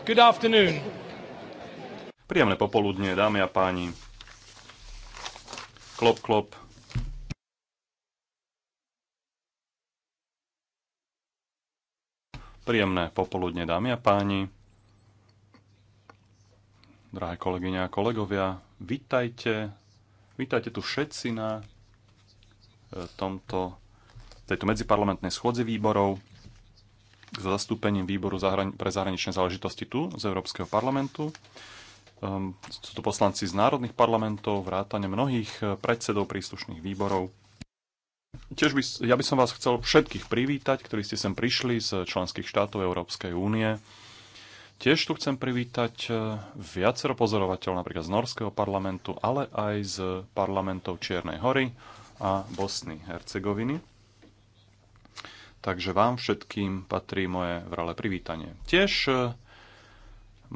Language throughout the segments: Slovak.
Good afternoon. Príjemné popoludne, dámy a páni. Klop, klop. Príjemné popoludne, dámy a páni. Drahé kolegyne a kolegovia, Vítajte Vítajte tu všetci na e, tomto, tejto medziparlamentnej schôdzi výborov s zastúpením výboru pre zahraničné záležitosti tu z Európskeho parlamentu. Ehm, sú to poslanci z národných parlamentov, vrátane mnohých eh, predsedov príslušných výborov. Tiež by, ja by som vás chcel všetkých privítať, ktorí ste sem prišli z členských štátov Európskej únie. Tiež tu chcem privítať eh, viacero pozorovateľov, napríklad z Norského parlamentu, ale aj z parlamentov Čiernej hory a Bosny Hercegoviny. Takže vám všetkým patrí moje vrale privítanie. Tiež e,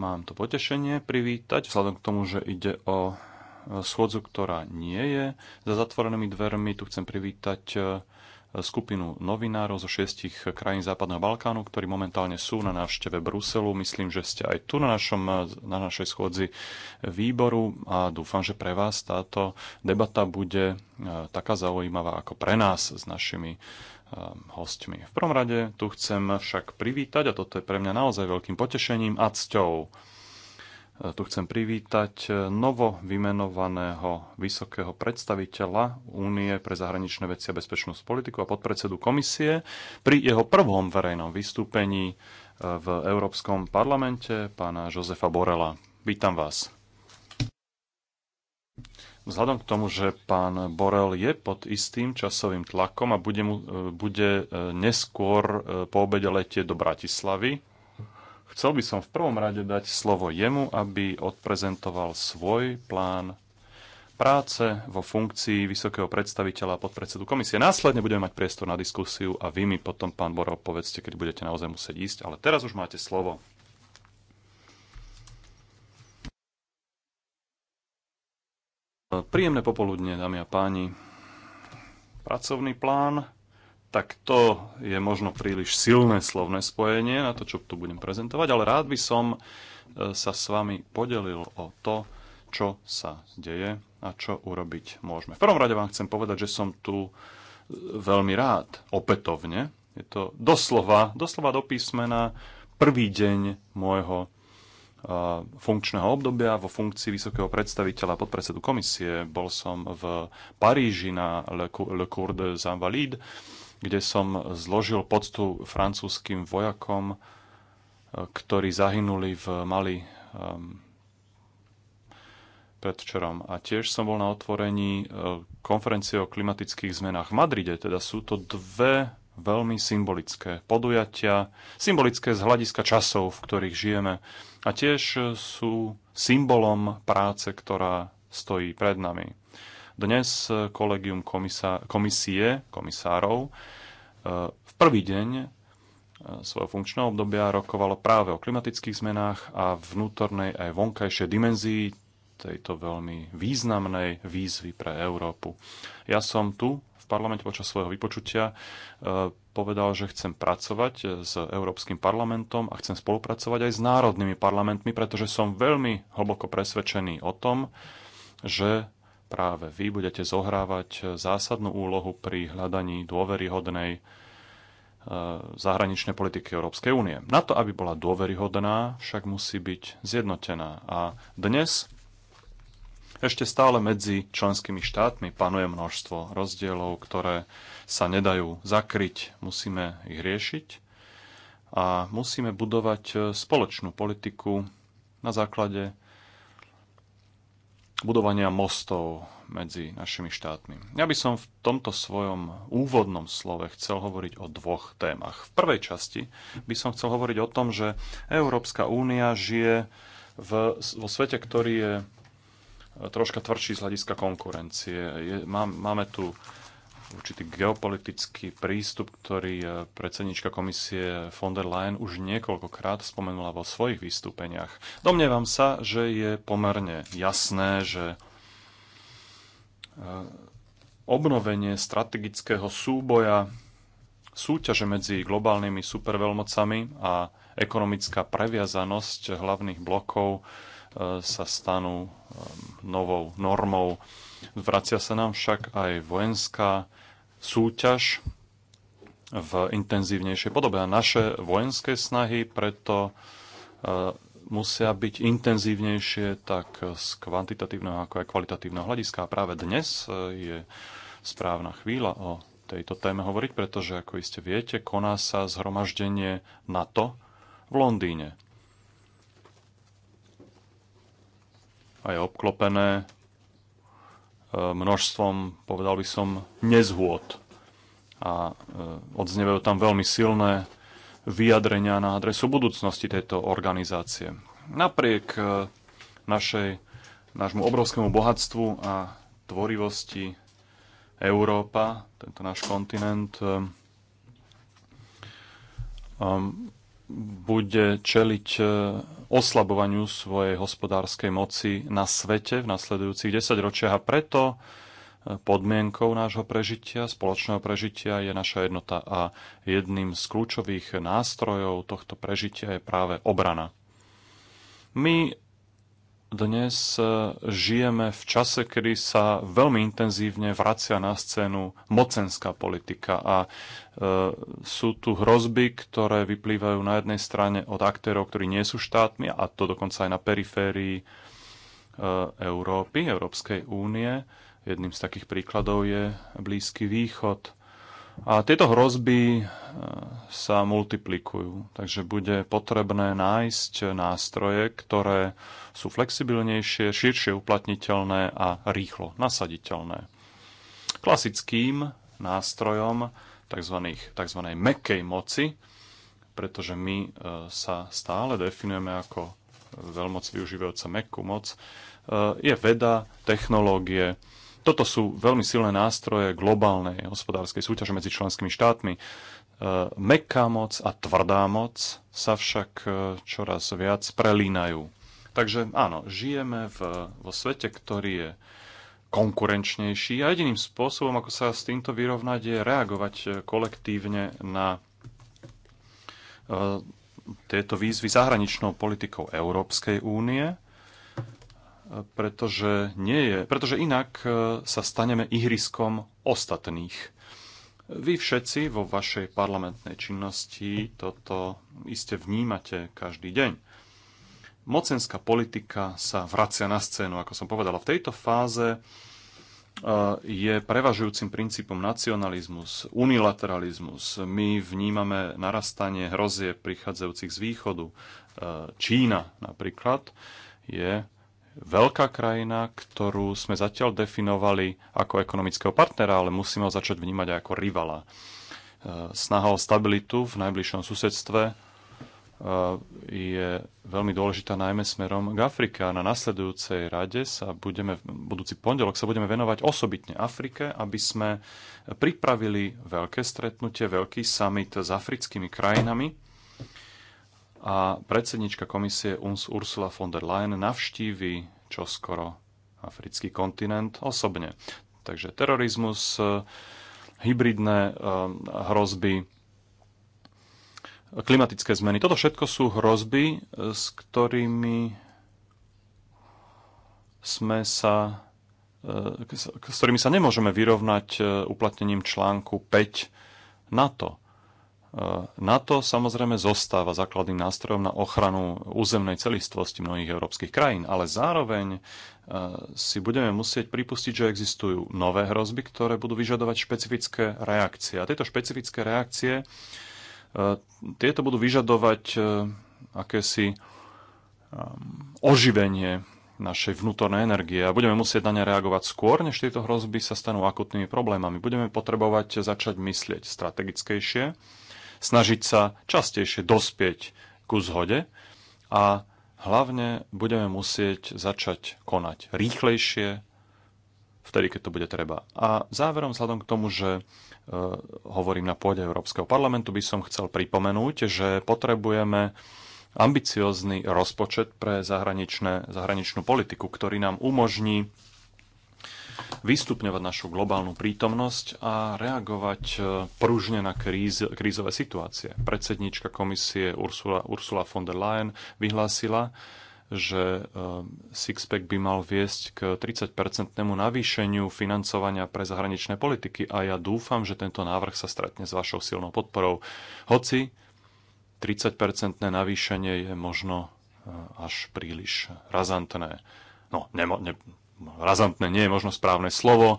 mám to potešenie privítať, vzhľadom k tomu, že ide o e, schôdzu, ktorá nie je za zatvorenými dvermi. Tu chcem privítať e, skupinu novinárov zo šiestich krajín Západného Balkánu, ktorí momentálne sú na návšteve Bruselu. Myslím, že ste aj tu na, našom, na našej schôdzi výboru a dúfam, že pre vás táto debata bude taká zaujímavá ako pre nás s našimi Um, hostmi. V prvom rade tu chcem však privítať, a toto je pre mňa naozaj veľkým potešením a cťou, e, tu chcem privítať e, novo vymenovaného vysokého predstaviteľa Únie pre zahraničné veci a bezpečnú politiku a podpredsedu komisie pri jeho prvom verejnom vystúpení e, v Európskom parlamente, pána Josefa Borela. Vítam vás. Vzhľadom k tomu, že pán Borel je pod istým časovým tlakom a bude, mu, e, bude e, neskôr e, po obede letieť do Bratislavy, chcel by som v prvom rade dať slovo jemu, aby odprezentoval svoj plán práce vo funkcii vysokého predstaviteľa a podpredsedu komisie. Následne budeme mať priestor na diskusiu a vy mi potom, pán Borel povedzte, keď budete naozaj musieť ísť. Ale teraz už máte slovo. Príjemné popoludne, dámy a páni. Pracovný plán, tak to je možno príliš silné slovné spojenie na to, čo tu budem prezentovať, ale rád by som e, sa s vami podelil o to, čo sa deje a čo urobiť môžeme. V prvom rade vám chcem povedať, že som tu e, veľmi rád, opätovne. Je to doslova, doslova do písmena prvý deň môjho Eh, funkčného obdobia vo funkcii vysokého predstaviteľa podpredsedu komisie. Bol som v Paríži na Le Cour de Invalides, kde som zložil poctu francúzským vojakom, eh, ktorí zahynuli v Mali um, predvčerom. A tiež som bol na otvorení konferencie o klimatických zmenách v Madride. Teda sú to dve veľmi symbolické podujatia, symbolické z hľadiska časov, v ktorých žijeme a tiež e, sú symbolom práce, ktorá stojí pred nami. Dnes e, kolegium komisa- komisie, komisárov, e, v prvý deň svojho funkčného obdobia rokovalo práve o klimatických zmenách a vnútornej aj vonkajšej dimenzii tejto veľmi významnej výzvy pre Európu. Ja som tu v parlamente počas svojho vypočutia povedal, že chcem pracovať e, s Európskym parlamentom a chcem spolupracovať aj s národnými parlamentmi, pretože som veľmi hlboko presvedčený o tom, že práve vy budete zohrávať e, zásadnú úlohu pri hľadaní dôveryhodnej e, zahraničnej politiky Európskej únie. Na to, aby bola dôveryhodná, však musí byť zjednotená. A dnes ešte stále medzi členskými štátmi panuje množstvo rozdielov, ktoré sa nedajú zakryť, musíme ich riešiť a musíme budovať e, spoločnú politiku na základe budovania mostov medzi našimi štátmi. Ja by som v tomto svojom úvodnom slove chcel hovoriť o dvoch témach. V prvej časti by som chcel hovoriť o tom, že Európska únia žije v, vo svete, ktorý je troška tvrdší z hľadiska konkurencie. Je, má, máme tu určitý geopolitický prístup, ktorý e, predsednička komisie von der Leyen už niekoľkokrát spomenula vo svojich vystúpeniach. Domnievam sa, že je pomerne jasné, že e, obnovenie strategického súboja súťaže medzi globálnymi superveľmocami a ekonomická previazanosť hlavných blokov sa stanú um, novou normou. Vracia sa nám však aj vojenská súťaž v intenzívnejšej podobe. A naše vojenské snahy preto uh, musia byť intenzívnejšie tak z kvantitatívneho ako aj kvalitatívneho hľadiska. A práve dnes uh, je správna chvíľa o tejto téme hovoriť, pretože, ako iste viete, koná sa zhromaždenie NATO v Londýne. a je obklopené e, množstvom, povedal by som, nezhôd. A e, odznievajú tam veľmi silné vyjadrenia na adresu budúcnosti tejto organizácie. Napriek e, našej, nášmu obrovskému bohatstvu a tvorivosti Európa, tento náš kontinent, bude čeliť e, oslabovaniu svojej hospodárskej moci na svete v nasledujúcich desaťročiach a preto e, podmienkou nášho prežitia, spoločného prežitia je naša jednota a jedným z kľúčových nástrojov tohto prežitia je práve obrana. My dnes e, žijeme v čase, kedy sa veľmi intenzívne vracia na scénu mocenská politika a e, sú tu hrozby, ktoré vyplývajú na jednej strane od aktérov, ktorí nie sú štátmi, a to dokonca aj na periférii e, Európy, Európskej únie. Jedným z takých príkladov je Blízky východ. A tieto hrozby e, sa multiplikujú, takže bude potrebné nájsť nástroje, ktoré sú flexibilnejšie, širšie uplatniteľné a rýchlo nasaditeľné. Klasickým nástrojom tzv. tzv. mekej moci, pretože my e, sa stále definujeme ako veľmoc využívajúca mekú moc, e, je veda, technológie, toto sú veľmi silné nástroje globálnej hospodárskej súťaže medzi členskými štátmi. E, Mekká moc a tvrdá moc sa však e, čoraz viac prelínajú. Takže áno, žijeme v, vo svete, ktorý je konkurenčnejší a jediným spôsobom, ako sa s týmto vyrovnať, je reagovať e, kolektívne na tieto výzvy zahraničnou politikou Európskej únie pretože, nie je, pretože inak e, sa staneme ihriskom ostatných. Vy všetci vo vašej parlamentnej činnosti toto iste vnímate každý deň. Mocenská politika sa vracia na scénu, ako som povedala. V tejto fáze e, je prevažujúcim princípom nacionalizmus, unilateralizmus. My vnímame narastanie hrozie prichádzajúcich z východu. E, Čína napríklad je veľká krajina, ktorú sme zatiaľ definovali ako ekonomického partnera, ale musíme ho začať vnímať aj ako rivala. E, snaha o stabilitu v najbližšom susedstve e, je veľmi dôležitá najmä smerom k Afrike. A na nasledujúcej rade sa budeme, budúci pondelok sa budeme venovať osobitne Afrike, aby sme pripravili veľké stretnutie, veľký summit s africkými krajinami. A predsednička komisie UNS Ursula von der Leyen navštívi čo skoro africký kontinent osobne. Takže terorizmus, e, hybridné e, hrozby, klimatické zmeny. Toto všetko sú hrozby, e, s ktorými sme sa s ktorými sa nemôžeme vyrovnať uplatnením článku 5 NATO. E, NATO samozrejme zostáva základným nástrojom na ochranu územnej celistvosti mnohých európskych krajín, ale zároveň e, si budeme musieť pripustiť, že existujú nové hrozby, ktoré budú vyžadovať špecifické reakcie. A tieto špecifické reakcie, e, tieto budú vyžadovať akési um, oživenie našej vnútornej energie a budeme musieť na ne reagovať skôr, než tieto hrozby sa stanú akutnými problémami. Budeme potrebovať začať myslieť strategickejšie, snažiť sa častejšie dospieť ku zhode a hlavne budeme musieť začať konať rýchlejšie, vtedy, keď to bude treba. A záverom, vzhľadom k tomu, že e, hovorím na pôde Európskeho parlamentu, by som chcel pripomenúť, že potrebujeme ambiciózny rozpočet pre zahraničnú politiku, ktorý nám umožní vystupňovať našu globálnu prítomnosť a reagovať e, pružne na kríz, krízové situácie. Predsedníčka komisie Ursula, Ursula von der Leyen vyhlásila, že e, Sixpack by mal viesť k 30-percentnému navýšeniu financovania pre zahraničné politiky a ja dúfam, že tento návrh sa stretne s vašou silnou podporou. Hoci 30-percentné navýšenie je možno e, až príliš razantné. No, ne, ne, razantné nie je možno správne slovo, e,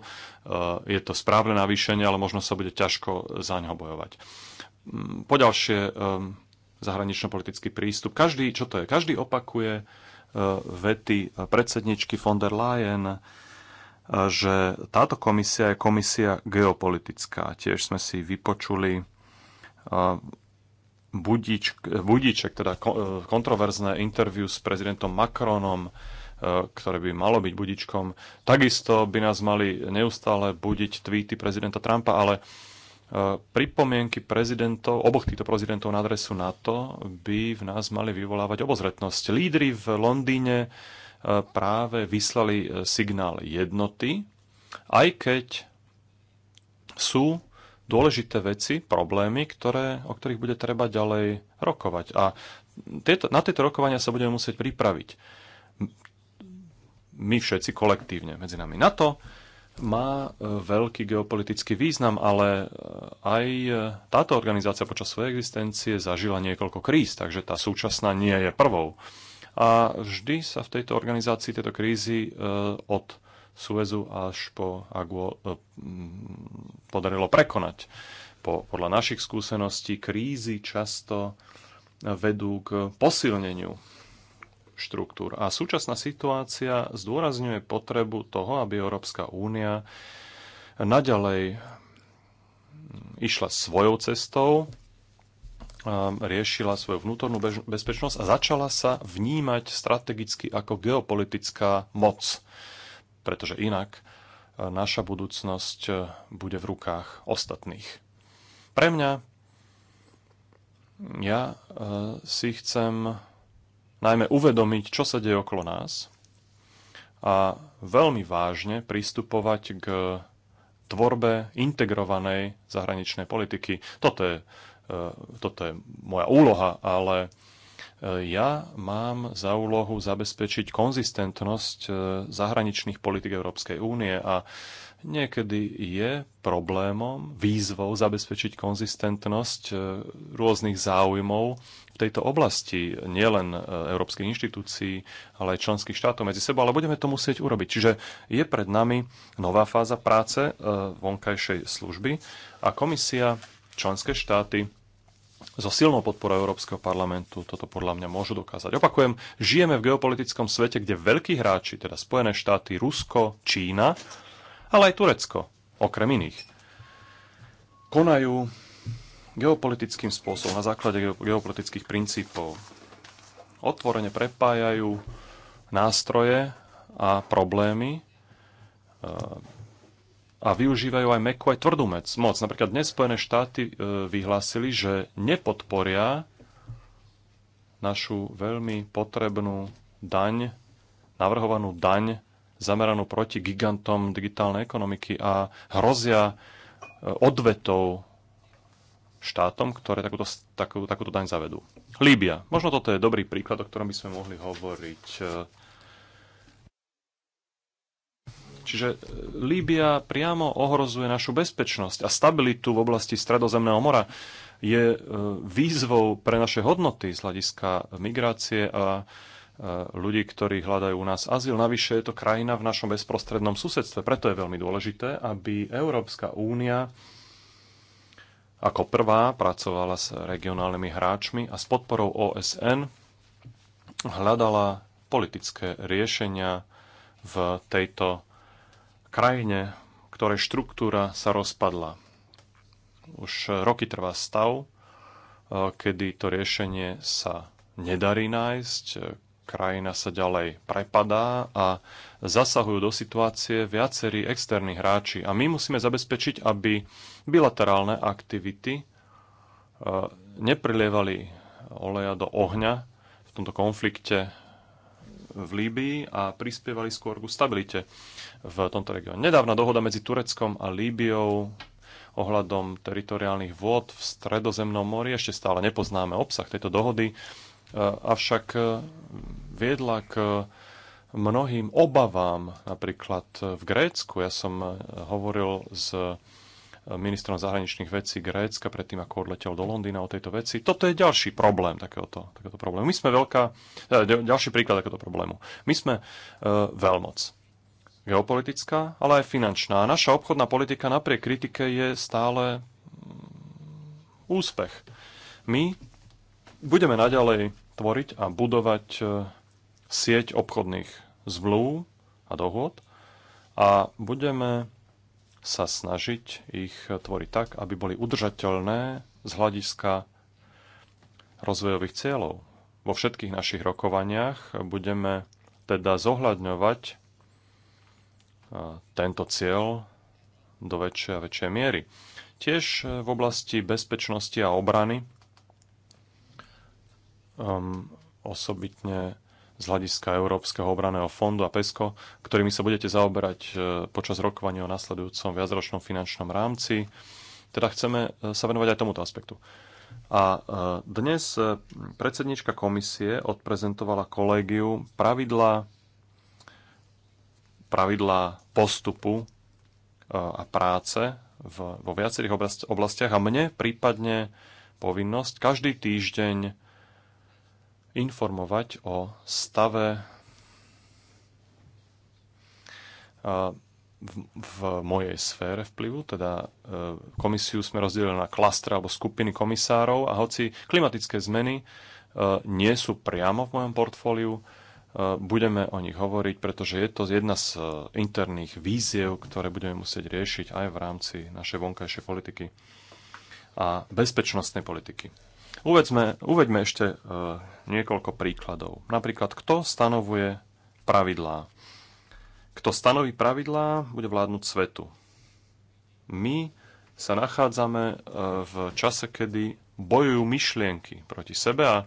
je to správne navýšenie, ale možno sa bude ťažko za ňo bojovať. Mm, Poďalšie e, zahranično-politický prístup. Každý, čo to je? Každý opakuje e, vety predsedničky von der Leyen, že táto komisia je komisia geopolitická. Tiež sme si vypočuli budič, budiček, teda kontroverzné interviu s prezidentom Macronom, Eh, ktoré by malo byť budičkom. Takisto by nás mali neustále budiť tweety prezidenta Trumpa, ale eh, pripomienky prezidentov, oboch týchto prezidentov na adresu NATO by v nás mali vyvolávať obozretnosť. Lídry v Londýne eh, práve vyslali signál jednoty, aj keď sú dôležité veci, problémy, ktoré, o ktorých bude treba ďalej rokovať. A tieto, na tieto rokovania sa budeme musieť pripraviť my všetci kolektívne medzi nami. NATO má e, veľký geopolitický význam, ale e, aj e, táto organizácia počas svojej existencie zažila niekoľko kríz, takže tá súčasná nie je prvou. A vždy sa v tejto organizácii tieto krízy od Suezu až po Aguo podarilo prekonať. Po, podľa našich skúseností krízy často vedú k posilneniu štruktúr. A súčasná situácia zdôrazňuje potrebu toho, aby Európska únia naďalej išla svojou cestou, riešila svoju vnútornú bezpečnosť a začala sa vnímať strategicky ako geopolitická moc, pretože inak e, naša budúcnosť e, bude v rukách ostatných. Pre mňa ja e, si chcem najmä uvedomiť, čo sa deje okolo nás a veľmi vážne pristupovať k tvorbe integrovanej zahraničnej politiky. Toto je, e, toto je moja úloha, ale e, ja mám za úlohu zabezpečiť konzistentnosť e, zahraničných politik Európskej únie a niekedy je problémom, výzvou zabezpečiť konzistentnosť rôznych záujmov v tejto oblasti nielen e, európskych inštitúcií, ale aj členských štátov medzi sebou, ale budeme to musieť urobiť. Čiže je pred nami nová fáza práce e, vonkajšej služby a komisia, členské štáty so silnou podporou Európskeho parlamentu toto podľa mňa môžu dokázať. Opakujem, žijeme v geopolitickom svete, kde veľkí hráči, teda Spojené štáty, Rusko, Čína, ale aj Turecko, okrem iných, konajú geopolitickým spôsobom, na základe geopolitických princípov. Otvorene prepájajú nástroje a problémy e, a využívajú aj mekú, aj tvrdú mec, moc. Napríklad dnes Spojené štáty e, vyhlásili, že nepodporia našu veľmi potrebnú daň, navrhovanú daň zameranú proti gigantom digitálnej ekonomiky a hrozia e, odvetou štátom, ktoré takúto, takú, takúto daň zavedú. Líbia. Možno toto je dobrý príklad, o ktorom by sme mohli hovoriť. E, Čiže e, Líbia priamo ohrozuje našu bezpečnosť a stabilitu v oblasti Stredozemného mora. Je e, výzvou pre naše hodnoty z hľadiska migrácie a ľudí, ktorí hľadajú u nás azyl. Navyše je to krajina v našom bezprostrednom susedstve. Preto je veľmi dôležité, aby Európska únia ako prvá pracovala s regionálnymi hráčmi a s podporou OSN hľadala politické riešenia v tejto krajine, ktorej štruktúra sa rozpadla. Už roky trvá stav, eh, kedy to riešenie sa nedarí nájsť, krajina sa ďalej prepadá a zasahujú do situácie viacerí externí hráči. A my musíme zabezpečiť, aby bilaterálne aktivity e, neprilievali oleja do ohňa v tomto konflikte v Líbii a prispievali skôr ku stabilite v tomto regióne. Nedávna dohoda medzi Tureckom a Líbiou ohľadom teritoriálnych vôd v Stredozemnom mori. Ešte stále nepoznáme obsah tejto dohody avšak e, viedla k e, mnohým obavám, napríklad e, v Grécku. Ja som hovoril s ministrom zahraničných vecí Grécka predtým, ako odletel do Londýna o tejto veci. Toto je ďalší problém takéhoto, takéhoto problému. My sme veľká, ďalší príklad takéhoto problému. My sme uh, veľmoc geopolitická, ale aj finančná. A naša obchodná politika napriek kritike je stále mm, úspech. My budeme naďalej tvoriť a budovať e, sieť obchodných zmluv a dohôd a budeme sa snažiť ich tvoriť tak, aby boli udržateľné z hľadiska rozvojových cieľov. Vo všetkých našich rokovaniach budeme teda zohľadňovať e, tento cieľ do väčšej a väčšej miery. Tiež e, v oblasti bezpečnosti a obrany um, osobitne z hľadiska Európskeho obraného fondu a PESCO, ktorými sa budete zaoberať uh, počas rokovania o nasledujúcom viacročnom finančnom rámci. Teda chceme uh, sa venovať aj tomuto aspektu. A uh, dnes predsednička komisie odprezentovala kolégiu pravidla, pravidla postupu a práce v, vo viacerých oblastiach a mne prípadne povinnosť každý týždeň informovať o stave v, mojej sfére vplyvu, teda e, komisiu sme rozdelili na klastre alebo skupiny komisárov a hoci klimatické zmeny e, nie sú priamo v mojom portfóliu, e, budeme o nich hovoriť, pretože je to jedna z interných víziev, ktoré budeme musieť riešiť aj v rámci našej vonkajšej politiky a bezpečnostnej politiky. Uvedme, uveďme ešte e, niekoľko príkladov. Napríklad, kto stanovuje pravidlá? Kto stanoví pravidlá, bude vládnuť svetu. My sa nachádzame e, v čase, kedy bojujú myšlienky proti sebe a e,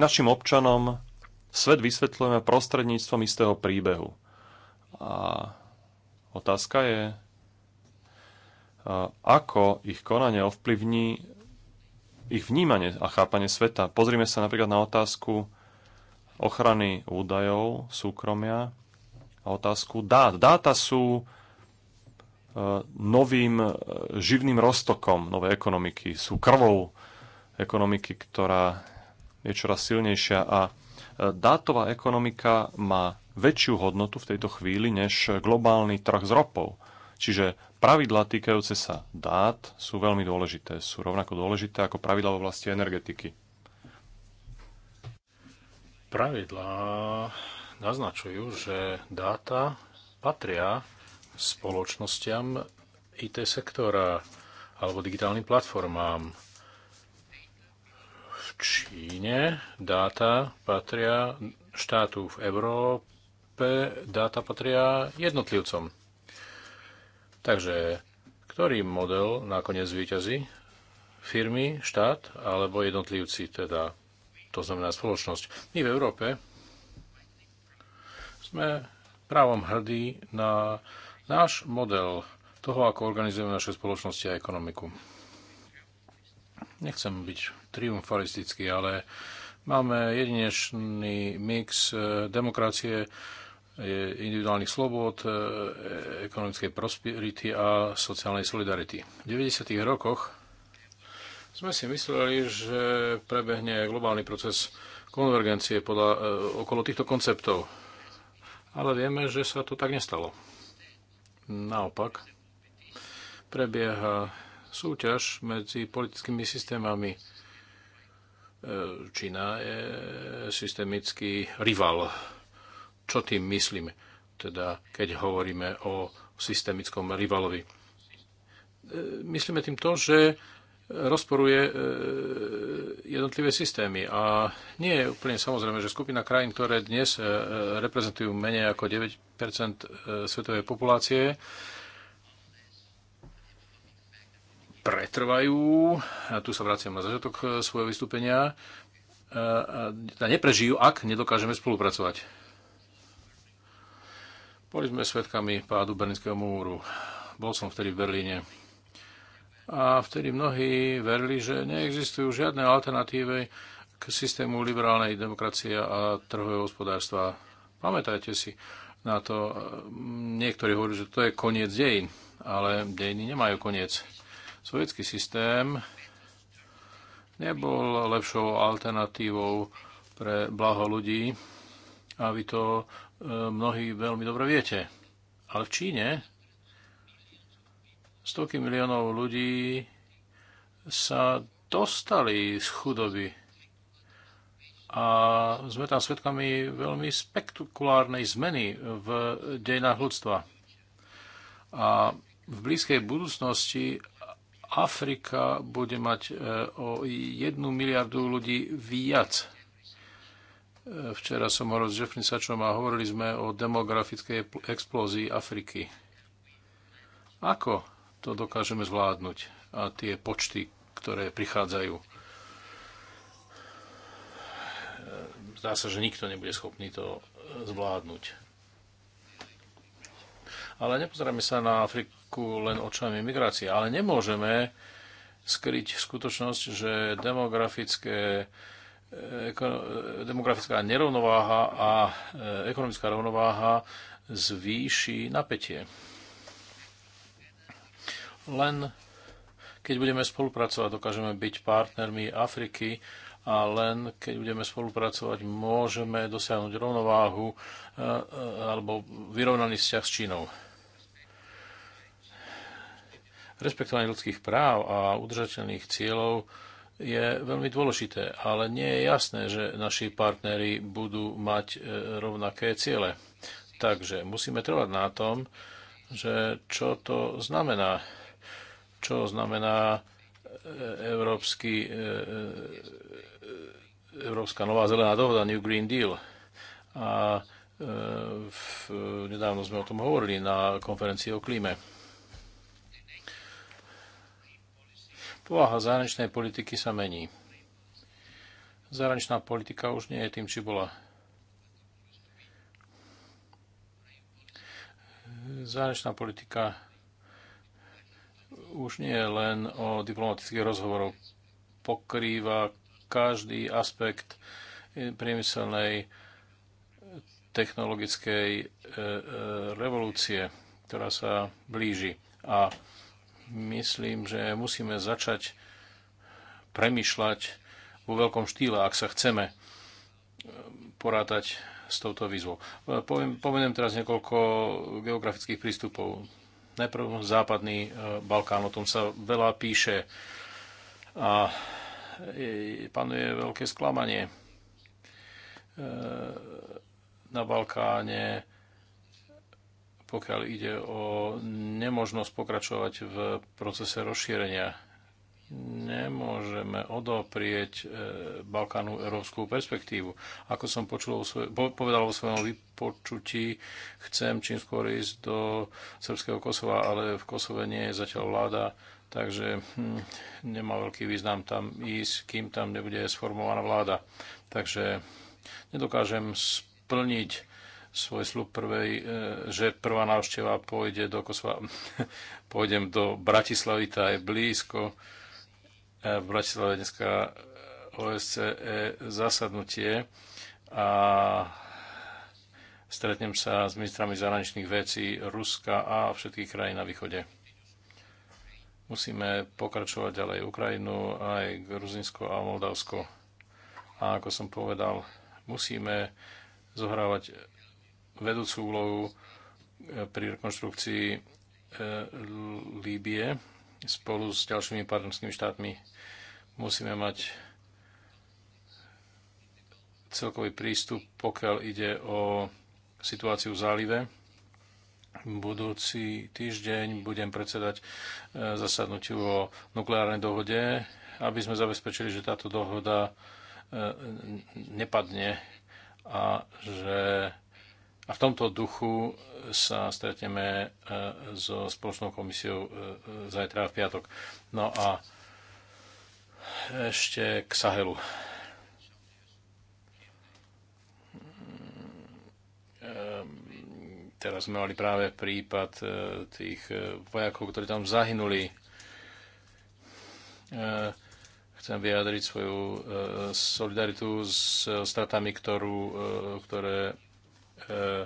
našim občanom svet vysvetľujeme prostredníctvom istého príbehu. A otázka je, ako ich konanie ovplyvní ich vnímanie a chápanie sveta. Pozrime sa napríklad na otázku ochrany údajov, súkromia a otázku dát. Dáta sú e, novým e, živným roztokom novej ekonomiky. Sú krvou ekonomiky, ktorá je čoraz silnejšia a e, dátová ekonomika má väčšiu hodnotu v tejto chvíli než globálny trh s ropou. Čiže pravidla týkajúce sa dát sú veľmi dôležité. Sú rovnako dôležité ako pravidla v oblasti energetiky. Pravidla naznačujú, že dáta patria spoločnosťam IT sektora alebo digitálnym platformám. V Číne dáta patria štátu, v Európe dáta patria jednotlivcom. Takže ktorý model nakoniec vyťazí? Firmy, štát alebo jednotlivci, teda to znamená spoločnosť. My v Európe sme právom hrdí na náš model toho, ako organizujeme naše spoločnosti a ekonomiku. Nechcem byť triumfalistický, ale máme jedinečný mix eh, demokracie, individuálnych slobod, e, e, ekonomickej prosperity a sociálnej solidarity. V 90. rokoch sme si mysleli, že prebehne globálny proces konvergencie podľa, e, okolo týchto konceptov. Ale vieme, že sa to tak nestalo. Naopak, prebieha súťaž medzi politickými systémami. Čína je systemický rival čo tým myslíme, teda keď hovoríme o systemickom rivalovi. E, myslíme tým to, že rozporuje e, jednotlivé systémy. A nie je úplne samozrejme, že skupina krajín, ktoré dnes e, reprezentujú menej ako 9 svetovej populácie, pretrvajú, a tu sa vraciam na začiatok svojho vystúpenia, a neprežijú, ak nedokážeme spolupracovať. Boli sme svetkami pádu Berlínskeho múru. Bol som vtedy v Berlíne. A vtedy mnohí verili, že neexistujú žiadne alternatívy k systému liberálnej demokracie a trhového hospodárstva. Pamätajte si na to. Niektorí hovorí, že to je koniec dejín, ale dejiny nemajú koniec. Sovietský systém nebol lepšou alternatívou pre blaho ľudí a vy to E, mnohí veľmi dobre viete. Ale v Číne stovky miliónov ľudí sa dostali z chudoby. A sme tam svetkami veľmi spektakulárnej zmeny v dejinách ľudstva. A v blízkej budúcnosti Afrika bude mať e, o jednu miliardu ľudí viac. Včera som hovoril s Jeffrey Sačom a hovorili sme o demografickej explózii Afriky. Ako to dokážeme zvládnuť a tie počty, ktoré prichádzajú? Zdá sa, že nikto nebude schopný to eh, zvládnuť. Ale nepozeráme sa na Afriku len očami migrácie. Ale nemôžeme skryť skutočnosť, že demografické demografická nerovnováha a e, ekonomická rovnováha zvýši napätie. Len keď budeme spolupracovať, dokážeme byť partnermi Afriky a len keď budeme spolupracovať, môžeme dosiahnuť rovnováhu e, e, alebo vyrovnaný vzťah s Čínou. Respektovanie ľudských práv a udržateľných cieľov je veľmi dôležité, ale nie je jasné, že naši partnery budú mať e, rovnaké ciele. Takže musíme trvať na tom, že čo to znamená. Čo znamená e, európsky, e, Európska nová zelená dohoda, New Green Deal. A v, nedávno sme o tom hovorili na konferencii o klíme. Povaha zahraničnej politiky sa mení. Zahraničná politika už nie je tým, či bola. Zahraničná politika už nie je len o diplomatických rozhovorov. Pokrýva každý aspekt priemyselnej technologickej e, e, revolúcie, ktorá sa blíži. A myslím, že musíme začať premyšľať vo veľkom štýle, ak sa chceme porátať s touto výzvou. Poviem, teraz niekoľko geografických prístupov. Najprv západný e, Balkán, o tom sa veľa píše a e, panuje veľké sklamanie e, na Balkáne pokiaľ ide o nemožnosť pokračovať v procese rozšírenia. Nemôžeme odoprieť e, Balkánu európsku perspektívu. Ako som počul, povedal vo svojom vypočutí, chcem čím skôr ísť do srbského Kosova, ale v Kosove nie je zatiaľ vláda, takže hm, nemá veľký význam tam ísť, kým tam nebude sformovaná vláda. Takže nedokážem splniť svoj prvej, e, že prvá návšteva pôjde do Kosova. Pôjdem do Bratislavy, tá je blízko. E, v Bratislave dneska OSCE e zasadnutie a stretnem sa s ministrami zahraničných vecí Ruska a všetkých krajín na východe. Musíme pokračovať ďalej Ukrajinu, aj Gruzinsko a Moldavsko. A ako som povedal, musíme zohrávať vedúcu úlohu e, pri rekonštrukcii e, Líbie spolu s ďalšími partnerskými štátmi. Musíme mať celkový prístup, pokiaľ ide o situáciu v zálive. Budúci týždeň budem predsedať e, zasadnutiu o nukleárnej dohode, aby sme zabezpečili, že táto dohoda nepadne a že a v tomto duchu sa stretneme e, so spoločnou komisiou e, e, zajtra v piatok. No a ešte k Sahelu. Ehm, teraz sme mali práve prípad tých vojakov, ktorí tam zahynuli. Chcem vyjadriť svoju solidaritu s stratami, ktorú, ktoré E,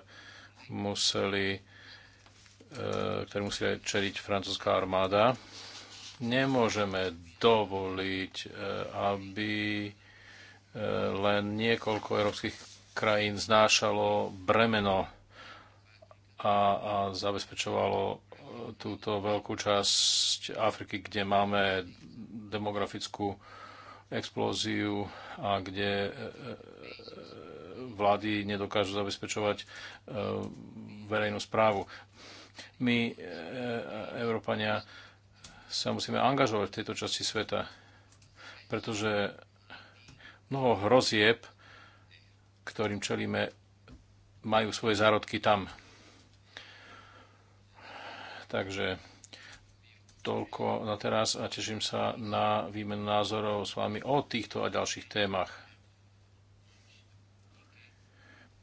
museli, e, ktoré museli čeliť francúzska armáda. Nemôžeme dovoliť, e, aby len niekoľko európskych krajín znášalo bremeno a, a zabezpečovalo túto veľkú časť Afriky, kde máme demografickú explóziu a kde vlády nedokážu zabezpečovať e, verejnú správu. My, e, e, Európania, sa musíme angažovať v tejto časti sveta, pretože mnoho hrozieb, ktorým čelíme, majú svoje zárodky tam. Takže toľko na teraz a teším sa na výmenu názorov s vami o týchto a ďalších témach.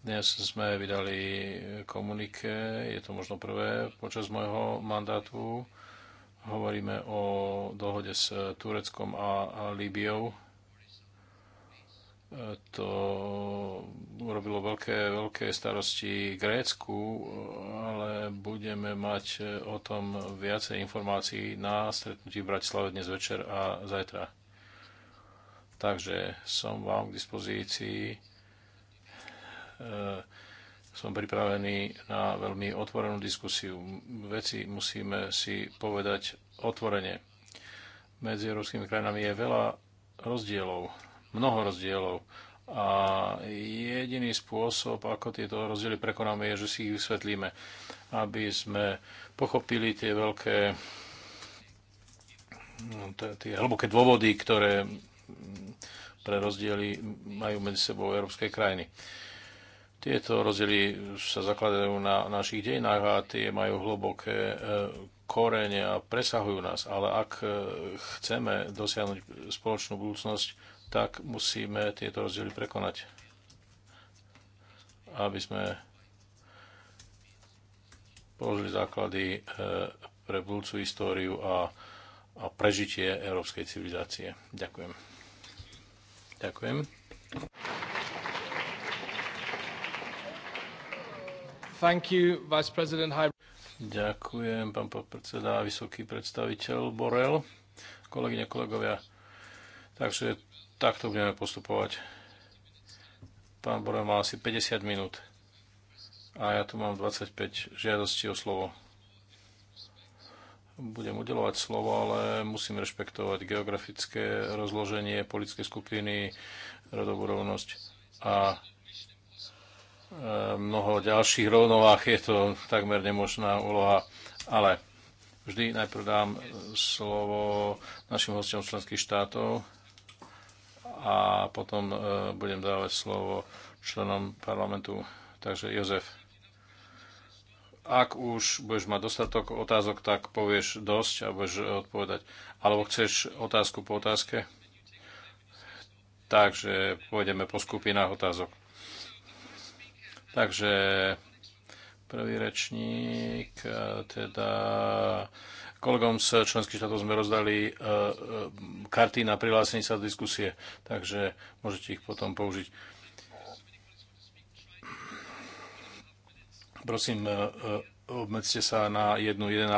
Dnes sme vydali komunike, je to možno prvé počas môjho mandátu. Hovoríme o dohode s Tureckom a, Líbiou. To urobilo veľké, veľké starosti Grécku, ale budeme mať o tom viacej informácií na stretnutí v Bratislave dnes večer a zajtra. Takže som vám k dispozícii E, som pripravený na veľmi otvorenú diskusiu. Veci musíme si povedať otvorene. Medzi európskymi krajinami je veľa rozdielov, mnoho rozdielov. A jediný spôsob, ako tieto rozdiely prekonáme, je, že si ich vysvetlíme, aby sme pochopili tie veľké, no, tie hlboké dôvody, ktoré pre rozdiely majú medzi sebou európske krajiny. Tieto rozdiely sa zakladajú na našich dejinách a tie majú hlboké e, korene a presahujú nás. Ale ak e, chceme dosiahnuť spoločnú budúcnosť, tak musíme tieto rozdiely prekonať, aby sme položili základy e, pre budúcu históriu a, a prežitie európskej civilizácie. Ďakujem. Ďakujem. Thank you, Vice President High... Ďakujem, pán podpredseda, a vysoký predstaviteľ Borel, kolegyne, kolegovia. Takže takto budeme postupovať. Pán Borel má asi 50 minút a ja tu mám 25 žiadostí o slovo. Budem udelovať slovo, ale musím rešpektovať geografické rozloženie politické skupiny, rodovú rovnosť a E, mnoho ďalších rovnovách, je to takmer nemožná úloha, ale vždy najprv dám slovo našim hostiom členských štátov a potom e, budem dávať slovo členom parlamentu. Takže Jozef, ak už budeš mať dostatok otázok, tak povieš dosť a budeš odpovedať. Alebo chceš otázku po otázke? Takže pôjdeme po skupinách otázok. Takže prvý rečník, e, teda kolegom z členských štátov sme rozdali e, e, karty na prihlásenie sa do diskusie, takže môžete ich potom použiť. Prosím, obmedzte sa na jednu, 1,5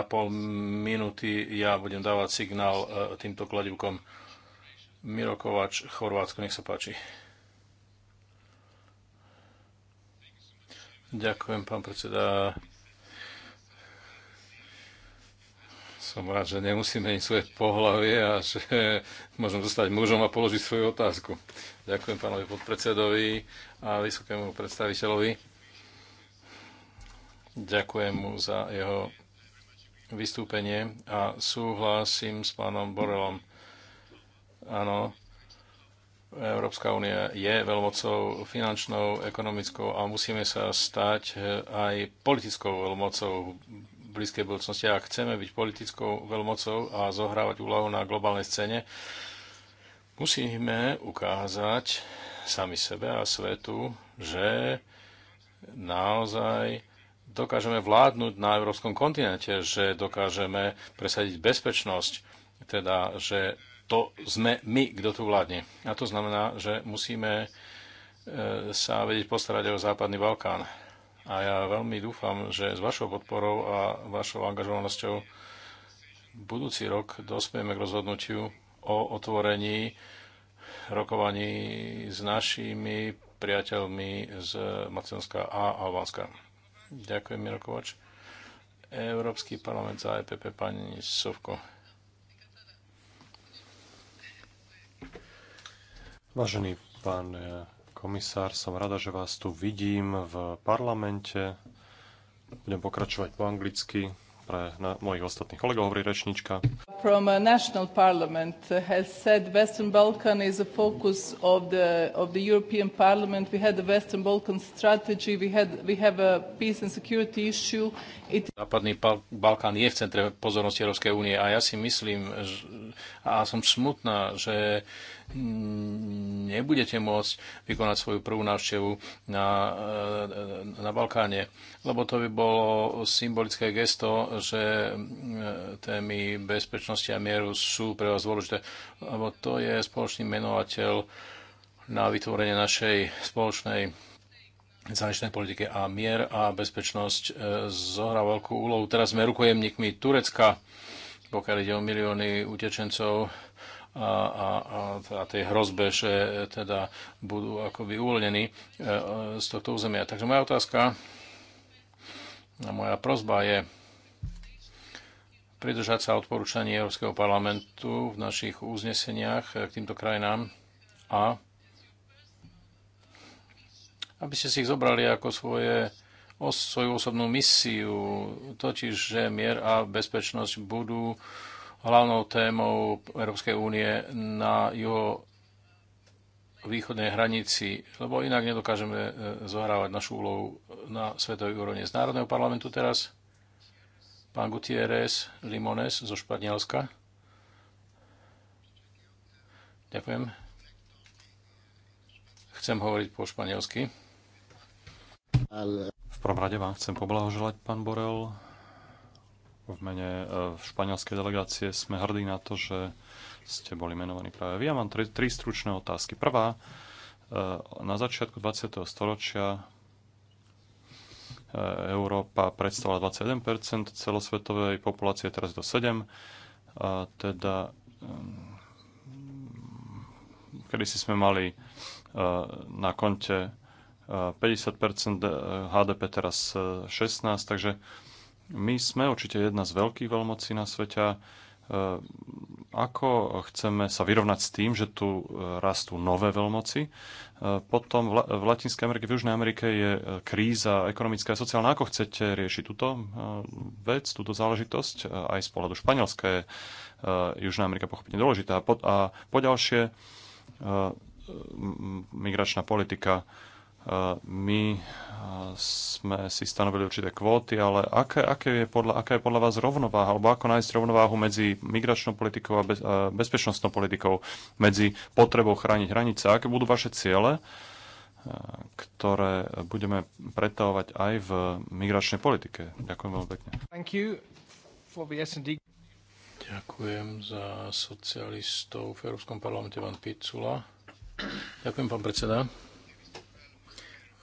minúty, ja budem dávať signál týmto kladivkom. Mirokovač, Chorvátsko, nech sa páči. Ďakujem, pán predseda. Som rád, že nemusím meniť svoje pohľavie a že môžem zostať mužom a položiť svoju otázku. Ďakujem pánovi podpredsedovi a vysokému predstaviteľovi. Ďakujem mu za jeho vystúpenie a súhlasím s pánom Borelom. Áno, Európska únia je veľmocou finančnou, ekonomickou a musíme sa stať eh, aj politickou veľmocou v blízkej budúcnosti. Ak chceme byť politickou veľmocou a zohrávať úlohu na globálnej scéne, musíme ukázať sami sebe a svetu, že naozaj dokážeme vládnuť na európskom kontinente, že dokážeme presadiť bezpečnosť, teda že to sme my, kto tu vládne. A to znamená, že musíme e, sa vedieť postarať o Západný Balkán. A ja veľmi dúfam, že s vašou podporou a vašou angažovanosťou budúci rok dospieme k rozhodnutiu o otvorení rokovaní s našimi priateľmi z Macedónska a Albánska. Ďakujem, Miro Kovač. Európsky parlament za EPP, pani Sovko. Vážený pán eh, komisár, som rada, že vás tu vidím v parlamente. Budem pokračovať po anglicky pre na, mojich ostatných kolegov, hovorí rečnička. From a national parliament has said Western Balkan is a focus of the, of the European Parliament. We had the Western Balkan strategy, we, had, we have a peace and security issue. It... Západný Balkán je v centre pozornosti Európskej únie a ja si myslím, že, a som smutná, že Mm, nebudete môcť vykonať svoju prvú návštevu na, e, na Balkáne, lebo to by bolo symbolické gesto, že e, témy bezpečnosti a mieru sú pre vás dôležité, lebo to je spoločný menovateľ na vytvorenie našej spoločnej zahraničnej politike a mier a bezpečnosť e, zohrá veľkú úlohu. Teraz sme rukojemníkmi Turecka, pokiaľ ide o milióny utečencov a, a, a teda tej hrozbe, že e, teda budú akoby uvoľnení e, e, z tohto územia. Takže moja otázka a moja prozba je pridržať sa odporúčaní Európskeho parlamentu v našich uzneseniach k týmto krajinám a aby ste si ich zobrali ako svoje, svoju osobnú misiu, totiž, že mier a bezpečnosť budú uh, hlavnou témou Európskej únie na juho východnej hranici, lebo inak nedokážeme e, zohrávať našu úlohu na svetovej úrovni. Z Národného parlamentu teraz pán Gutierrez Limones zo Španielska. Ďakujem. Chcem hovoriť po španielsky. V prvom rade vám chcem poblahoželať, pán Borel, v mene e, španielskej delegácie sme hrdí na to, že ste boli menovaní práve vy. Ja mám tri, tri stručné otázky. Prvá, e, na začiatku 20. storočia e, Európa predstavovala 21 celosvetovej populácie, teraz do 7 a teda mm, kedy si sme mali na konte 50 HDP, teraz 16, takže my sme určite jedna z veľkých veľmocí na svete. E, ako chceme sa vyrovnať s tým, že tu e, rastú nové veľmoci? E, potom v Latinskej Amerike, v Južnej Amerike je kríza ekonomická a sociálna. Ako chcete riešiť túto vec, túto záležitosť? Aj z pohľadu Španielska je Južná Amerika pochopne dôležitá. A poďalšie, po migračná politika my eh, sme si stanovili určité kvóty, ale aké, aké je podľa, aká je podľa vás rovnováha, alebo ako nájsť rovnováhu medzi migračnou politikou a eh, bezpečnostnou politikou, medzi potrebou chrániť hranice, aké budú vaše ciele, eh, ktoré budeme pretavovať aj v migračnej politike. Ďakujem veľmi pekne. Ďakujem za socialistov v Európskom parlamente, pán Picula. Ďakujem, pán predseda.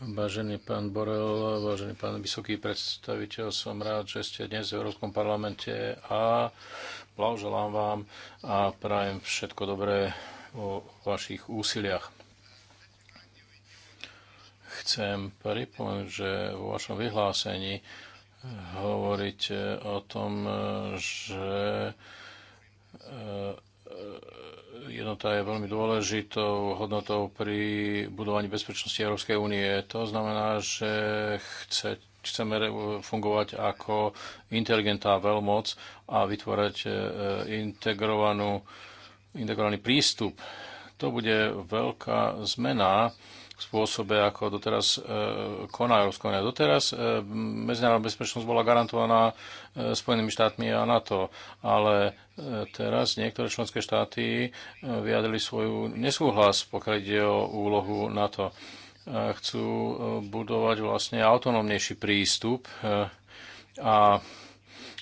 Vážený pán Borel, vážený pán vysoký predstaviteľ, som rád, že ste dnes v Európskom parlamente a blahoželám vám a prajem všetko dobré o vašich úsiliach. Chcem pripomenúť, že vo vašom vyhlásení hovoríte o tom, že E, jednota je veľmi dôležitou hodnotou pri budovaní bezpečnosti Európskej únie. To znamená, že chce, chceme fungovať ako inteligentná veľmoc a vytvárať e, integrovanú, integrovaný prístup. To bude veľká zmena spôsobe, ako doteraz e, koná Európska únia. Doteraz e, medzinárodná bezpečnosť bola garantovaná e, Spojenými štátmi a NATO, ale teraz niektoré členské štáty vyjadrili svoju nesúhlas, pokiaľ ide o úlohu NATO. Chcú budovať vlastne autonómnejší prístup a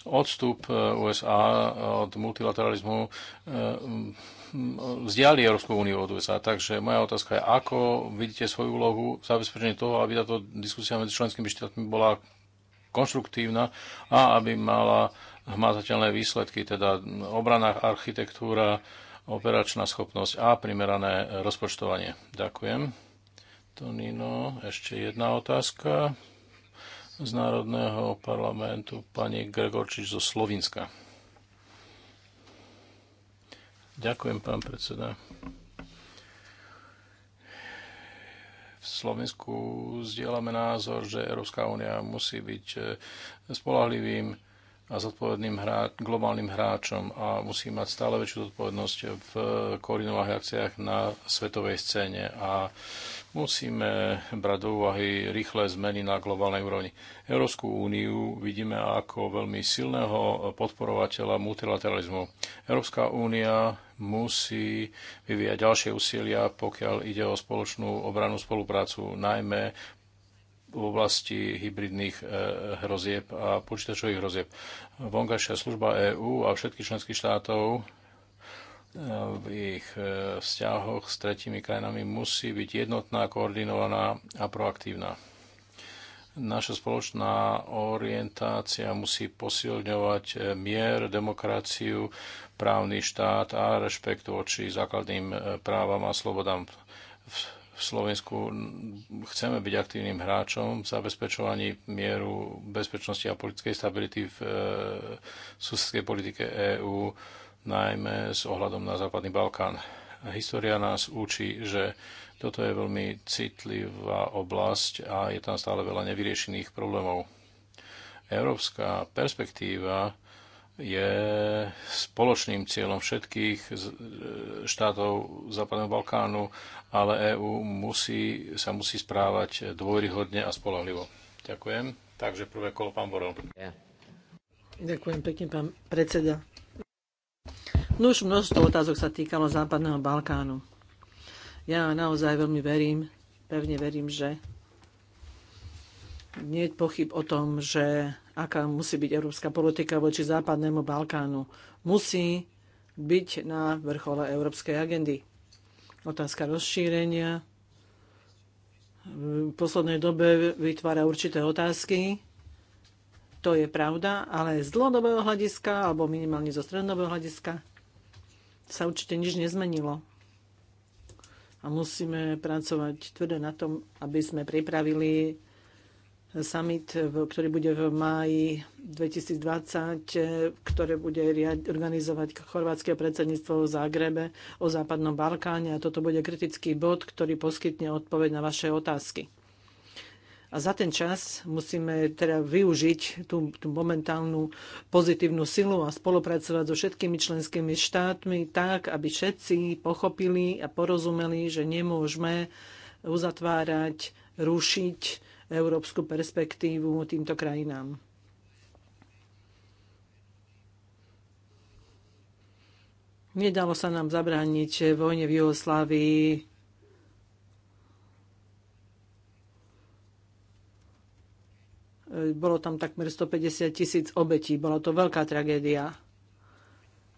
odstup USA od multilateralizmu Hm, vzdiali Európsku úniu od USA. Takže moja otázka je, ako vidíte svoju úlohu v zabezpečení toho, aby táto diskusia medzi členskými štátmi bola konštruktívna a aby mala hmatateľné výsledky, teda obrana, architektúra, operačná schopnosť a primerané rozpočtovanie. Ďakujem. Tonino, ešte jedna otázka z Národného parlamentu, pani Gregorčič zo Slovinska. Ďakujem, pán predseda. V Slovensku zdieľame názor, že Európska únia musí byť eh, spolahlivým a zodpovedným globálnym hráčom a musí mať stále väčšiu zodpovednosť v koordinovaných akciách na svetovej scéne. A Musíme brať do úvahy rýchle zmeny na globálnej úrovni. Európsku úniu vidíme ako veľmi silného podporovateľa multilateralizmu. Európska únia musí vyvíjať ďalšie úsilia, pokiaľ ide o spoločnú obranú spoluprácu, najmä v oblasti hybridných e, hrozieb a počítačových hrozieb. Vonkajšia služba EÚ a všetkých členských štátov v ich e, vzťahoch s tretimi krajinami musí byť jednotná, koordinovaná a proaktívna. Naša spoločná orientácia musí posilňovať e, mier, demokraciu, právny štát a rešpekt voči základným e, právam a slobodám. V Slovensku chceme byť aktívnym hráčom v zabezpečovaní mieru bezpečnosti a politickej stability v e, susedskej politike EÚ. EU najmä s ohľadom na Západný Balkán. História nás učí, že toto je veľmi citlivá oblasť a je tam stále veľa nevyriešených problémov. Európska perspektíva je spoločným cieľom všetkých e, štátov Západného Balkánu, ale EÚ musí, sa musí správať dôveryhodne a spolahlivo. Ďakujem. Takže prvé kolo, pán Borel. Yeah. Ďakujem pekne, pán predseda. No už množstvo otázok sa týkalo Západného Balkánu. Ja naozaj veľmi verím, pevne verím, že nie je pochyb o tom, že aká musí byť európska politika voči Západnému Balkánu. Musí byť na vrchole európskej agendy. Otázka rozšírenia v poslednej dobe vytvára určité otázky, to je pravda, ale z dlhodobého hľadiska, alebo minimálne zo strednodobého hľadiska, sa určite nič nezmenilo. A musíme pracovať tvrdo na tom, aby sme pripravili summit, ktorý bude v máji 2020, ktoré bude organizovať chorvátske predsedníctvo v Zagrebe o Západnom Balkáne a toto bude kritický bod, ktorý poskytne odpoveď na vaše otázky. A za ten čas musíme teda využiť tú, tú momentálnu pozitívnu silu a spolupracovať so všetkými členskými štátmi tak, aby všetci pochopili a porozumeli, že nemôžeme uzatvárať, rušiť európsku perspektívu týmto krajinám. Nedalo sa nám zabrániť vojne v Jugoslávii, E, bolo tam takmer 150 tisíc obetí. Bola to veľká tragédia.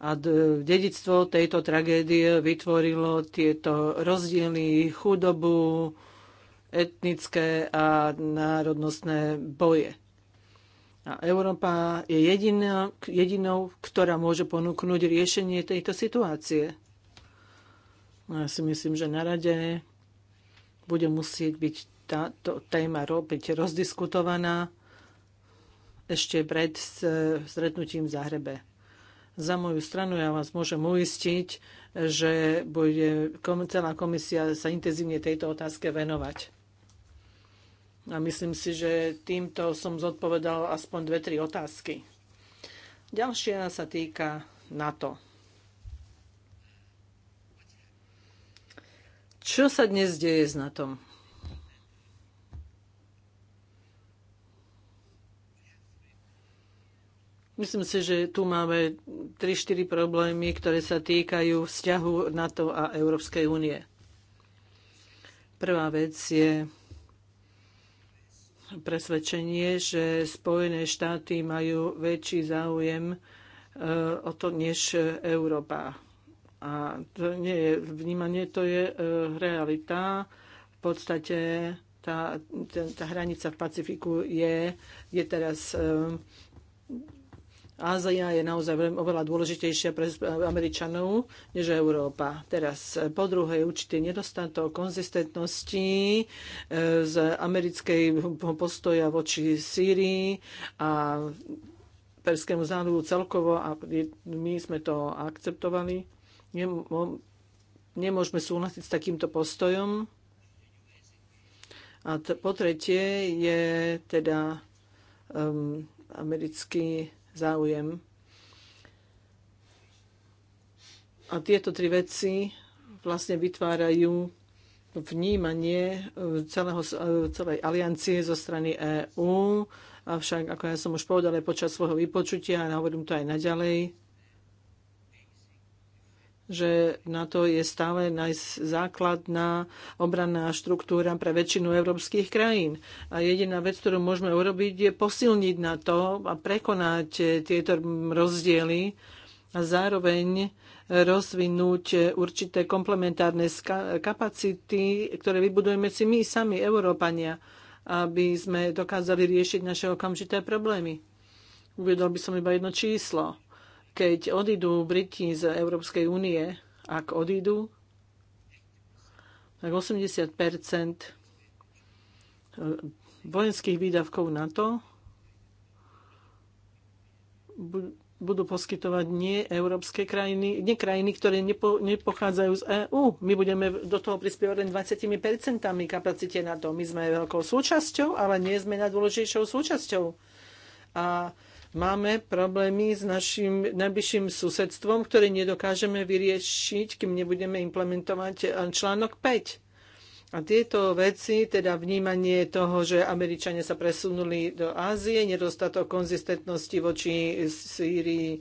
A dedictvo tejto tragédie vytvorilo tieto rozdiely, chudobu, etnické a národnostné boje. A Európa je jediná, jedinou, ktorá môže ponúknuť riešenie tejto situácie. Ja si myslím, že na rade bude musieť byť táto téma robiť rozdiskutovaná ešte pred e, stretnutím v Zahrebe. Za moju stranu ja vás môžem uistiť, že bude celá komisia sa intenzívne tejto otázke venovať. A myslím si, že týmto som zodpovedal aspoň dve, tri otázky. Ďalšia sa týka NATO. Čo sa dnes deje s NATO? Myslím si, že tu máme 3-4 problémy, ktoré sa týkajú vzťahu NATO a Európskej únie. Prvá vec je presvedčenie, že Spojené štáty majú väčší záujem e, o to než Európa. A to nie je vnímanie, to je e, realita. V podstate tá, tá hranica v Pacifiku je, je teraz e, Ázia je naozaj oveľa dôležitejšia pre Američanov než Európa. Teraz eh, po druhé určitý nedostatok konzistentnosti eh, z americkej postoja voči Sýrii a Perskému zálivu celkovo a my sme to akceptovali. Nemôžeme súhlasiť s takýmto postojom. A po tretie je teda um, americký záujem. A tieto tri veci vlastne vytvárajú vnímanie eh, celého, eh, celej aliancie zo strany EÚ. Avšak, ako ja som už povedala počas svojho vypočutia, a hovorím to aj naďalej, že na to je stále najzákladná obranná štruktúra pre väčšinu európskych krajín. A jediná vec, ktorú môžeme urobiť, je posilniť na to a prekonať tieto rozdiely a zároveň rozvinúť určité komplementárne kapacity, ktoré vybudujeme si my sami, Európania, aby sme dokázali riešiť naše okamžité problémy. Uviedol by som iba jedno číslo keď odídu Briti z Európskej únie, ak odídu, tak 80 eh, vojenských výdavkov NATO budú poskytovať nie európske krajiny, nie krajiny, ktoré nepo, nepochádzajú z EÚ. My budeme do toho prispievať len 20% kapacite na to. My sme veľkou súčasťou, ale nie sme najdôležitejšou súčasťou. A Máme problémy s našim najbližším susedstvom, ktoré nedokážeme vyriešiť, kým nebudeme implementovať e, článok 5. A tieto veci, teda vnímanie toho, že Američania sa presunuli do Ázie, nedostatok konzistentnosti voči Sýrii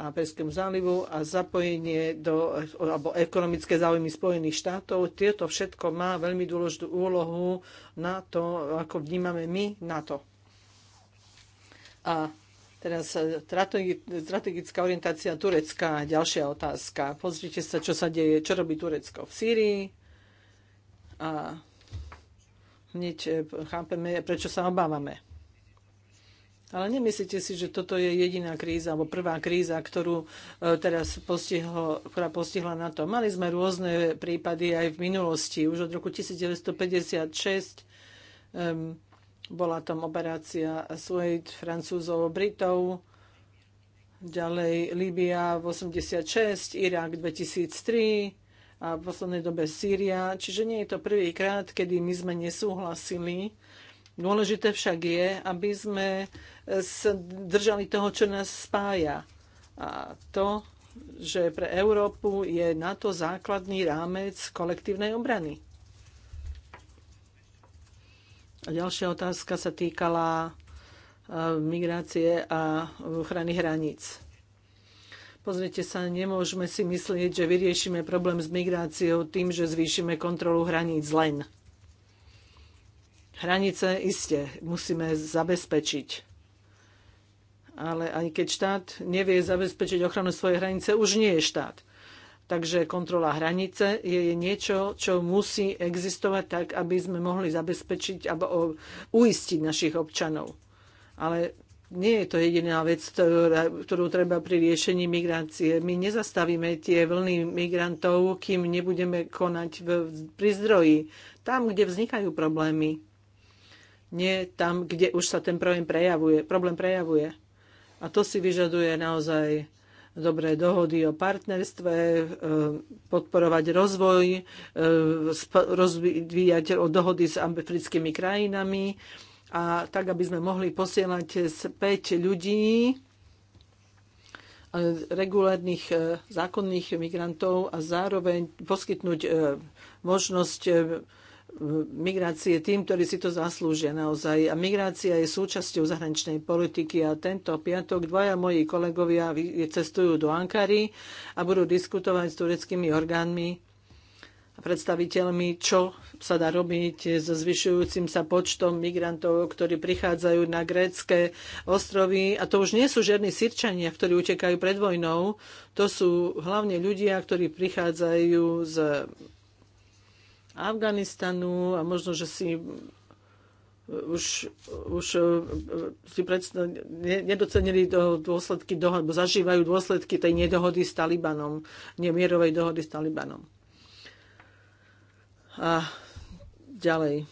a Perskému zálivu a zapojenie do, alebo ekonomické záujmy Spojených štátov, tieto všetko má veľmi dôležitú úlohu na to, ako vnímame my na to. A Teraz eh, strategická orientácia Turecka, ďalšia otázka. Pozrite sa, čo sa deje, čo robí Turecko v Sýrii. A hneď eh, chápeme, prečo sa obávame. Ale nemyslíte si, že toto je jediná kríza, alebo prvá kríza, ktorú eh, teraz postihlo, ktorá postihla na to. Mali sme rôzne prípady aj v minulosti. Už od roku 1956 um, bola tam operácia Suede, Francúzov, Britov, ďalej Líbia v 86, Irak 2003 a v poslednej dobe Sýria. Čiže nie je to prvýkrát, kedy my sme nesúhlasili. Dôležité však je, aby sme držali toho, čo nás spája. A to, že pre Európu je NATO základný rámec kolektívnej obrany. A ďalšia otázka sa týkala e, migrácie a ochrany hraníc. Pozrite sa, nemôžeme si myslieť, že vyriešime problém s migráciou tým, že zvýšime kontrolu hraníc len. Hranice iste musíme zabezpečiť. Ale aj keď štát nevie zabezpečiť ochranu svojej hranice, už nie je štát. Takže kontrola hranice je niečo, čo musí existovať tak, aby sme mohli zabezpečiť alebo uistiť našich občanov. Ale nie je to jediná vec, ktorú treba pri riešení migrácie. My nezastavíme tie vlny migrantov, kým nebudeme konať v, pri zdroji, tam, kde vznikajú problémy. Nie tam, kde už sa ten problém prejavuje. Problém prejavuje. A to si vyžaduje naozaj dobré dohody o partnerstve, e, podporovať rozvoj, e, rozvíjať dohody s africkými krajinami a tak, aby sme mohli posielať späť ľudí, e, regulárnych zákonných migrantov a zároveň poskytnúť možnosť migrácie tým, ktorí si to zaslúžia naozaj. A migrácia je súčasťou zahraničnej politiky a tento piatok dvaja moji kolegovia cestujú do Ankary a budú diskutovať s tureckými orgánmi a predstaviteľmi, čo sa dá robiť so zvyšujúcim sa počtom migrantov, ktorí prichádzajú na grécké ostrovy. A to už nie sú žiadni Sirčania, ktorí utekajú pred vojnou. To sú hlavne ľudia, ktorí prichádzajú z Afganistanu a možno, že si e, už, už e, e, si predstav, nedocenili do dôsledky dohod, zažívajú dôsledky tej nedohody s Talibanom, nemierovej dohody s Talibanom. A ďalej.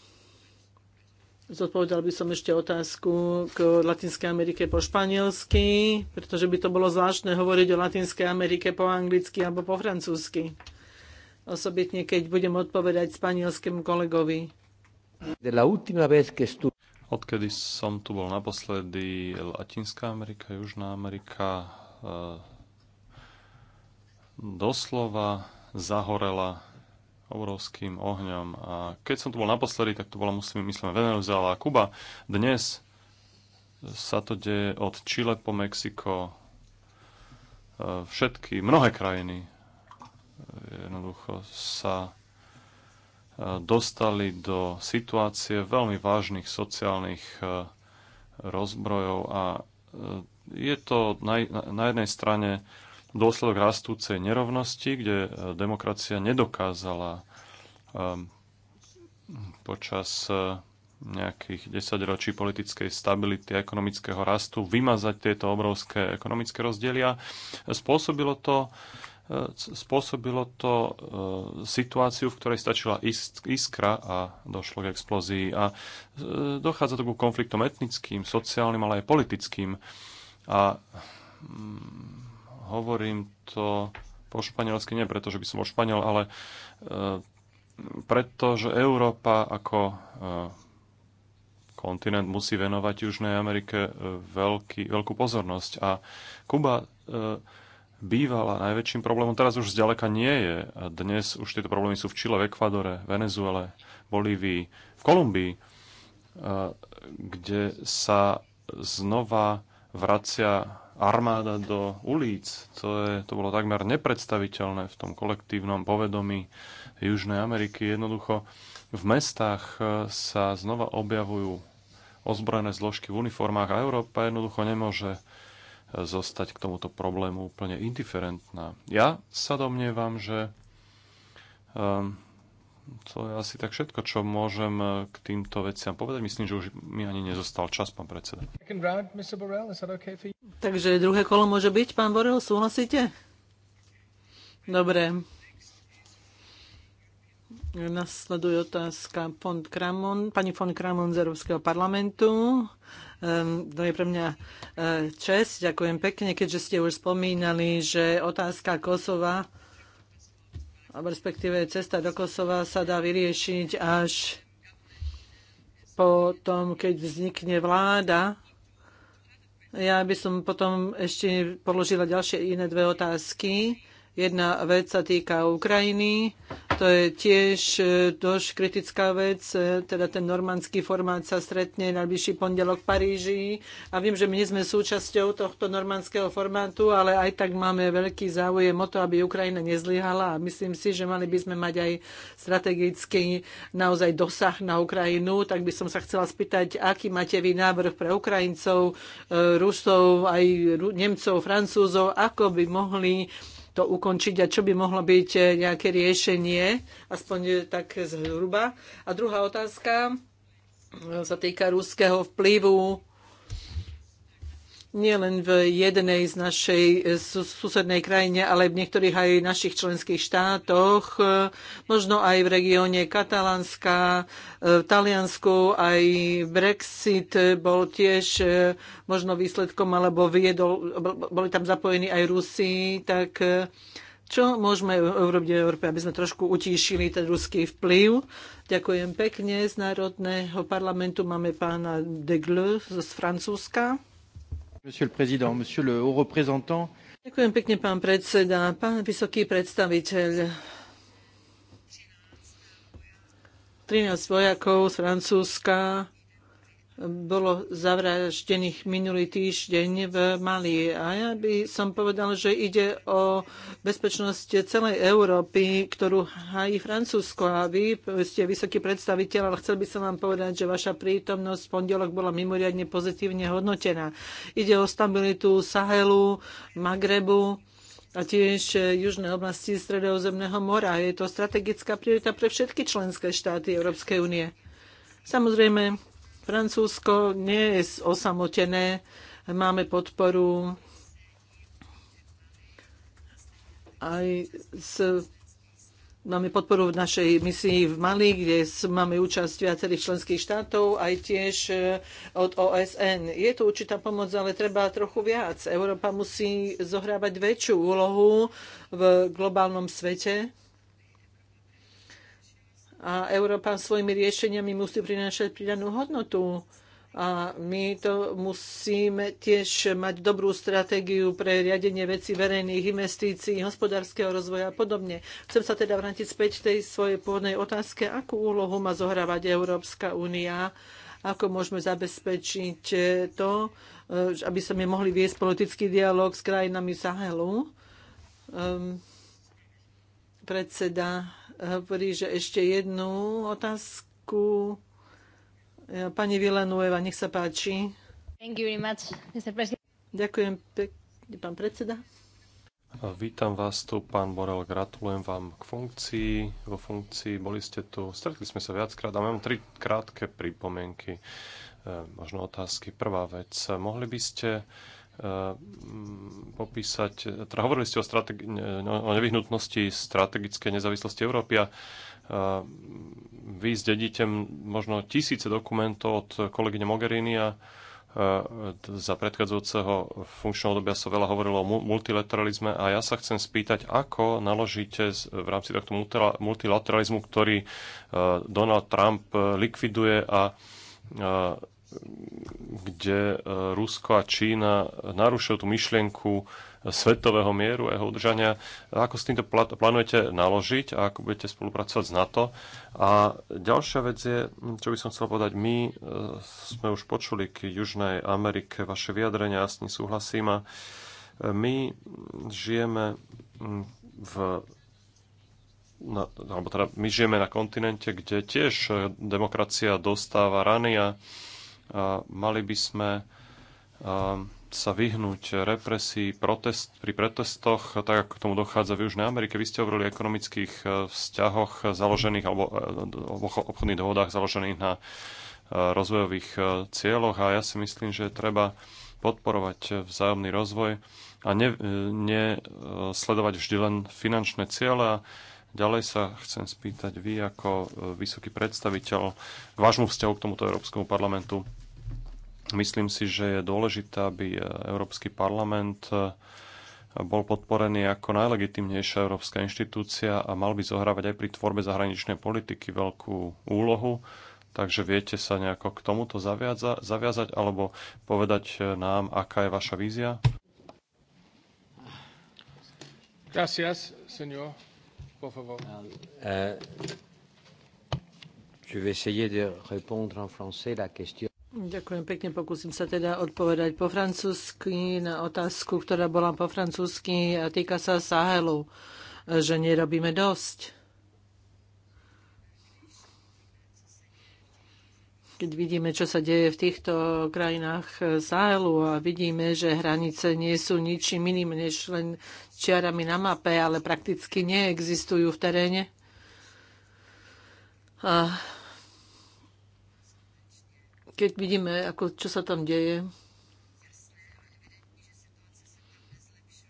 Zodpovedal by som ešte otázku k Latinskej Amerike po španielsky, pretože by to bolo zvláštne hovoriť o Latinskej Amerike po anglicky alebo po francúzsky osobitne keď budem odpovedať spanielskému kolegovi. Odkedy som tu bol naposledy, Latinská Amerika, Južná Amerika eh, doslova zahorela obrovským ohňom. A keď som tu bol naposledy, tak to bola, musím, myslím, Venezuela a Kuba. Dnes sa to deje od Chile po Mexiko. Eh, všetky, mnohé krajiny jednoducho sa e, dostali do situácie veľmi vážnych sociálnych e, rozbrojov a e, je to na, jednej strane dôsledok rastúcej nerovnosti, kde demokracia nedokázala počas nejakých desaťročí politickej stability a ekonomického rastu vymazať tieto obrovské ekonomické rozdielia spôsobilo to E, spôsobilo to e, situáciu, v ktorej stačila iskra a došlo k explózii. A e, dochádza to ku konfliktom etnickým, sociálnym, ale aj politickým. A mm, hovorím to po španielsky nie preto, že by som bol španiel, ale preto, že Európa ako kontinent musí venovať Južnej Amerike veľký, veľkú pozornosť. A Kuba bývala najväčším problémom, teraz už zďaleka nie je. A dnes už tieto problémy sú v Čile, v Ekvadore, Venezuele, Bolívii, v Kolumbii, kde sa znova vracia armáda do ulic. To, je, to bolo takmer nepredstaviteľné v tom kolektívnom povedomí Južnej Ameriky. Jednoducho v mestách e, sa znova objavujú ozbrojené zložky v uniformách a Európa jednoducho nemôže zostať k tomuto problému úplne indiferentná. Ja sa domnievam, že ehm, to je asi tak všetko, čo môžem eh, k týmto veciam povedať. Myslím, že už mi ani nezostal čas, pán predseda. Takže druhé kolo môže byť, pán Borel, súhlasíte? Dobre. Nasleduje otázka von Kramon, pani von Kramon z Európskeho parlamentu. Ehm, to je pre mňa eh, čest. Ďakujem pekne, keďže ste už spomínali, že otázka Kosova, respektíve cesta do Kosova sa dá vyriešiť až po tom, keď vznikne vláda. Ja by som potom ešte položila ďalšie iné dve otázky. Jedna vec sa týka Ukrajiny. To je tiež e, dosť kritická vec, e, teda ten normandský formát sa stretne najbližší pondelok v Paríži a viem, že my nie sme súčasťou tohto normandského formátu, ale aj tak máme veľký záujem o to, aby Ukrajina nezlyhala a myslím si, že mali by sme mať aj strategický naozaj dosah na Ukrajinu, tak by som sa chcela spýtať, aký máte vy návrh pre Ukrajincov, e, Rusov, aj Nemcov, Francúzov, ako by mohli to ukončiť a čo by mohlo byť e, nejaké riešenie, aspoň e, tak zhruba. A druhá otázka e, sa týka ruského vplyvu nielen v jednej z našej e, susednej krajine, ale v niektorých aj našich členských štátoch, e, možno aj v regióne Katalánska, e, v Taliansku, aj Brexit bol tiež možno výsledkom, alebo viedol, boli tam zapojení aj Rusi, tak čo môžeme urobiť v Európe, aby sme trošku utíšili ten ruský vplyv. Ďakujem pekne. Z Národného parlamentu máme pána Degle z Francúzska. Monsieur le président, monsieur le haut représentant. Ďakujem pekne, pán predseda. Pán vysoký predstaviteľ, 13 vojakov z Francúzska bolo zavraždených minulý týždeň v Mali. A ja by som povedal, že ide o bezpečnosť celej Európy, ktorú hájí Francúzsko. A vy ste vysoký predstaviteľ, ale chcel by som vám povedať, že vaša prítomnosť v pondelok bola mimoriadne pozitívne hodnotená. Ide o stabilitu Sahelu, Magrebu, a tiež južné oblasti Stredozemného mora. Je to strategická priorita pre všetky členské štáty Európskej únie. Samozrejme, Francúzsko nie je osamotené. Máme podporu aj s, Máme podporu v našej misii v Mali, kde máme účasť viacerých členských štátov, aj tiež e, od OSN. Je tu určitá pomoc, ale treba trochu viac. Európa musí zohrávať väčšiu úlohu v globálnom svete a Európa svojimi riešeniami musí prinášať pridanú hodnotu. A my to musíme tiež mať dobrú stratégiu pre riadenie veci verejných investícií, hospodárskeho rozvoja a podobne. Chcem sa teda vrátiť späť tej svojej pôvodnej otázke, akú úlohu má zohrávať Európska únia, ako môžeme zabezpečiť to, aby sme mohli viesť politický dialog s krajinami Sahelu. Um, predseda hovorí, že ešte jednu otázku. Pani Vilanueva, nech sa páči. Thank you very much, Mr. Ďakujem pekne, pán predseda. Vítam vás tu, pán Borel, gratulujem vám k funkcii. Vo funkcii boli ste tu, stretli sme sa viackrát a mám tri krátke pripomienky, eh, možno otázky. Prvá vec, mohli by ste Eh, popísať, teda hovorili ste o, o nevyhnutnosti strategickej nezávislosti Európy a eh, vy zdedíte možno tisíce dokumentov od kolegyne Mogherini a eh, za predchádzajúceho funkčného obdobia sa veľa hovorilo o multilateralizme a ja sa chcem spýtať, ako naložíte v rámci tohto multilateralizmu, ktorý Donald Trump likviduje a kde e, Rusko a Čína narušujú tú myšlienku e, svetového mieru a jeho udržania. Ako s týmto plánujete naložiť a ako budete spolupracovať s NATO? A ďalšia vec je, čo by som chcel povedať, my e, sme už počuli k Južnej Amerike vaše vyjadrenia, ja s ním súhlasím a my žijeme v na, alebo teda my žijeme na kontinente, kde tiež demokracia dostáva rany a Mali by sme sa vyhnúť represii protest, pri protestoch, tak ako k tomu dochádza v Južnej Amerike. Vy ste hovorili o ekonomických e, vzťahoch založených alebo e, obchodných dohodách založených na e, rozvojových cieľoch a ja si myslím, že treba podporovať vzájomný rozvoj a nesledovať ne, vždy len finančné ciele. ďalej sa chcem spýtať vy ako vysoký predstaviteľ k vášmu vzťahu k tomuto Európskemu parlamentu Myslím si, že je dôležité, aby e, Európsky parlament e, bol podporený ako najlegitimnejšia európska inštitúcia a mal by zohrávať aj pri tvorbe zahraničnej politiky veľkú úlohu. Takže viete sa nejako k tomuto zaviaza, zaviazať alebo povedať e, nám, aká je vaša vízia? Gracias, señor. Por favor. Uh, je vais essayer de répondre en français la question. Ďakujem pekne, pokúsim sa teda odpovedať po francúzsky na otázku, ktorá bola po francúzsky a týka sa Sahelu, že nerobíme dosť. Keď vidíme, čo sa deje v týchto krajinách Sahelu a vidíme, že hranice nie sú ničím iným než len čiarami na mape, ale prakticky neexistujú v teréne. A keď vidíme, ako, čo sa tam deje.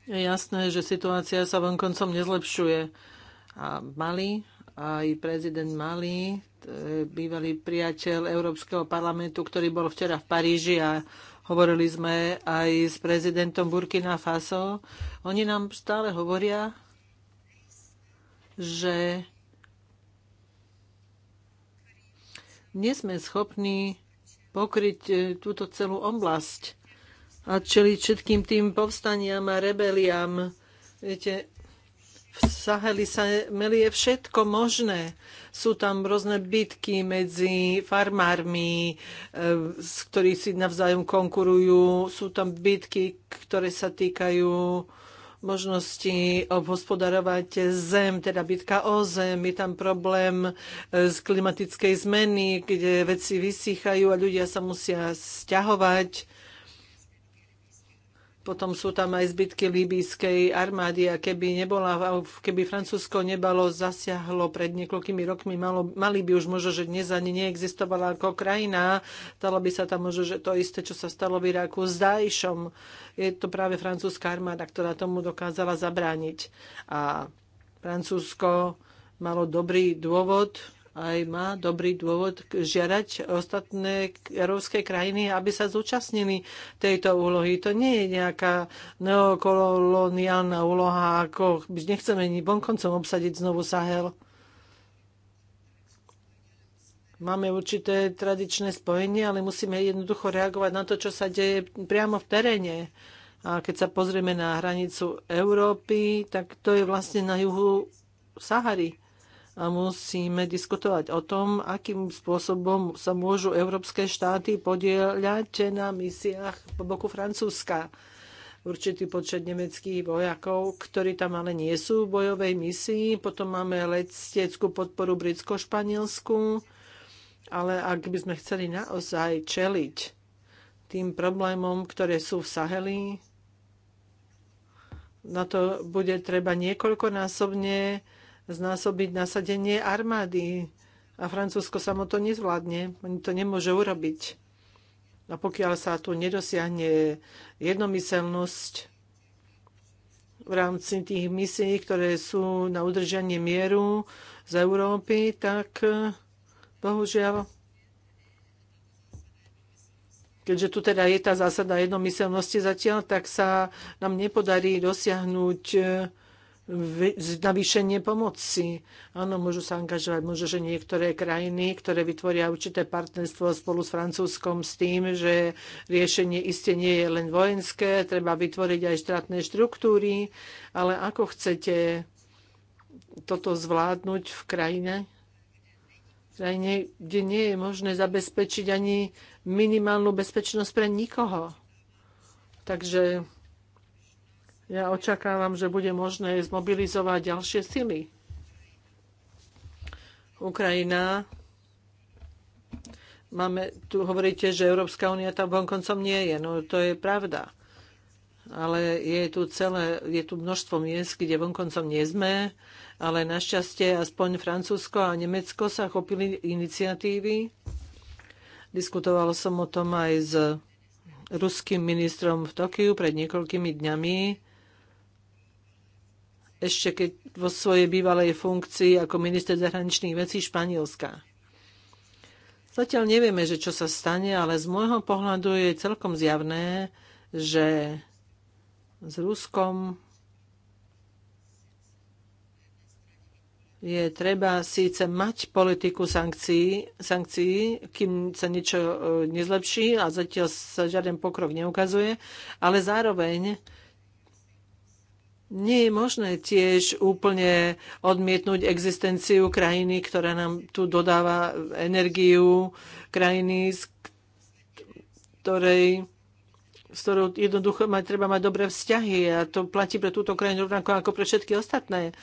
Je jasné, že situácia sa vonkoncom nezlepšuje. A Mali, aj prezident Mali, bývalý priateľ Európskeho parlamentu, ktorý bol včera v Paríži a hovorili sme aj s prezidentom Burkina Faso. Oni nám stále hovoria, že nie sme schopní pokryť e, túto celú oblasť a čeliť všetkým tým povstaniam a rebeliám. Viete, v Saheli sa melie všetko možné. Sú tam rôzne bitky medzi farmármi, z e, ktorých si navzájom konkurujú. Sú tam bitky, ktoré sa týkajú možnosti obhospodarovať zem, teda bitka o zem, je tam problém e, z klimatickej zmeny, kde veci vysýchajú a ľudia sa musia sťahovať potom sú tam aj zbytky líbyjskej armády a keby, nebola, keby Francúzsko nebalo zasiahlo pred niekoľkými rokmi, malo, mali by už možno, že dnes ani neexistovala ako krajina. Stalo by sa tam možno, že to isté, čo sa stalo v Iraku s Dajšom. Je to práve francúzska armáda, ktorá tomu dokázala zabrániť. A Francúzsko malo dobrý dôvod aj má dobrý dôvod žiadať ostatné európske krajiny, aby sa zúčastnili tejto úlohy. To nie je nejaká neokoloniálna úloha, ako nechceme ani bonkoncom obsadiť znovu Sahel. Máme určité tradičné spojenie, ale musíme jednoducho reagovať na to, čo sa deje priamo v teréne. A keď sa pozrieme na hranicu Európy, tak to je vlastne na juhu Sahary a musíme diskutovať o tom, akým spôsobom sa môžu európske štáty podielať na misiách po boku Francúzska. Určitý počet nemeckých vojakov, ktorí tam ale nie sú v bojovej misii. Potom máme leteckú podporu britsko-španielsku. Ale ak by sme chceli naozaj čeliť tým problémom, ktoré sú v Saheli, na to bude treba niekoľkonásobne znásobiť nasadenie armády. A Francúzsko samo to nezvládne. Oni to nemôže urobiť. A pokiaľ sa tu nedosiahne jednomyselnosť v rámci tých misií, ktoré sú na udržanie mieru z Európy, tak eh, bohužiaľ keďže tu teda je tá zásada jednomyselnosti zatiaľ, tak sa nám nepodarí dosiahnuť eh, navýšenie pomoci. Áno, môžu sa angažovať, môže, že niektoré krajiny, ktoré vytvoria určité partnerstvo spolu s Francúzskom s tým, že riešenie iste nie je len vojenské, treba vytvoriť aj štátne štruktúry, ale ako chcete toto zvládnuť v krajine, v krajine, kde nie je možné zabezpečiť ani minimálnu bezpečnosť pre nikoho. Takže ja očakávam, že bude možné zmobilizovať ďalšie sily. Ukrajina. Máme, tu hovoríte, že Európska únia tam vonkoncom nie je. No to je pravda. Ale je tu, celé, je tu množstvo miest, kde vonkoncom nie sme, ale našťastie aspoň Francúzsko a Nemecko sa chopili iniciatívy. Diskutoval som o tom aj s ruským ministrom v Tokiu pred niekoľkými dňami ešte keď vo svojej bývalej funkcii ako minister zahraničných vecí Španielska. Zatiaľ nevieme, že čo sa stane, ale z môjho pohľadu je celkom zjavné, že s Ruskom je treba síce mať politiku sankcií, sankcií, kým sa niečo e, nezlepší a zatiaľ sa žiaden pokrok neukazuje, ale zároveň nie je možné tiež úplne odmietnúť existenciu krajiny, ktorá nám tu dodáva energiu, krajiny, z ktorej s ktorou jednoducho mať, treba mať dobré vzťahy a to platí pre túto krajinu rovnako ako pre všetky ostatné.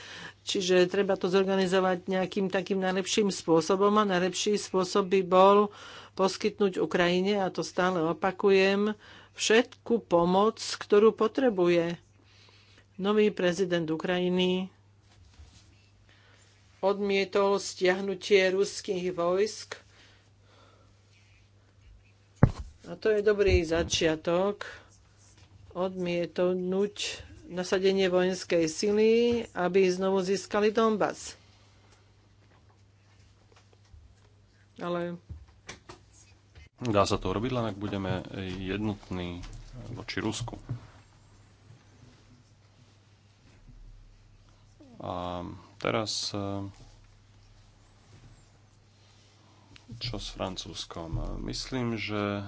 Čiže treba to zorganizovať nejakým takým najlepším spôsobom a najlepší spôsob by bol poskytnúť Ukrajine, a to stále opakujem, všetku pomoc, ktorú potrebuje Nový prezident Ukrajiny odmietol stiahnutie ruských vojsk. A to je dobrý začiatok odmietnúť nasadenie vojenskej sily, aby znovu získali Donbass. Ale... Dá sa to urobiť, len ak budeme jednotní voči Rusku. A teraz eh, čo s francúzskom? Myslím, že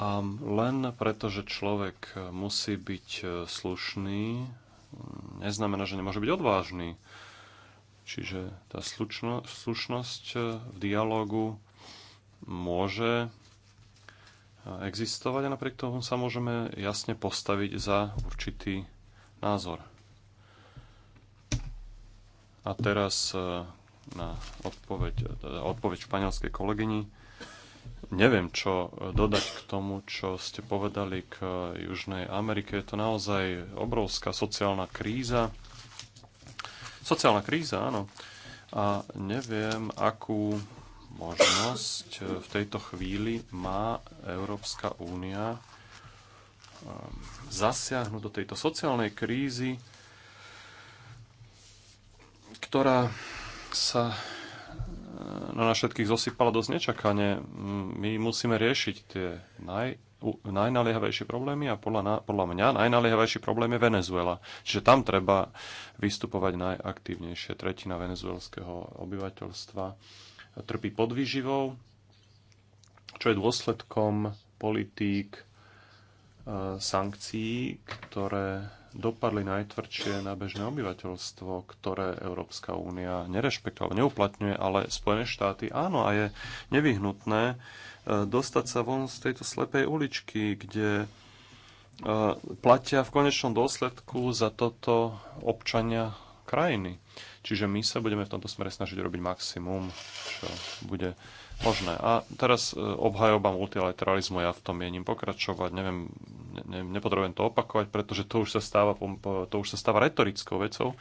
a len preto, že človek musí byť eh, slušný, neznamená, že nemôže byť odvážny. Čiže tá slučno, slušnosť eh, v dialogu môže existovať a napriek tomu sa môžeme jasne postaviť za určitý názor. A teraz e, na odpoveď, teda odpoveď španielskej kolegyni. Neviem, čo e, dodať k tomu, čo ste povedali k e, Južnej Amerike. Je to naozaj obrovská sociálna kríza. Sociálna kríza, áno. A neviem, akú možnosť v tejto chvíli má Európska únia Um, zasiahnuť do tejto sociálnej krízy, ktorá sa uh, na nás všetkých zosypala dosť nečakane. My musíme riešiť tie naj, najnaliehavejšie problémy a podľa, podľa mňa najnaliehavejší problém je Venezuela. Čiže tam treba vystupovať najaktívnejšie. Tretina venezuelského obyvateľstva trpí podvýživou, čo je dôsledkom politík sankcií, ktoré dopadli najtvrdšie na bežné obyvateľstvo, ktoré Európska únia nerešpektovala, neuplatňuje, ale Spojené štáty áno a je nevyhnutné e, dostať sa von z tejto slepej uličky, kde e, platia v konečnom dôsledku za toto občania krajiny. Čiže my sa budeme v tomto smere snažiť robiť maximum, čo bude možné. A teraz e, obhajoba multilateralizmu, ja v tom mienim pokračovať, neviem, ne, nepotrebujem to opakovať, pretože to už sa stáva, to už sa stáva retorickou vecou.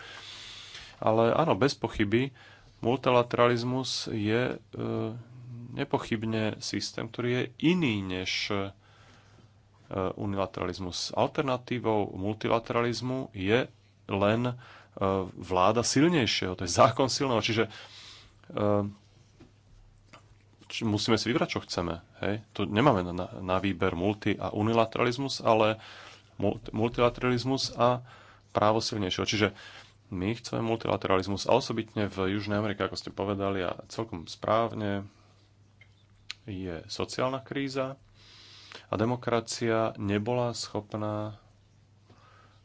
Ale áno, bez pochyby, multilateralizmus je e, nepochybne systém, ktorý je iný než e, unilateralizmus. Alternatívou multilateralizmu je len e, vláda silnejšieho, to je zákon silného. Čiže e, či, musíme si vybrať, čo chceme. Hej? Tu nemáme na, na výber multi a unilateralizmus, ale multilateralizmus a právo silnejšieho. Čiže my chceme multilateralizmus a osobitne v Južnej Amerike, ako ste povedali, a celkom správne je sociálna kríza a demokracia nebola schopná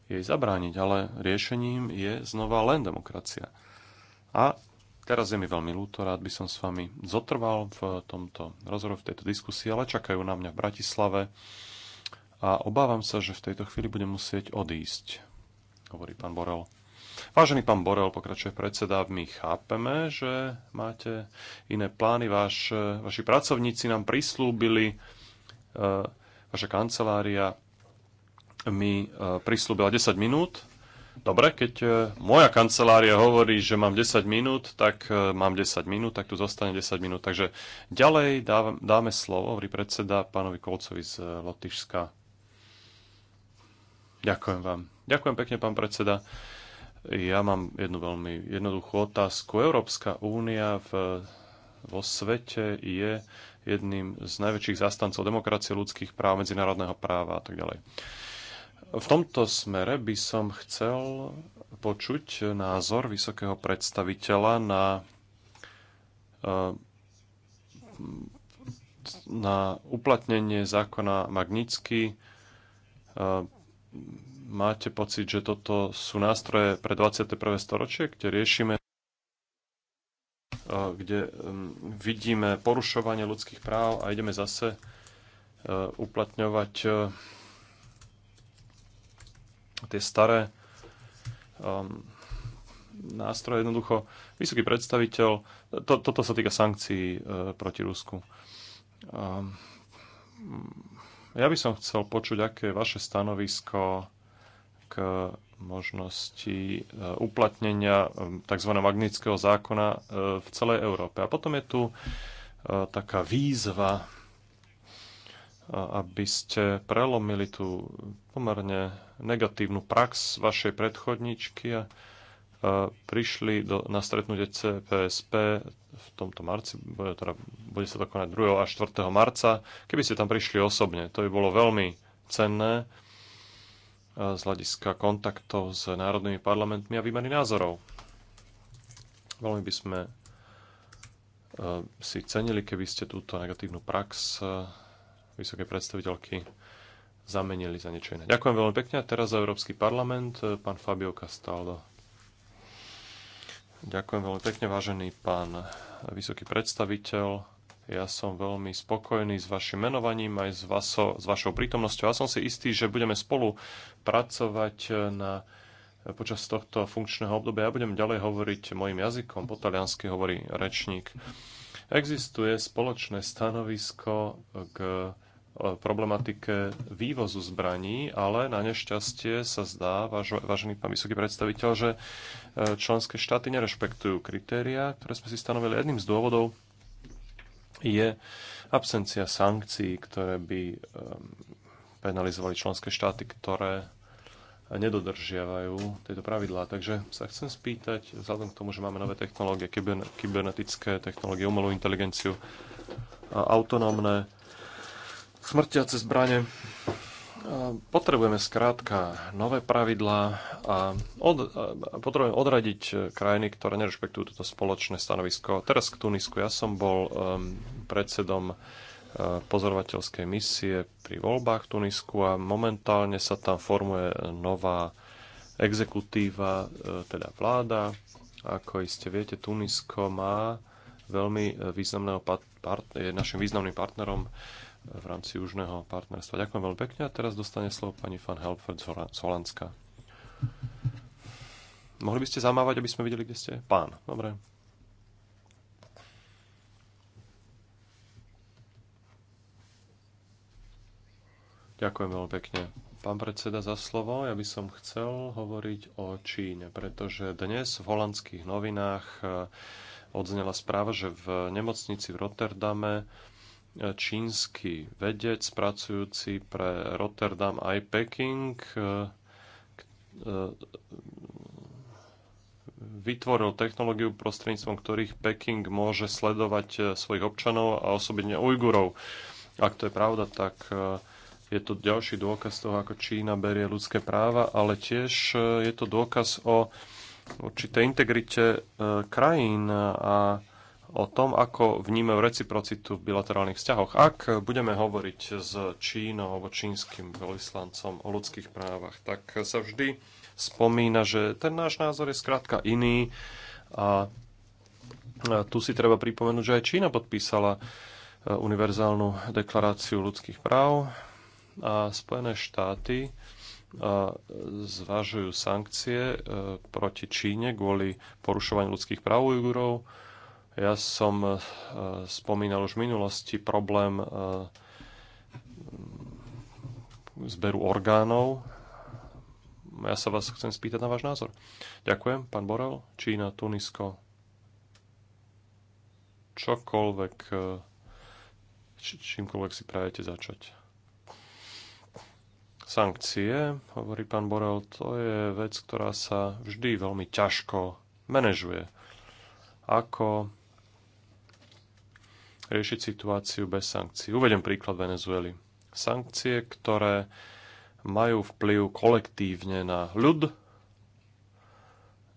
jej zabrániť, ale riešením je znova len demokracia. A Teraz je mi veľmi ľúto, rád by som s vami zotrval v tomto rozhovoru, v tejto diskusii, ale čakajú na mňa v Bratislave a obávam sa, že v tejto chvíli budem musieť odísť, hovorí pán Borel. Vážený pán Borel, pokračuje predseda, my chápeme, že máte iné plány. Vaš, vaši pracovníci nám prislúbili, eh, vaša kancelária mi eh, prislúbila 10 minút Dobre, keď e, moja kancelária hovorí, že mám 10 minút, tak e, mám 10 minút, tak tu zostane 10 minút. Takže ďalej dáme slovo, hovorí predseda pánovi Kolcovi z e, Lotyšska. Ďakujem vám. Ďakujem pekne, pán predseda. Ja mám jednu veľmi jednoduchú otázku. Európska únia v, vo svete je jedným z najväčších zastancov demokracie, ľudských práv, medzinárodného práva a tak ďalej. V tomto smere by som chcel počuť názor vysokého predstaviteľa na, eh, na uplatnenie zákona Magnitsky. Eh, máte pocit, že toto sú nástroje pre 21. storočie, kde riešime eh, kde mm, vidíme porušovanie ľudských práv a ideme zase uplatňovať tie staré um, nástroje. Jednoducho, vysoký predstaviteľ, to, toto sa týka sankcií uh, proti Rusku. Um, ja by som chcel počuť, aké je vaše stanovisko k možnosti e, uplatnenia um, tzv. magnického zákona e, v celej Európe. A potom je tu taká výzva aby ste prelomili tú pomerne negatívnu prax vašej predchodničky a prišli do, na stretnutie CPSP v tomto marci, bude, teda, bude sa to konať 2. a 4. marca. Keby ste tam prišli osobne, to by bolo veľmi cenné z hľadiska kontaktov s národnými parlamentmi a výmeny názorov. Veľmi by sme si cenili, keby ste túto negatívnu prax vysokej predstaviteľky zamenili za niečo iné. Ďakujem veľmi pekne. teraz za Európsky parlament eh, pán Fabio Castaldo. Ďakujem veľmi pekne, vážený pán vysoký predstaviteľ. Ja som veľmi spokojný s vašim menovaním aj s, vaso, s vašou prítomnosťou. Ja som si istý, že budeme spolu pracovať eh, na, eh, počas tohto funkčného obdobia. Ja budem ďalej hovoriť mojim jazykom, po taliansky hovorí rečník. Existuje spoločné stanovisko k Eh, problematike vývozu zbraní, ale na nešťastie sa zdá, váž, vážený pán vysoký predstaviteľ, že eh, členské štáty nerešpektujú kritéria, ktoré sme si stanovili. Jedným z dôvodov je absencia sankcií, ktoré by eh, penalizovali členské štáty, ktoré nedodržiavajú tieto pravidlá. Takže sa chcem spýtať, vzhľadom k tomu, že máme nové technológie, kybernetické technológie, umelú inteligenciu, autonómne smrtiace zbranie. Potrebujeme skrátka nové pravidlá a od, potrebujeme odradiť krajiny, ktoré nerešpektujú toto spoločné stanovisko. Teraz k Tunisku. Ja som bol um, predsedom uh, pozorovateľskej misie pri voľbách v Tunisku a momentálne sa tam formuje nová exekutíva, uh, teda vláda. Ako iste viete, Tunisko má veľmi uh, významného, je našim významným partnerom v rámci južného partnerstva. Ďakujem veľmi pekne a teraz dostane slovo pani Van Helfert z Holandska. Mohli by ste zamávať, aby sme videli, kde ste? Pán, dobre. Ďakujem veľmi pekne. Pán predseda, za slovo. Ja by som chcel hovoriť o Číne, pretože dnes v holandských novinách eh, odznela správa, že v nemocnici v Rotterdame čínsky vedec pracujúci pre Rotterdam aj Peking eh, eh, vytvoril technológiu, prostredníctvom ktorých Peking môže sledovať eh, svojich občanov a osobitne Ujgurov. Ak to je pravda, tak je to ďalší dôkaz toho, ako Čína berie ľudské práva, ale tiež je to dôkaz o určitej integrite krajín a o tom, ako vnímajú reciprocitu v bilaterálnych vzťahoch. Ak budeme hovoriť s Čínou alebo čínskym veľvyslancom o ľudských právach, tak sa vždy spomína, že ten náš názor je skrátka iný a tu si treba pripomenúť, že aj Čína podpísala e, univerzálnu deklaráciu ľudských práv a Spojené štáty e, zvažujú sankcie e, proti Číne kvôli porušovaniu ľudských práv Ujgurov ja som e, spomínal už v minulosti problém e, zberu orgánov. Ja sa vás chcem spýtať na váš názor. Ďakujem, pán Borel. Čína, Tunisko, čokoľvek, e, čímkoľvek si prajete začať. Sankcie, hovorí pán Borel, to je vec, ktorá sa vždy veľmi ťažko manažuje. Ako riešiť situáciu bez sankcií. Uvedem príklad Venezuely. Sankcie, ktoré majú vplyv kolektívne na ľud,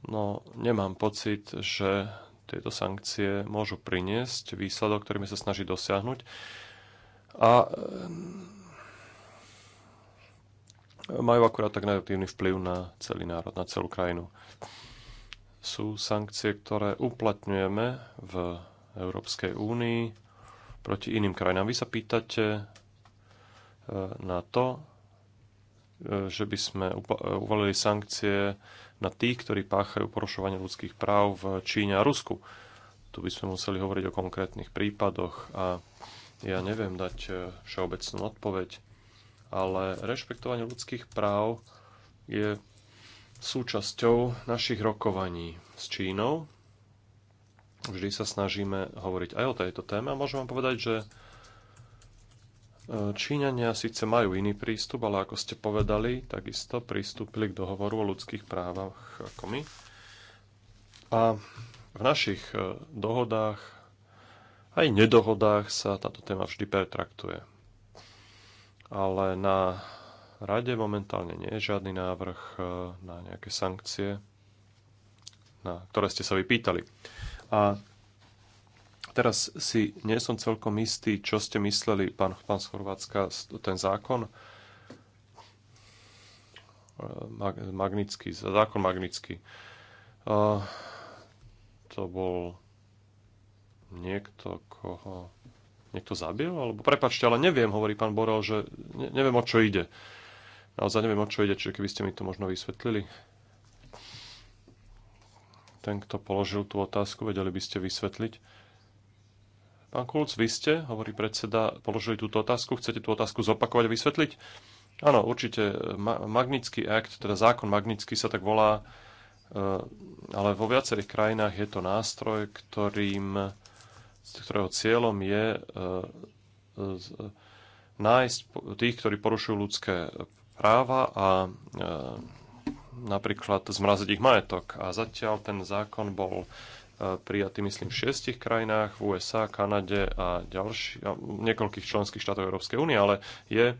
no nemám pocit, že tieto sankcie môžu priniesť výsledok, ktorými sa snaží dosiahnuť. A ehm, majú akurát tak negatívny vplyv na celý národ, na celú krajinu. Sú sankcie, ktoré uplatňujeme v Európskej únii, proti iným krajinám. Vy sa pýtate e, na to, e, že by sme e, uvalili sankcie na tých, ktorí páchajú porušovanie ľudských práv v Číne a Rusku. Tu by sme museli hovoriť o konkrétnych prípadoch a ja neviem dať všeobecnú odpoveď, ale rešpektovanie ľudských práv je súčasťou našich rokovaní s Čínou vždy sa snažíme hovoriť aj o tejto téme a môžem vám povedať, že e, Číňania síce majú iný prístup, ale ako ste povedali, takisto pristúpili k dohovoru o ľudských právach ako my. A v našich e, dohodách aj nedohodách sa táto téma vždy pertraktuje. Ale na rade momentálne nie je žiadny návrh e, na nejaké sankcie, na ktoré ste sa vypýtali. A teraz si nie som celkom istý, čo ste mysleli, pán, pán z Chorvátska, ten zákon eh, magnický, zákon magnický. Eh, to bol niekto, koho niekto zabil? Alebo prepačte, ale neviem, hovorí pán Borel, že ne, neviem, o čo ide. Naozaj neviem, o čo ide, čiže keby ste mi to možno vysvetlili ten, kto položil tú otázku, vedeli by ste vysvetliť? Pán Kulc, vy ste, hovorí predseda, položili túto otázku, chcete tú otázku zopakovať a vysvetliť? Áno, určite. Ma- Magnický akt, teda zákon Magnický sa tak volá, e, ale vo viacerých krajinách je to nástroj, ktorým, ktorého cieľom je e, e, nájsť tých, ktorí porušujú ľudské práva a napríklad zmraziť ich majetok. A zatiaľ ten zákon bol e, prijatý, myslím, v šiestich krajinách, v USA, Kanade a ďalších, niekoľkých členských štátov Európskej únie, ale je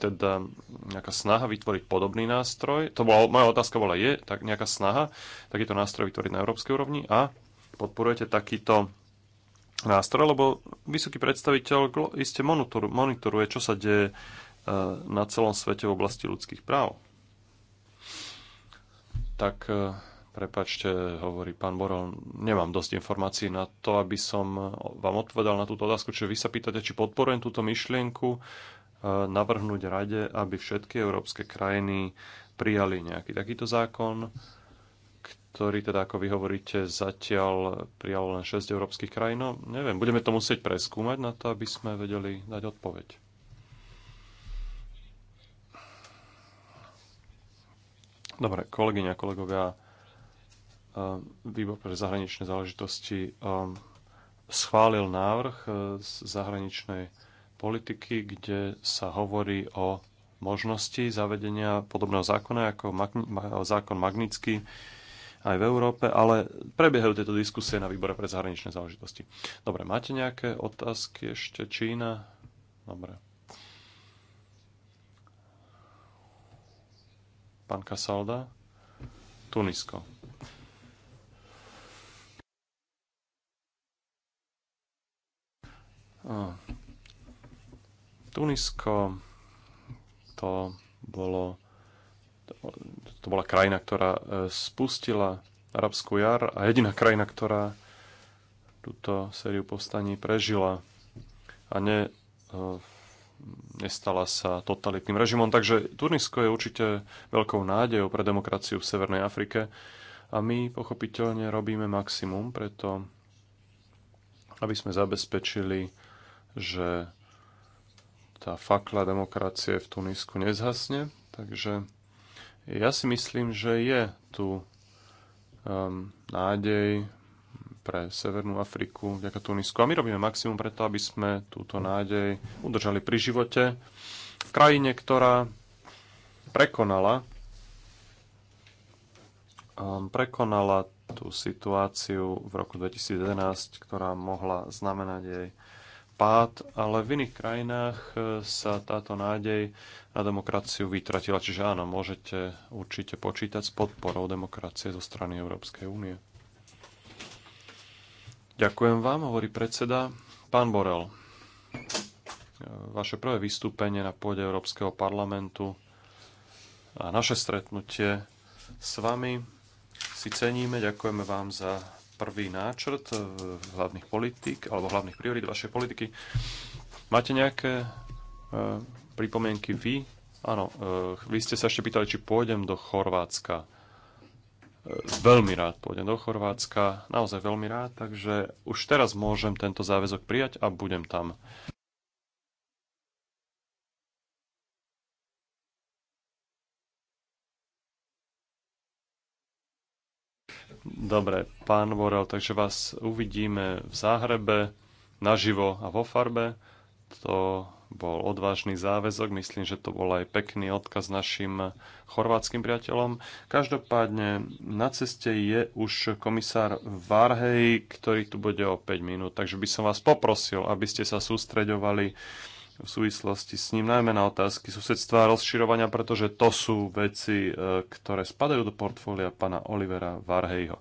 teda nejaká snaha vytvoriť podobný nástroj. To bola, moja otázka bola, je tak nejaká snaha takýto nástroj vytvoriť na európskej úrovni a podporujete takýto nástroj, lebo vysoký predstaviteľ iste monitoruje, čo sa deje e, na celom svete v oblasti ľudských práv tak e, prepačte, hovorí pán Borol, nemám dosť informácií na to, aby som vám odpovedal na túto otázku. Čiže vy sa pýtate, či podporujem túto myšlienku e, navrhnúť rade, aby všetky európske krajiny prijali nejaký takýto zákon, ktorý teda, ako vy hovoríte, zatiaľ prijalo len 6 európskych krajín. No, neviem, budeme to musieť preskúmať na to, aby sme vedeli dať odpoveď. Dobre, kolegyňa, kolegovia, e, výbor pre zahraničné záležitosti e, schválil návrh e, z zahraničnej politiky, kde sa hovorí o možnosti zavedenia podobného zákona ako zákon Magnický aj v Európe, ale prebiehajú tieto diskusie na výbore pre zahraničné záležitosti. Dobre, máte nejaké otázky ešte? Čína? Dobre. Pán Kasalda. Tunisko. Tunisko to bolo to bola krajina, ktorá e, spustila arabskú jar a jediná krajina, ktorá túto sériu povstaní prežila a ne e, nestala sa totalitným režimom. Takže Tunisko je určite veľkou nádejou pre demokraciu v Severnej Afrike a my pochopiteľne robíme maximum preto, aby sme zabezpečili, že tá fakla demokracie v Tunisku nezhasne. Takže ja si myslím, že je tu um, nádej pre Severnú Afriku, vďaka Tunisku. A my robíme maximum preto, aby sme túto nádej udržali pri živote v krajine, ktorá prekonala um, prekonala tú situáciu v roku 2011, ktorá mohla znamenať jej pád, ale v iných krajinách e, sa táto nádej na demokraciu vytratila. Čiže áno, môžete určite počítať s podporou demokracie zo strany Európskej únie. Ďakujem vám, hovorí predseda. Pán Borel, vaše prvé vystúpenie na pôde Európskeho parlamentu a naše stretnutie s vami si ceníme. Ďakujeme vám za prvý náčrt hlavných politik alebo hlavných priorít vašej politiky. Máte nejaké e, pripomienky vy? Áno, e, vy ste sa ešte pýtali, či pôjdem do Chorvátska veľmi rád pôjdem do Chorvátska, naozaj veľmi rád, takže už teraz môžem tento záväzok prijať a budem tam. Dobre, pán Borel, takže vás uvidíme v Záhrebe naživo a vo farbe to bol odvážny záväzok. Myslím, že to bol aj pekný odkaz našim chorvátskym priateľom. Každopádne na ceste je už komisár Varhej, ktorý tu bude o 5 minút. Takže by som vás poprosil, aby ste sa sústreďovali v súvislosti s ním, najmä na otázky susedstva a rozširovania, pretože to sú veci, e, ktoré spadajú do portfólia pána Olivera Varhejho.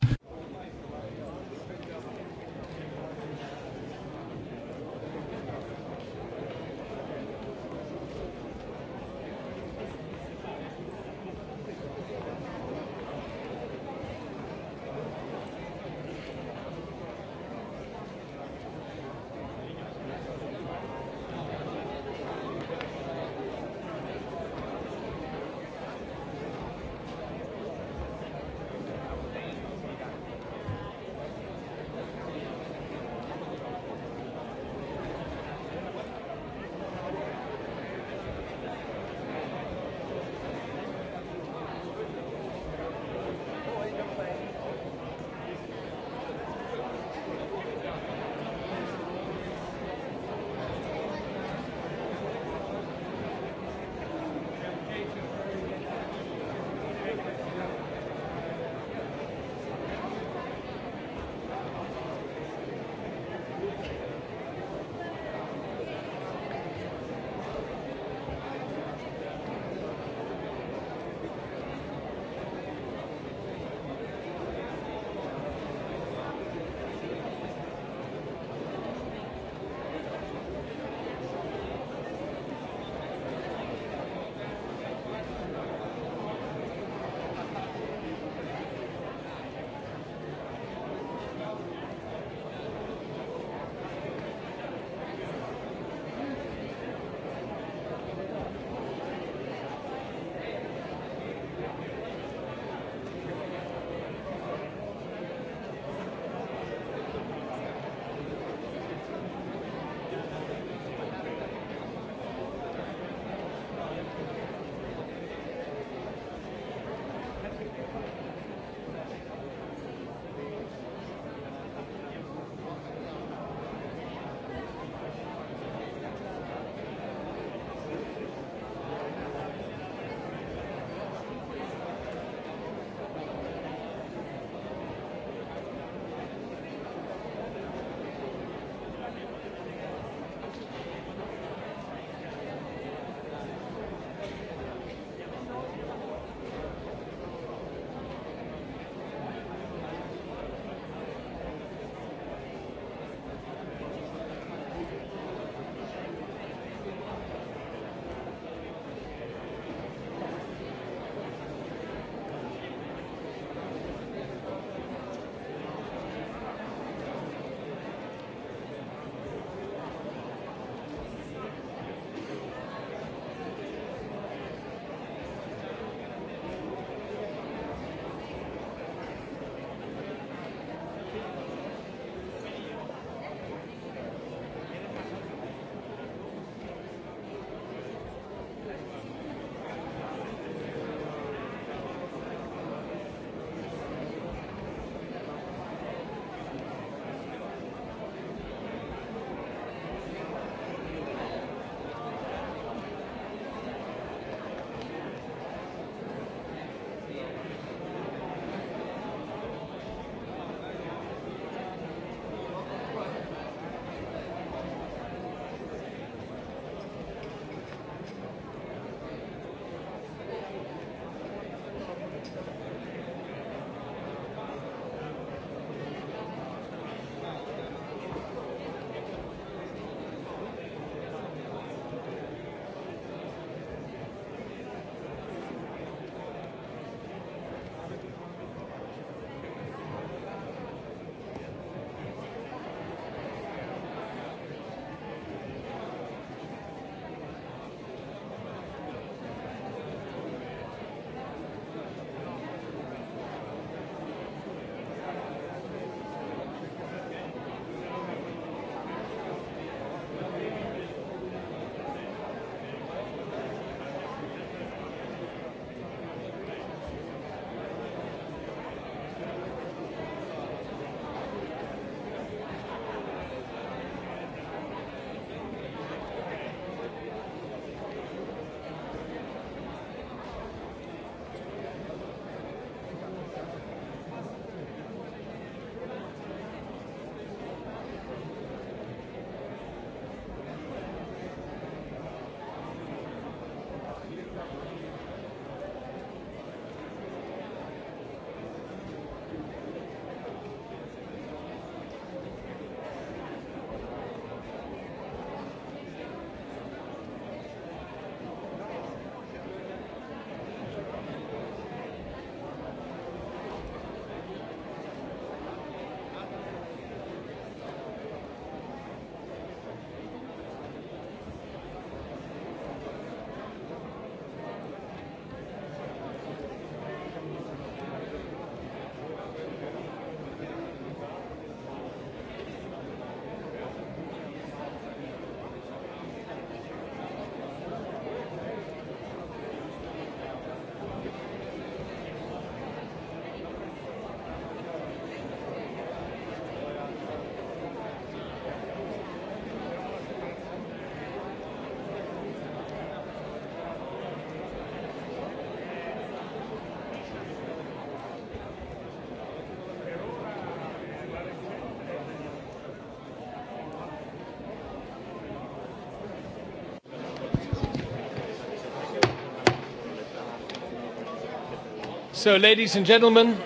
So, ladies and gentlemen.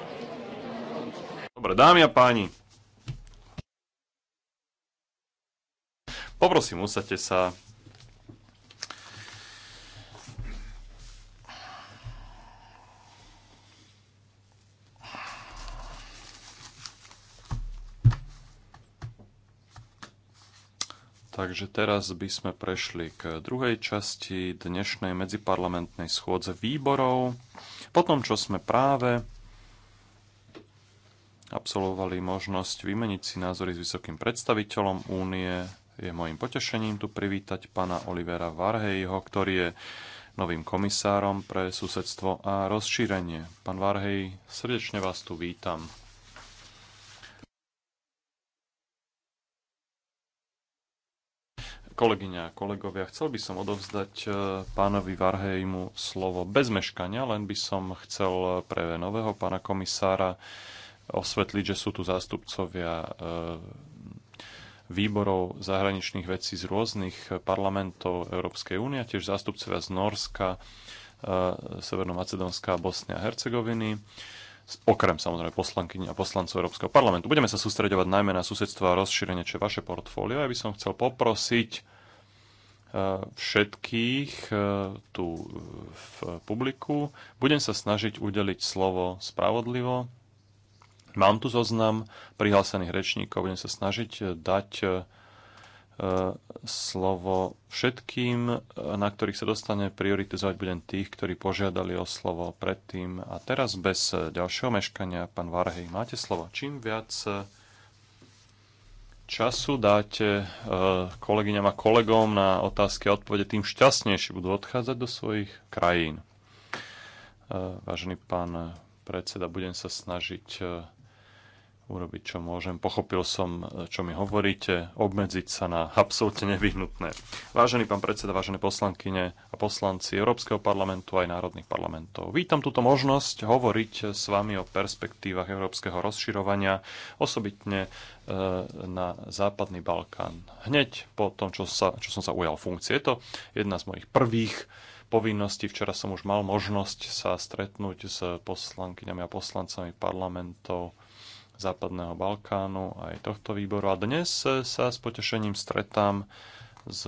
Dobre, dámy a páni. Poprosím, usadte sa. Takže teraz by sme prešli k druhej časti dnešnej medziparlamentnej schôdze výborov. Po tom, čo sme práve absolvovali možnosť vymeniť si názory s vysokým predstaviteľom únie, je mojim potešením tu privítať pana Olivera Varhejho, ktorý je novým komisárom pre susedstvo a rozšírenie. Pán Varhej, srdečne vás tu vítam. Kolegyňa a kolegovia, chcel by som odovzdať e, pánovi Varhejmu slovo bez meškania, len by som chcel pre nového pána komisára osvetliť, že sú tu zástupcovia e, výborov zahraničných vecí z rôznych parlamentov Európskej únie, tiež zástupcovia z Norska, e, Severno-Macedónska a Bosnia a Hercegoviny okrem samozrejme poslankyň a poslancov Európskeho parlamentu. Budeme sa sústredovať najmä na susedstvo a rozšírenie, čo je vaše portfólio. Ja by som chcel poprosiť všetkých e, tu e, v publiku. Budem sa snažiť udeliť slovo spravodlivo. Mám tu zoznam prihlásených rečníkov, budem sa snažiť e, dať slovo všetkým, na ktorých sa dostane. Prioritizovať budem tých, ktorí požiadali o slovo predtým. A teraz bez ďalšieho meškania, pán Varhej, máte slovo. Čím viac času dáte e, kolegyňam a kolegom na otázky a odpovede, tým šťastnejšie budú odchádzať do svojich krajín. E, vážený pán predseda, budem sa snažiť e, urobiť, čo môžem. Pochopil som, čo mi hovoríte, obmedziť sa na absolútne nevyhnutné. Vážený pán predseda, vážené poslankyne a poslanci Európskeho parlamentu aj národných parlamentov, vítam túto možnosť hovoriť s vami o perspektívach európskeho rozširovania, osobitne e, na Západný Balkán. Hneď po tom, čo, sa, čo som sa ujal funkcie. Je to jedna z mojich prvých povinnosti. Včera som už mal možnosť sa stretnúť s poslankyňami a poslancami parlamentov Západného Balkánu aj tohto výboru. A dnes sa s potešením stretám s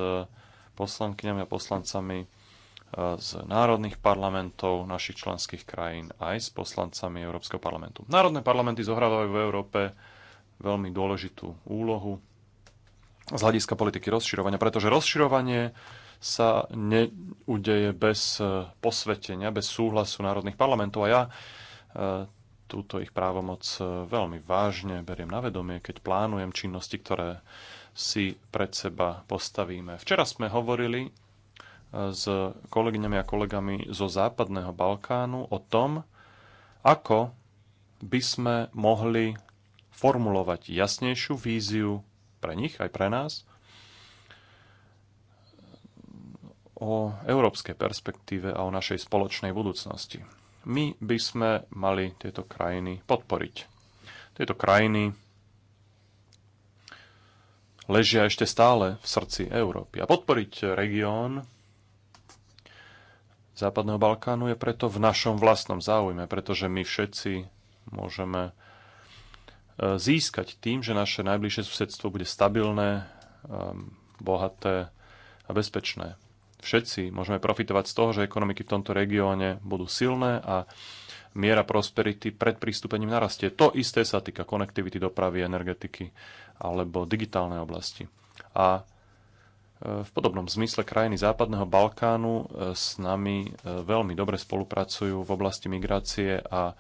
poslankyňami a poslancami e, z národných parlamentov našich členských krajín aj s poslancami Európskeho parlamentu. Národné parlamenty zohrávajú v Európe veľmi dôležitú úlohu z hľadiska politiky rozširovania, pretože rozširovanie sa neudeje bez e, posvetenia, bez súhlasu národných parlamentov. A ja e, túto ich právomoc e, veľmi vážne beriem na vedomie, keď plánujem činnosti, ktoré si pred seba postavíme. Včera sme hovorili e, s kolegyňami a kolegami zo Západného Balkánu o tom, ako by sme mohli formulovať jasnejšiu víziu pre nich, aj pre nás, o európskej perspektíve a o našej spoločnej budúcnosti my by sme mali tieto krajiny podporiť. Tieto krajiny ležia ešte stále v srdci Európy. A podporiť región Západného Balkánu je preto v našom vlastnom záujme, pretože my všetci môžeme e, získať tým, že naše najbližšie susedstvo bude stabilné, e, bohaté a bezpečné všetci môžeme profitovať z toho, že ekonomiky v tomto regióne budú silné a miera prosperity pred prístupením narastie. To isté sa týka konektivity, dopravy, energetiky alebo digitálnej oblasti. A e, v podobnom zmysle krajiny Západného Balkánu e, s nami e, veľmi dobre spolupracujú v oblasti migrácie a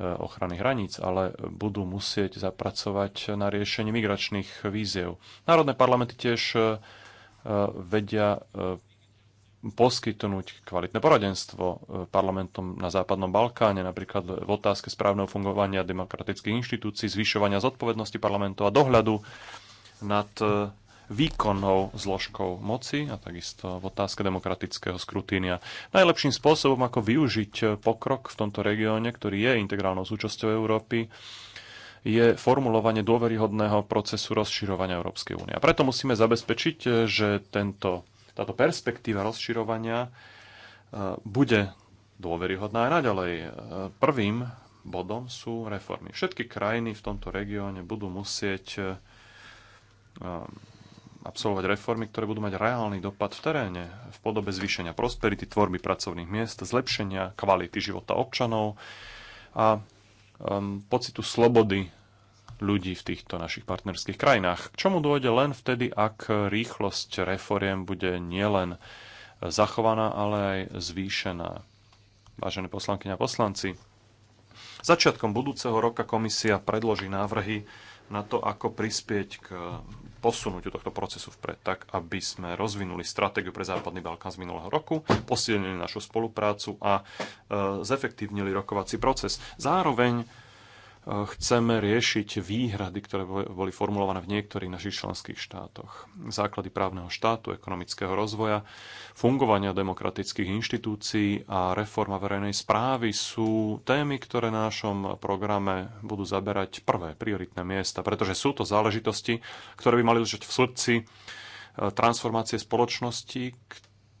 ochrany hraníc, ale budú musieť zapracovať na riešenie migračných víziev. Národné parlamenty tiež vedia poskytnúť kvalitné poradenstvo e, parlamentom na Západnom Balkáne, napríklad v otázke správneho fungovania demokratických inštitúcií, zvyšovania zodpovednosti parlamentov a dohľadu nad e, výkonnou zložkou moci a takisto v otázke demokratického skrutínia. Najlepším spôsobom, ako využiť e, pokrok v tomto regióne, ktorý je integrálnou súčasťou Európy, je formulovanie dôveryhodného procesu rozširovania Európskej únie. A preto musíme zabezpečiť, že tento táto perspektíva rozširovania e, bude dôveryhodná aj naďalej. E, prvým bodom sú reformy. Všetky krajiny v tomto regióne budú musieť e, absolvovať reformy, ktoré budú mať reálny dopad v teréne v podobe zvýšenia prosperity, tvorby pracovných miest, zlepšenia kvality života občanov a um, pocitu slobody ľudí v týchto našich partnerských krajinách. K čomu dôjde len vtedy, ak rýchlosť reforiem bude nielen zachovaná, ale aj zvýšená. Vážené poslankyňa a poslanci, začiatkom budúceho roka komisia predloží návrhy na to, ako prispieť k posunutiu tohto procesu vpred, tak aby sme rozvinuli stratégiu pre Západný Balkán z minulého roku, posilnili našu spoluprácu a e, zefektívnili rokovací proces. Zároveň chceme riešiť výhrady, ktoré boli formulované v niektorých našich členských štátoch. Základy právneho štátu, ekonomického rozvoja, fungovania demokratických inštitúcií a reforma verejnej správy sú témy, ktoré na našom programe budú zaberať prvé prioritné miesta, pretože sú to záležitosti, ktoré by mali ležať v srdci e, transformácie spoločnosti,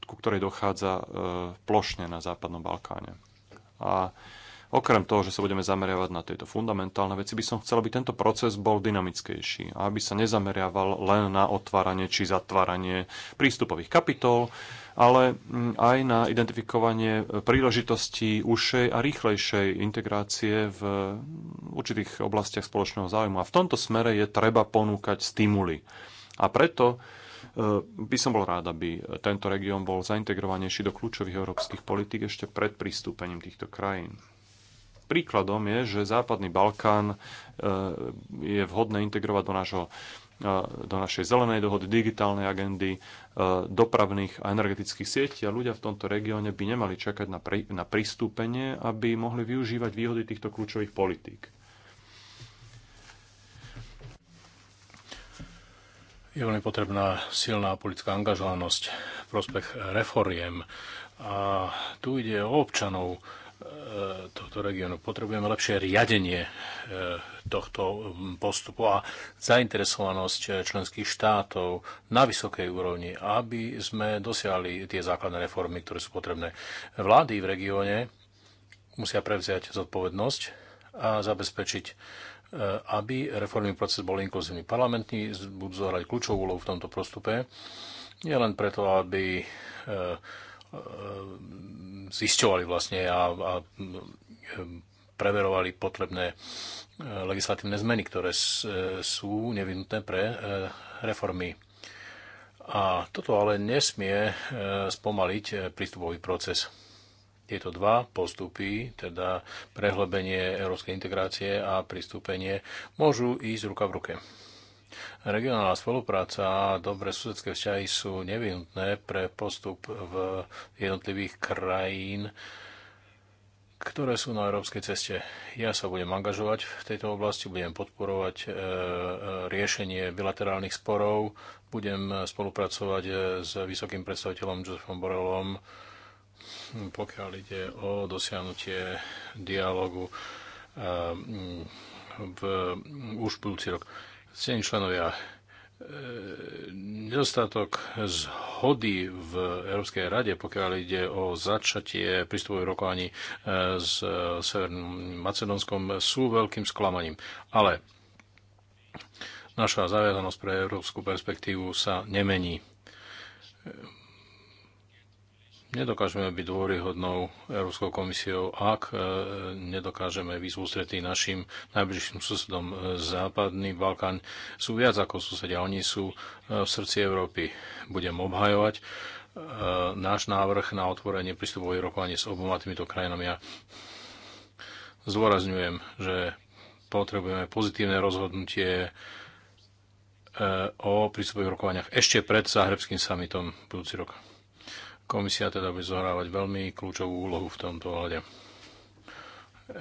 ku ktorej dochádza e, plošne na Západnom Balkáne. A Okrem toho, že sa budeme zameriavať na tieto fundamentálne veci, by som chcel, aby tento proces bol dynamickejší a aby sa nezameriaval len na otváranie či zatváranie prístupových kapitol, ale mm, aj na identifikovanie e, príležitostí ušej a rýchlejšej integrácie v mm, určitých oblastiach spoločného záujmu. A v tomto smere je treba ponúkať stimuly. A preto e, by som bol rád, aby tento región bol zaintegrovanejší do kľúčových európskych politik ešte pred pristúpením týchto krajín príkladom je, že Západný Balkán e, je vhodné integrovať do, našo, e, do našej zelenej dohody, digitálnej agendy, e, dopravných a energetických sietí a ľudia v tomto regióne by nemali čakať na, prí, na pristúpenie, aby mohli využívať výhody týchto kľúčových politík. Je veľmi potrebná silná politická angažovanosť, prospech reforiem. A tu ide o občanov, E, tohto regiónu. Potrebujeme lepšie riadenie e, tohto postupu a zainteresovanosť e, členských štátov na vysokej úrovni, aby sme dosiahli tie základné reformy, ktoré sú potrebné. Vlády v regióne musia prevziať zodpovednosť a zabezpečiť, aby reformný proces bol inkluzívny. Parlamentní budú zohrať kľúčovú úlohu v tomto postupe, nielen preto, aby E, zisťovali vlastne a, a preverovali potrebné e, legislatívne zmeny, ktoré e, sú nevinutné pre reformy. A toto ale nesmie spomaliť prístupový proces. Tieto dva postupy, teda prehlbenie európskej integrácie a pristúpenie, môžu ísť ruka v ruke. Regionálna spolupráca a dobré susedské vzťahy sú nevyhnutné pre postup v jednotlivých krajín, ktoré sú na európskej ceste. Ja sa budem angažovať v tejto oblasti, budem podporovať e, e, riešenie bilaterálnych sporov, budem spolupracovať e, s vysokým predstaviteľom Josephom Borelom, pokiaľ ide o dosiahnutie dialogu v už budúci rok. Cení členovia, e, nedostatok zhody v Európskej rade, pokiaľ ide o začatie prístupových rokovaní e, s Severným Macedónskom, sú veľkým sklamaním. Ale naša zaviazanosť pre európsku perspektívu sa nemení nedokážeme byť dôveryhodnou Európskou komisiou, ak e, nedokážeme vysústretí našim najbližším susedom. E, Západný Balkán sú viac ako susedia, oni sú e, v srdci Európy. Budem obhajovať náš návrh na otvorenie prístupových rokovania s oboma týmito krajinami. Ja zdôrazňujem, že potrebujeme pozitívne rozhodnutie o prístupových rokovaniach ešte pred Zahrebským samitom budúci rok. Komisia teda bude zohrávať veľmi kľúčovú úlohu v tomto ohľade.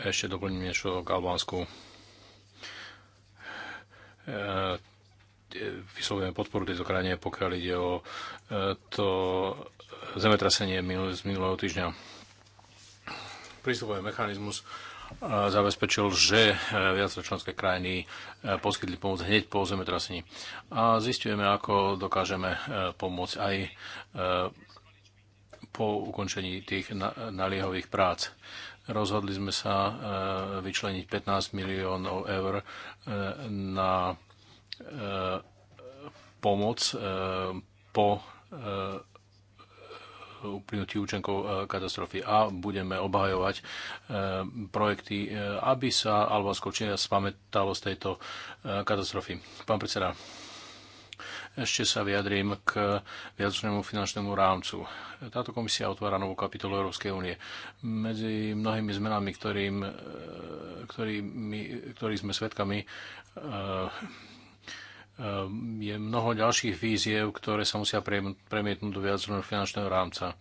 Ešte doplním niečo k Albánsku. E, e, vyslovujeme podporu tejto krajine, pokiaľ ide o e, to zemetrasenie z minulého týždňa. Prístupový mechanizmus zabezpečil, že viaceré členské krajiny poskytli pomoc hneď po zemetrasení. A zistujeme, ako dokážeme pomôcť aj po ukončení tých naliehových prác. Rozhodli sme sa e, vyčleniť 15 miliónov eur e, na e, pomoc po uplynutí účenkov katastrofy a budeme obhajovať projekty, aby sa Albánsko činia spamätalo z tejto katastrofy. Pán predseda, ešte sa vyjadrím k viacnému finančnému rámcu. Táto komisia otvára novú kapitolu Európskej únie. Medzi mnohými zmenami, ktorým, e, ktorými, ktorých sme svedkami, e, e, je mnoho ďalších víziev, ktoré sa musia premietnúť do viacného finančného rámca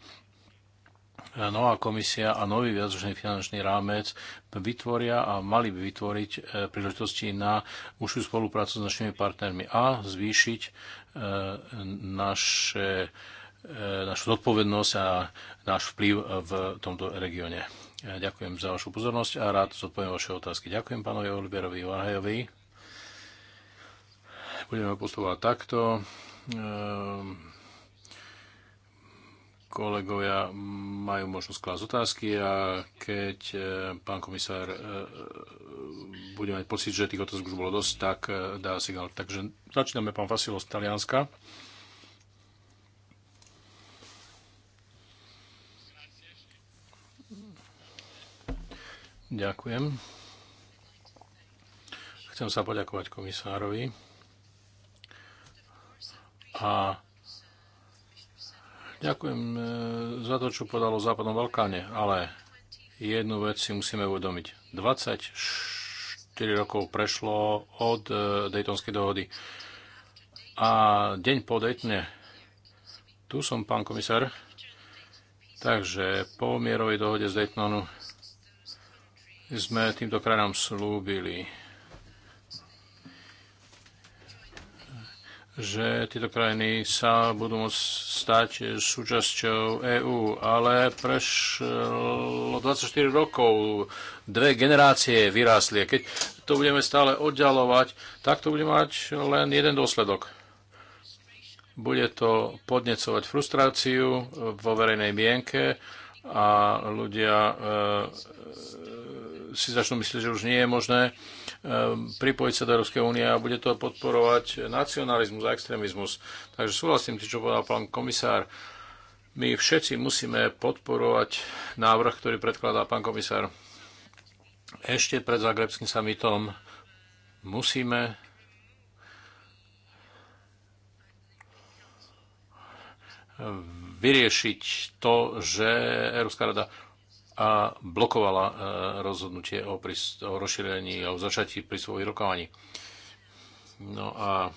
nová komisia a nový viacročný finančný rámec vytvoria a mali by vytvoriť e, príležitosti na užšiu spoluprácu s našimi partnermi a zvýšiť e, naše, e, našu zodpovednosť a náš vplyv v tomto regióne. Ďakujem za vašu pozornosť a rád zodpoviem vaše otázky. Ďakujem pánovi Oliverovi Váhajovi. Budeme postupovať takto kolegovia majú možnosť klásť otázky a keď e, pán komisár e, e, bude mať pocit, že tých otázok už bolo dosť, tak dá signál. Takže začíname pán fasilo z Talianska. Ďakujem. Chcem sa poďakovať komisárovi a Ďakujem e, za to, čo podalo o Západnom Balkáne, ale jednu vec si musíme uvedomiť. 24 rokov prešlo od e, Daytonskej dohody. A deň po Daytone, tu som, pán komisár, takže po mierovej dohode z Daytonu sme týmto krajinám slúbili že tieto krajiny sa budú môcť stať súčasťou EÚ, ale prešlo 24 rokov, dve generácie vyrástli. Keď to budeme stále oddialovať, tak to bude mať len jeden dôsledok. Bude to podnecovať frustráciu vo verejnej mienke a ľudia e, e, si začnú myslieť, že už nie je možné Ehm, pripojiť sa do Európskej únie a bude to podporovať nacionalizmus a extrémizmus. Takže súhlasím tým, čo povedal pán komisár. My všetci musíme podporovať návrh, ktorý predkladá pán komisár. Ešte pred Zagrebským samitom musíme vyriešiť to, že Európska rada a blokovala e, rozhodnutie o, o rozšírení a o začatí svojich rokovaní. No a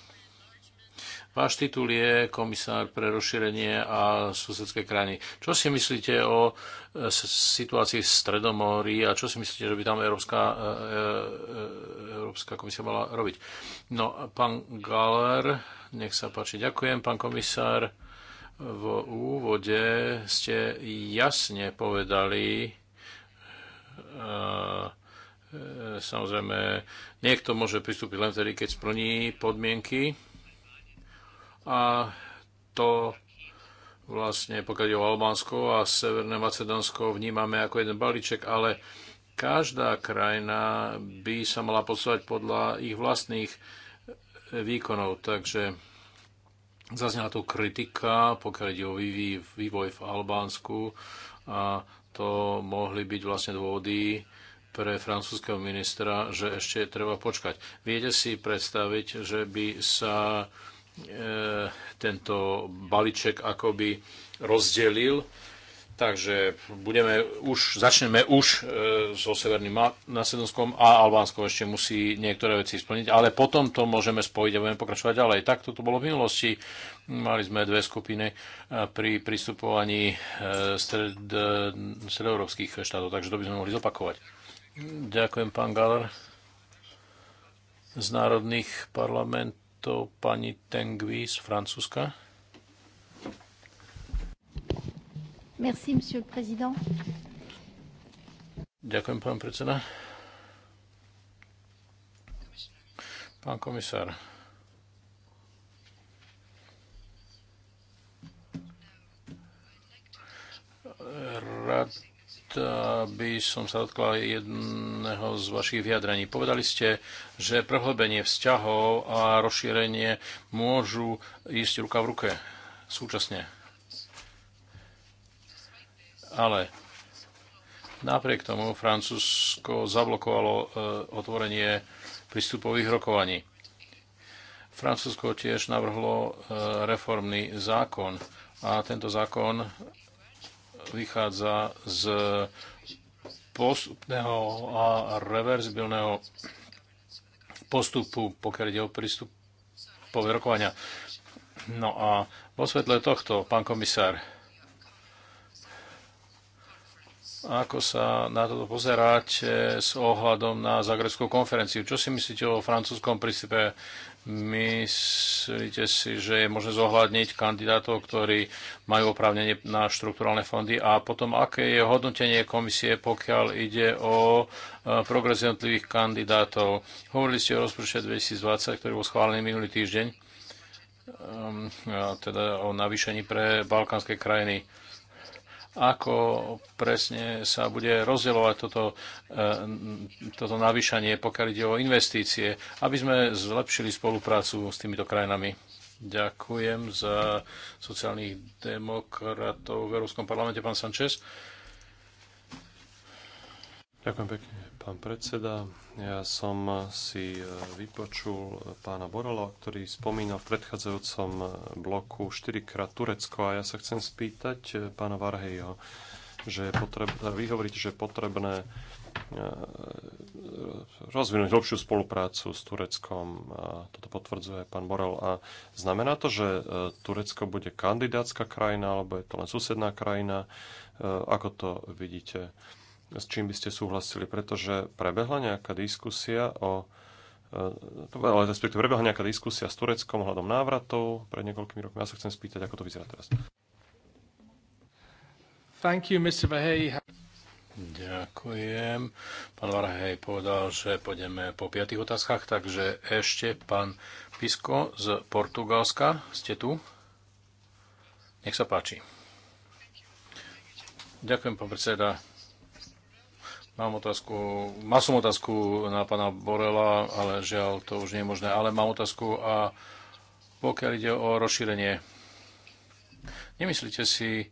váš titul je komisár pre rozšírenie a susedské krajiny. Čo si myslíte o e, situácii v Stredomorí a čo si myslíte, že by tam Európska, e, Európska komisia mala robiť? No, pán Galer, nech sa páči. Ďakujem, pán komisár. V úvode ste jasne povedali, eh, eh, samozrejme, niekto môže pristúpiť len vtedy, keď splní podmienky a to vlastne, pokiaľ je o Albánsko a Severné Macedónsko, vnímame ako jeden balíček, ale každá krajina by sa mala posúvať podľa ich vlastných výkonov. Takže Zaznela tu kritika, pokiaľ ide o vývoj v Albánsku a to mohli byť vlastne dôvody pre francúzského ministra, že ešte treba počkať. Viete si predstaviť, že by sa e, tento balíček akoby rozdelil Takže budeme už, začneme už e, so Severným Macedónskom a Albánskom ešte musí niektoré veci splniť, ale potom to môžeme spojiť a budeme pokračovať ďalej. Takto toto bolo v minulosti. Mali sme dve skupiny e, pri pristupovaní e, stred, stredoeurópskych štátov, takže to by sme mohli zopakovať. Ďakujem, pán Galer. Z národných parlamentov pani Tengvi z Francúzska. Merci, monsieur le président. Ďakujem, pán predseda. Pán komisár. Rád by som sa dotkla jedného z vašich vyjadrení. Povedali ste, že prehlbenie vzťahov a rozšírenie môžu ísť ruka v ruke súčasne. Ale napriek tomu Francúzsko zablokovalo eh, otvorenie prístupových rokovaní. Francúzsko tiež navrhlo eh, reformný zákon a tento zákon vychádza z postupného a reverzibilného postupu, pokiaľ ide o prístupové rokovania. No a vo svetle tohto, pán komisár, ako sa na toto pozeráte s ohľadom na Zagrebskú konferenciu? Čo si myslíte o francúzskom prístupe? Myslíte si, že je možné zohľadniť kandidátov, ktorí majú oprávnenie na štrukturálne fondy? A potom, aké je hodnotenie komisie, pokiaľ ide o e, progres jednotlivých kandidátov? Hovorili ste o rozpočte 2020, ktorý bol schválený minulý týždeň, e, teda o navýšení pre balkánske krajiny ako presne sa bude rozdielovať toto, eh, toto navýšanie, pokiaľ ide o investície, aby sme zlepšili spoluprácu s týmito krajinami. Ďakujem za sociálnych demokratov v Európskom parlamente, pán Sanchez. Ďakujem pekne, pán predseda. Ja som si e, vypočul pána Borola, ktorý spomínal v predchádzajúcom bloku 4 krát Turecko a ja sa chcem spýtať e, pána Varhejho, že je potrebné, e, vy hovoríte, že je potrebné rozvinúť lepšiu spoluprácu s Tureckom. A toto potvrdzuje pán Borel. A znamená to, že Turecko bude kandidátska krajina, alebo je to len susedná krajina? Ako to vidíte? s čím by ste súhlasili, pretože prebehla nejaká diskusia o e, ale respektíve prebehla nejaká diskusia s Tureckom hľadom návratov pred niekoľkými rokmi. Ja sa chcem spýtať, ako to vyzerá teraz. Thank you, Mr. Vahey. Ďakujem. Pán Varhej povedal, že pôjdeme po piatých otázkach, takže ešte pán Pisko z Portugalska. Ste tu? Nech sa páči. Ďakujem, pán predseda. Mám otázku, má som otázku na pána Borela, ale žiaľ, to už nie je možné. Ale mám otázku a pokiaľ ide o rozšírenie, nemyslíte si,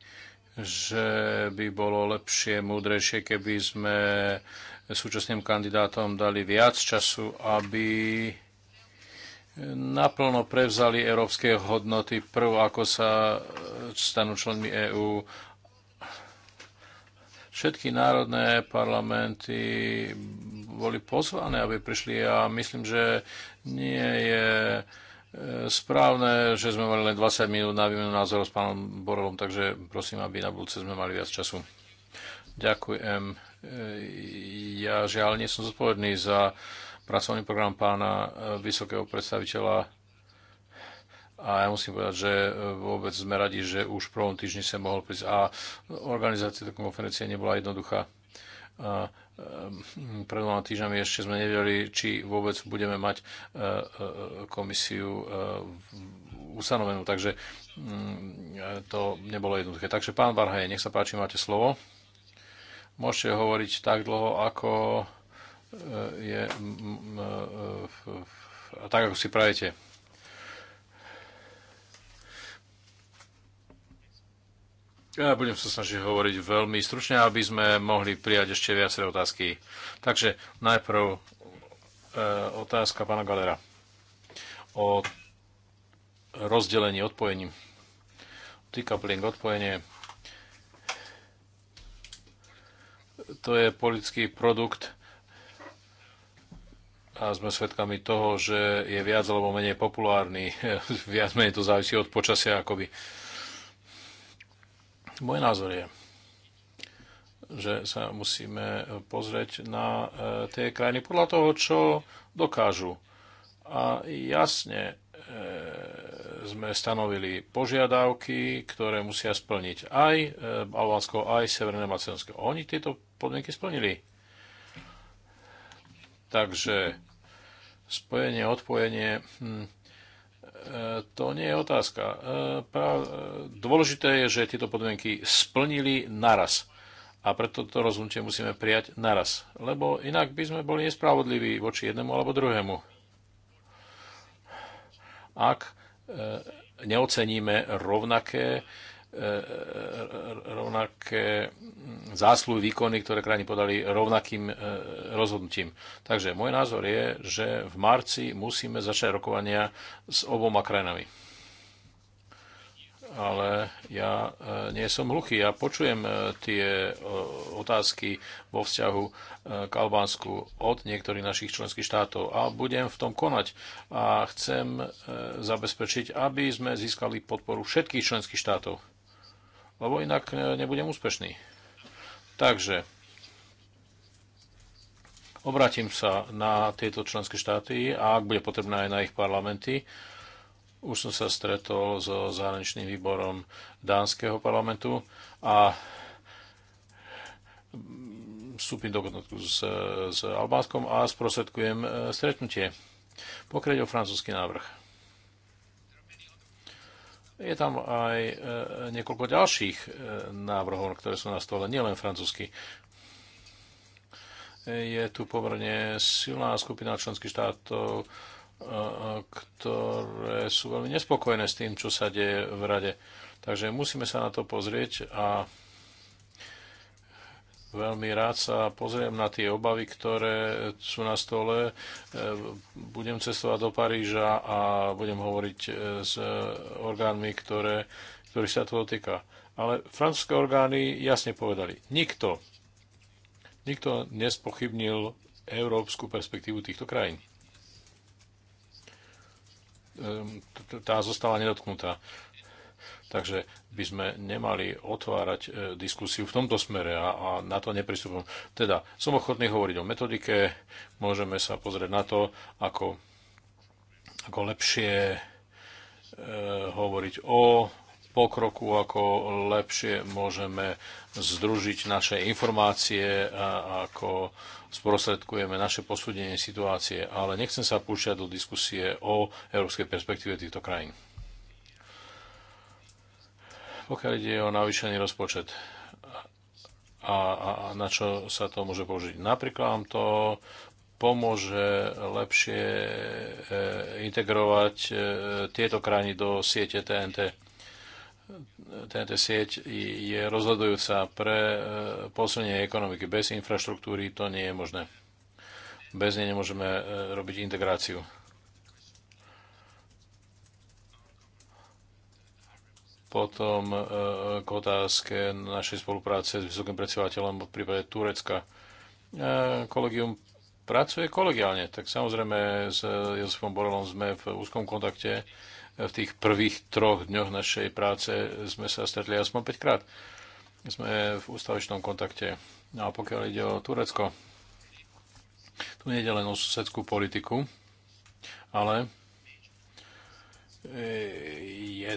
že by bolo lepšie, múdrejšie, keby sme súčasným kandidátom dali viac času, aby naplno prevzali európske hodnoty prv, ako sa stanú členmi EÚ Všetky národné parlamenty boli pozvané, aby prišli a myslím, že nie je e, správne, že sme mali len 20 minút na výmenu názorov s pánom Borovom, takže prosím, aby na budúce sme mali viac času. Ďakujem. E, ja žiaľ nie som zodpovedný za pracovný program pána e, vysokého predstaviteľa a ja musím povedať, že e, vôbec sme radi, že už v prvom týždni sa mohol prísť. A organizácia tej konferencie nebola jednoduchá. A e, pred dvoma týždňami ešte sme nevedeli, či vôbec budeme mať e, komisiu ustanovenú. Takže mm, to nebolo jednoduché. Takže pán Barhaj, nech sa páči, máte slovo. Môžete hovoriť tak dlho, ako je tak, ako si prajete. Ja budem sa snažiť hovoriť veľmi stručne, aby sme mohli prijať ešte viaceré otázky. Takže najprv e, otázka pána Galera o rozdelení, odpojení. Decoupling, odpojenie. To je politický produkt a sme svedkami toho, že je viac alebo menej populárny. viac menej to závisí od počasia akoby. Môj názor je, že sa musíme pozrieť na e, tie krajiny podľa toho, čo dokážu. A jasne e, sme stanovili požiadavky, ktoré musia splniť aj e, Albánsko, aj Severné Macedónsko. Oni tieto podmienky splnili. Takže spojenie, odpojenie, hm, E, to nie je otázka. E, e, dôležité je, že tieto podmienky splnili naraz. A preto to rozhodnutie musíme prijať naraz. Lebo inak by sme boli nespravodliví voči jednému alebo druhému. Ak neoceníme rovnaké E, e, rovnaké zásluhy, výkony, ktoré krajiny podali rovnakým e, rozhodnutím. Takže môj názor je, že v marci musíme začať rokovania s oboma krajinami. Ale ja nie som hluchý. Ja počujem tie otázky vo vzťahu k Albánsku od niektorých našich členských štátov a budem v tom konať. A chcem zabezpečiť, aby sme získali podporu všetkých členských štátov lebo inak e, nebudem úspešný. Takže obratím sa na tieto členské štáty a ak bude potrebné aj na ich parlamenty, už som sa stretol so zahraničným výborom Dánskeho parlamentu a vstúpim do kontaktu s, s Albánskom a sprostredkujem e, stretnutie. Pokrieť o francúzsky návrh. Je tam aj e, niekoľko ďalších e, návrhov, ktoré sú na stole, nielen francúzsky. Je tu pomerne silná skupina členských štátov, e, ktoré sú veľmi nespokojné s tým, čo sa deje v rade. Takže musíme sa na to pozrieť a Veľmi rád sa pozriem na tie obavy, ktoré sú na stole. E, budem cestovať do Paríža a budem hovoriť e, s orgánmi, ktoré, ktorí sa toho dotýka. Ale francúzske orgány jasne povedali, nikto, nikto nespochybnil európsku perspektívu týchto krajín. Ehm, tá zostala nedotknutá. Takže by sme nemali otvárať e, diskusiu v tomto smere a, a na to nepristupujem. Teda som ochotný hovoriť o metodike, môžeme sa pozrieť na to, ako, ako lepšie e, hovoriť o pokroku, ako lepšie môžeme združiť naše informácie a ako sprostredkujeme naše posúdenie situácie, ale nechcem sa púšťať do diskusie o európskej perspektíve týchto krajín pokiaľ ide o navýšený rozpočet a, a, a na čo sa to môže použiť. Napríklad vám to pomôže lepšie eh, integrovať eh, tieto krajiny do siete TNT. TNT sieť je rozhodujúca pre eh, posilnenie ekonomiky. Bez infraštruktúry to nie je možné. Bez nej nemôžeme robiť integráciu. Potom e, k otázke našej spolupráce s vysokým predsedateľom v prípade Turecka. E, kolegium pracuje kolegiálne, tak samozrejme s Josefom Borelom sme v úzkom kontakte. E, v tých prvých troch dňoch našej práce sme sa stretli aspoň 5 krát. Sme v ústavičnom kontakte. No a pokiaľ ide o Turecko, tu nie je len o susedskú politiku, ale je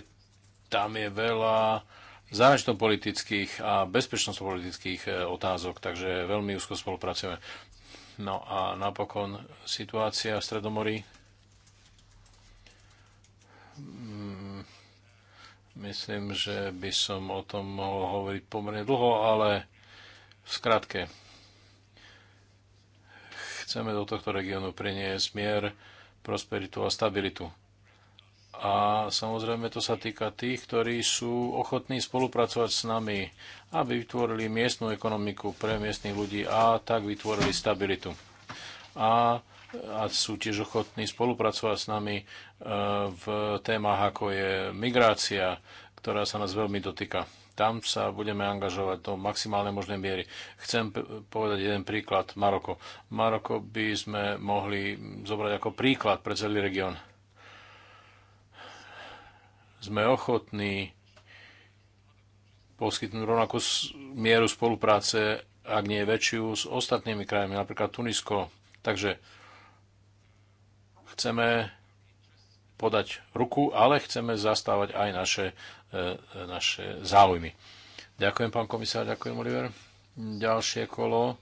tam je veľa zahranično-politických a bezpečnostno-politických e, otázok, takže veľmi úzko spolupracujeme. No a napokon situácia v Stredomorí. Mm, myslím, že by som o tom mohol hovoriť pomerne dlho, ale v skratke. Chceme do tohto regiónu priniesť mier, prosperitu a stabilitu a samozrejme to sa týka tých, ktorí sú ochotní spolupracovať s nami, aby vytvorili miestnu ekonomiku pre miestnych ľudí a tak vytvorili stabilitu. A, a sú tiež ochotní spolupracovať s nami e, v témach, ako je migrácia, ktorá sa nás veľmi dotýka. Tam sa budeme angažovať do maximálnej možnej miery. Chcem povedať jeden príklad. Maroko. Maroko by sme mohli zobrať ako príklad pre celý región sme ochotní poskytnúť rovnakú mieru spolupráce, ak nie väčšiu, s ostatnými krajami, napríklad Tunisko. Takže chceme podať ruku, ale chceme zastávať aj naše, e, e, naše záujmy. Ďakujem, pán komisár, ďakujem, Oliver. Ďalšie kolo e,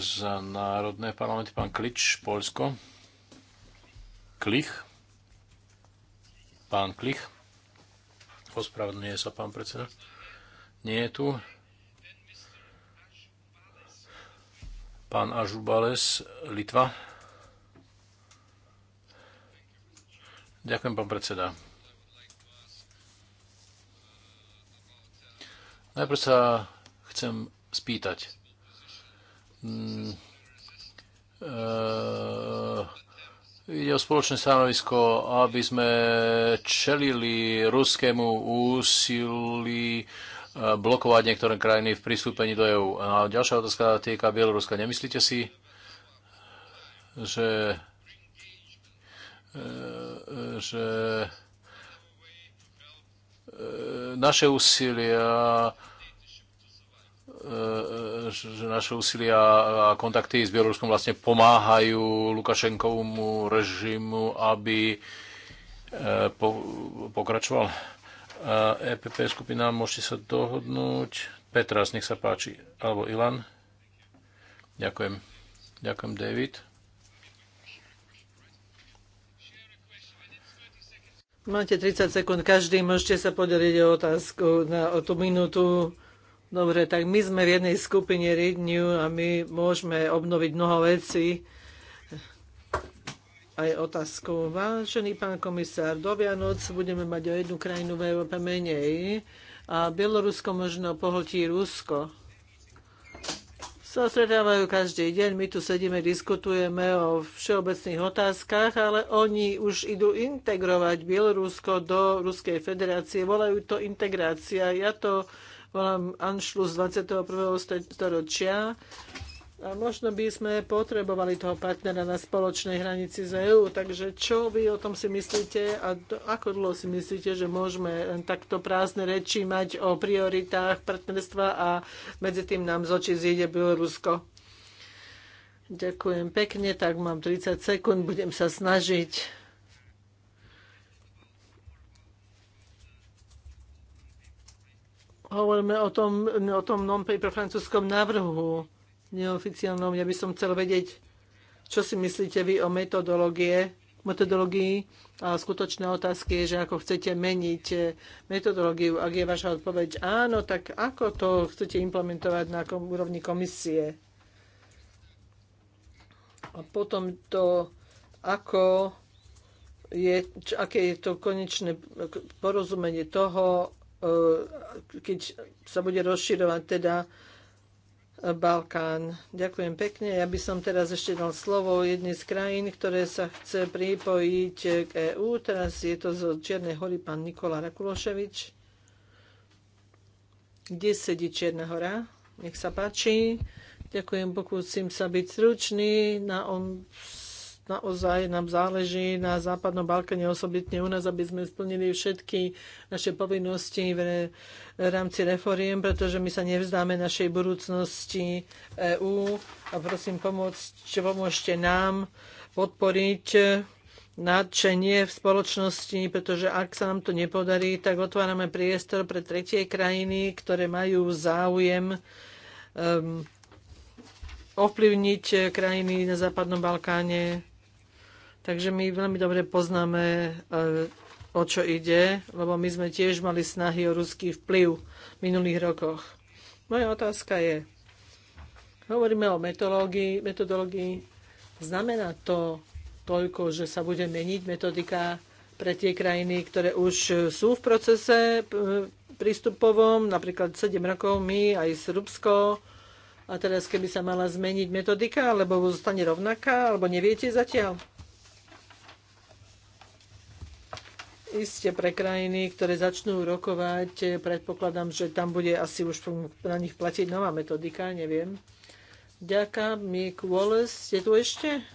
za národné parlamenty, pán Klič, Polsko. Klich. Pán Klich. Ospravedlňuje sa pán predseda. Nie je tu. Pán Ažubales, Litva. Ďakujem, pán predseda. Najprv sa chcem spýtať. Mm, e Ide o spoločné stanovisko, aby sme čelili ruskému úsilí eh, blokovať niektoré krajiny v pristúpení do EÚ. A ďalšia otázka týka Bieloruska. Nemyslíte si, že, eh, že eh, naše úsilia E, e, že naše úsilia a kontakty s Bieloruskom vlastne pomáhajú Lukašenkovmu režimu, aby e, pokračoval. EPP skupina, môžete sa dohodnúť. Petras, nech sa páči. Alebo Ilan. Ďakujem. Ďakujem, David. Máte 30 sekúnd každý, môžete sa podeliť o otázku na, o tú minútu. Dobre, tak my sme v jednej skupine Renew a my môžeme obnoviť mnoho vecí. Aj otázku. Vážený pán komisár, do Vianoc budeme mať o jednu krajinu v Európe menej a Bielorusko možno pohltí Rusko. Sostredávajú každý deň, my tu sedíme, diskutujeme o všeobecných otázkach, ale oni už idú integrovať Bielorusko do Ruskej federácie, volajú to integrácia. Ja to volám Anšlus 21. storočia. A možno by sme potrebovali toho partnera na spoločnej hranici z EÚ. Takže čo vy o tom si myslíte a ako dlho si myslíte, že môžeme len takto prázdne reči mať o prioritách partnerstva a medzi tým nám z očí zjede Bielorusko? Ďakujem pekne, tak mám 30 sekúnd, budem sa snažiť. hovoríme o tom, o tom non-paper francúzskom návrhu neoficiálnom. Ja by som chcel vedieť, čo si myslíte vy o metodológie, metodológii a skutočná otázka je, že ako chcete meniť metodológiu. Ak je vaša odpoveď áno, tak ako to chcete implementovať na kom, úrovni komisie? A potom to, ako je, aké je to konečné porozumenie toho, E, keď sa bude rozširovať teda Balkán. Ďakujem pekne. Ja by som teraz ešte dal slovo jednej z krajín, ktoré sa chce pripojiť k EÚ. Teraz je to z Čiernej hory pán Nikola Rakuloševič. Kde sedí Čierna hora? Nech sa páči. Ďakujem, pokúsim sa byť stručný. Na on naozaj nám záleží na Západnom Balkáne, osobitne u nás, aby sme splnili všetky naše povinnosti v rámci reforiem, pretože my sa nevzdáme našej budúcnosti EÚ a prosím, pomôcť, pomôžte nám podporiť nadšenie v spoločnosti, pretože ak sa nám to nepodarí, tak otvárame priestor pre tretie krajiny, ktoré majú záujem um, ovplyvniť krajiny na Západnom Balkáne Takže my veľmi dobre poznáme, eh, o čo ide, lebo my sme tiež mali snahy o ruský vplyv v minulých rokoch. Moja otázka je, hovoríme o metodológii, metodológii znamená to toľko, že sa bude meniť metodika pre tie krajiny, ktoré už sú v procese eh, prístupovom, napríklad 7 rokov my, aj Srbsko, a teraz keby sa mala zmeniť metodika, alebo zostane rovnaká, alebo neviete zatiaľ? Isté pre krajiny, ktoré začnú rokovať, predpokladám, že tam bude asi už na nich platiť nová metodika, neviem. Ďaká, Mick Wallace, je tu ešte?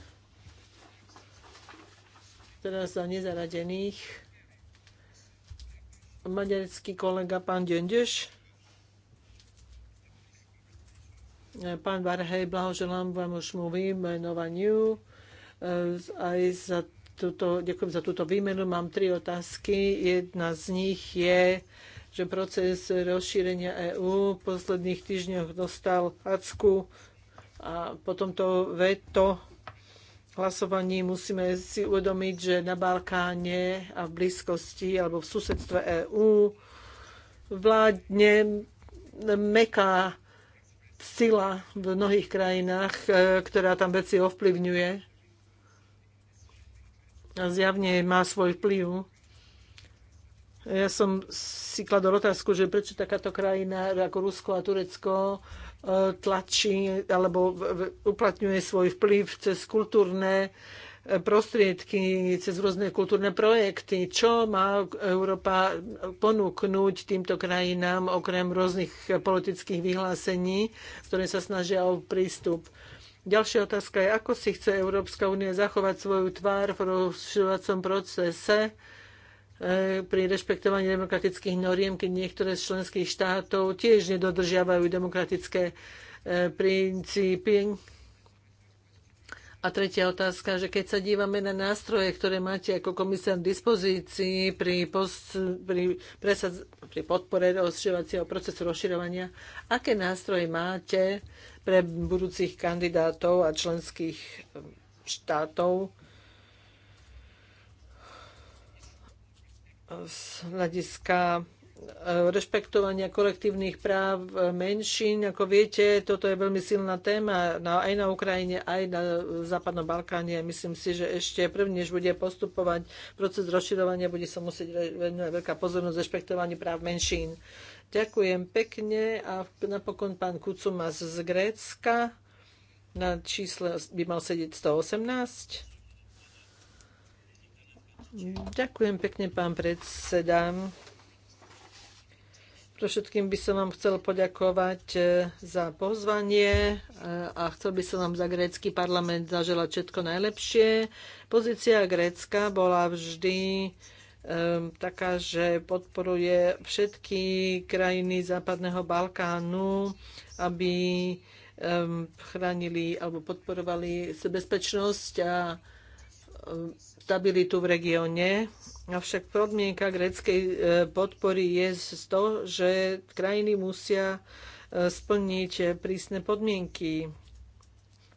Teraz za nezaradených. Maďarský kolega, pán Dendeš. Pán Varhej, blahoželám vám už mluvím menovaniu. Eh, aj za túto, ďakujem za túto výmenu. Mám tri otázky. Jedna z nich je, že proces rozšírenia EÚ v posledných týždňoch dostal hacku a potom tomto veto hlasovaní musíme si uvedomiť, že na Balkáne a v blízkosti alebo v susedstve EÚ vládne meká sila v mnohých krajinách, e, ktorá tam veci ovplyvňuje zjavne má svoj vplyv. Ja som si kladol otázku, že prečo takáto krajina ako Rusko a Turecko e, tlačí alebo uplatňuje svoj vplyv cez kultúrne e, prostriedky, cez rôzne kultúrne projekty. Čo má Európa ponúknuť týmto krajinám okrem rôznych politických vyhlásení, ktoré sa snažia o prístup? Ďalšia otázka je, ako si chce Európska únia zachovať svoju tvár v rozširovacom procese e, pri rešpektovaní demokratických noriem, keď niektoré z členských štátov tiež nedodržiavajú demokratické e, princípy. A tretia otázka, že keď sa dívame na nástroje, ktoré máte ako komisár v dispozícii pri, post, pri, presad, pri podpore rozširovacieho procesu rozširovania, aké nástroje máte pre budúcich kandidátov a členských um, štátov z hľadiska e, rešpektovania kolektívnych práv menšín. Ako viete, toto je veľmi silná téma aj na Ukrajine, aj na Západnom Balkáne. Myslím si, že ešte než bude postupovať proces rozširovania, bude sa musieť venovať veľká pozornosť rešpektovaniu práv menšín. Ďakujem pekne a napokon pán Kucumas z Grécka na čísle by mal sedieť 118. Ďakujem pekne, pán predseda. Pre všetkým by som vám chcel poďakovať eh, za pozvanie eh, a chcel by som vám za grécky parlament zaželať všetko najlepšie. Pozícia Grécka bola vždy taká, že podporuje všetky krajiny Západného Balkánu, aby chránili alebo podporovali bezpečnosť a stabilitu v regióne. Avšak podmienka greckej e, podpory je z to, že krajiny musia e, splniť e, prísne podmienky.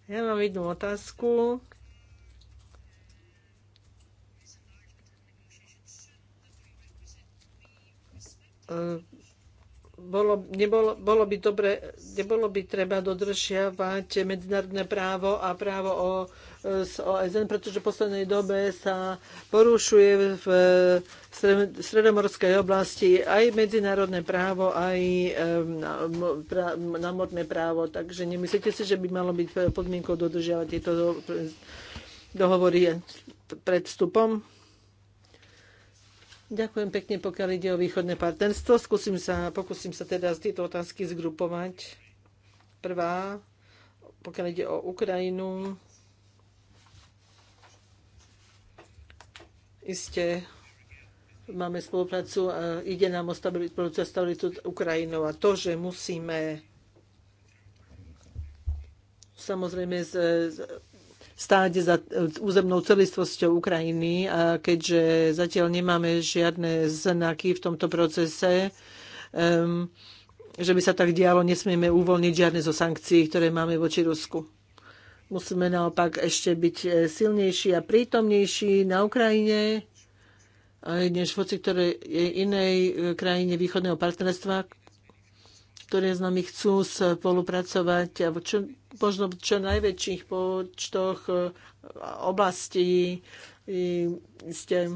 Ja mám jednu otázku E, bolo, nebolo, bolo by dobre, nebolo by treba dodržiavať medzinárodné právo a právo o, z e, OSN, pretože v poslednej dobe sa porušuje v e, stredomorskej oblasti aj medzinárodné právo, aj námorné právo. Takže nemyslíte si, že by malo byť podmienkou dodržiavať tieto dohovory pred vstupom? Ďakujem pekne, pokiaľ ide o východné partnerstvo. Skúsim sa, pokúsim sa teda z tieto otázky zgrupovať. Prvá, pokiaľ ide o Ukrajinu. Isté, máme spoluprácu, a ide nám o spoluprácu stabilitu Ukrajinou a to, že musíme samozrejme z, z stáť za územnou celistvosťou Ukrajiny a keďže zatiaľ nemáme žiadne znaky v tomto procese, že by sa tak dialo, nesmieme uvoľniť žiadne zo sankcií, ktoré máme voči Rusku. Musíme naopak ešte byť e, silnejší a prítomnejší na Ukrajine, než voci ktorej inej e, krajine východného partnerstva, ktoré s nami chcú spolupracovať a čo možno v čo najväčších počtoch e, oblastí e, ste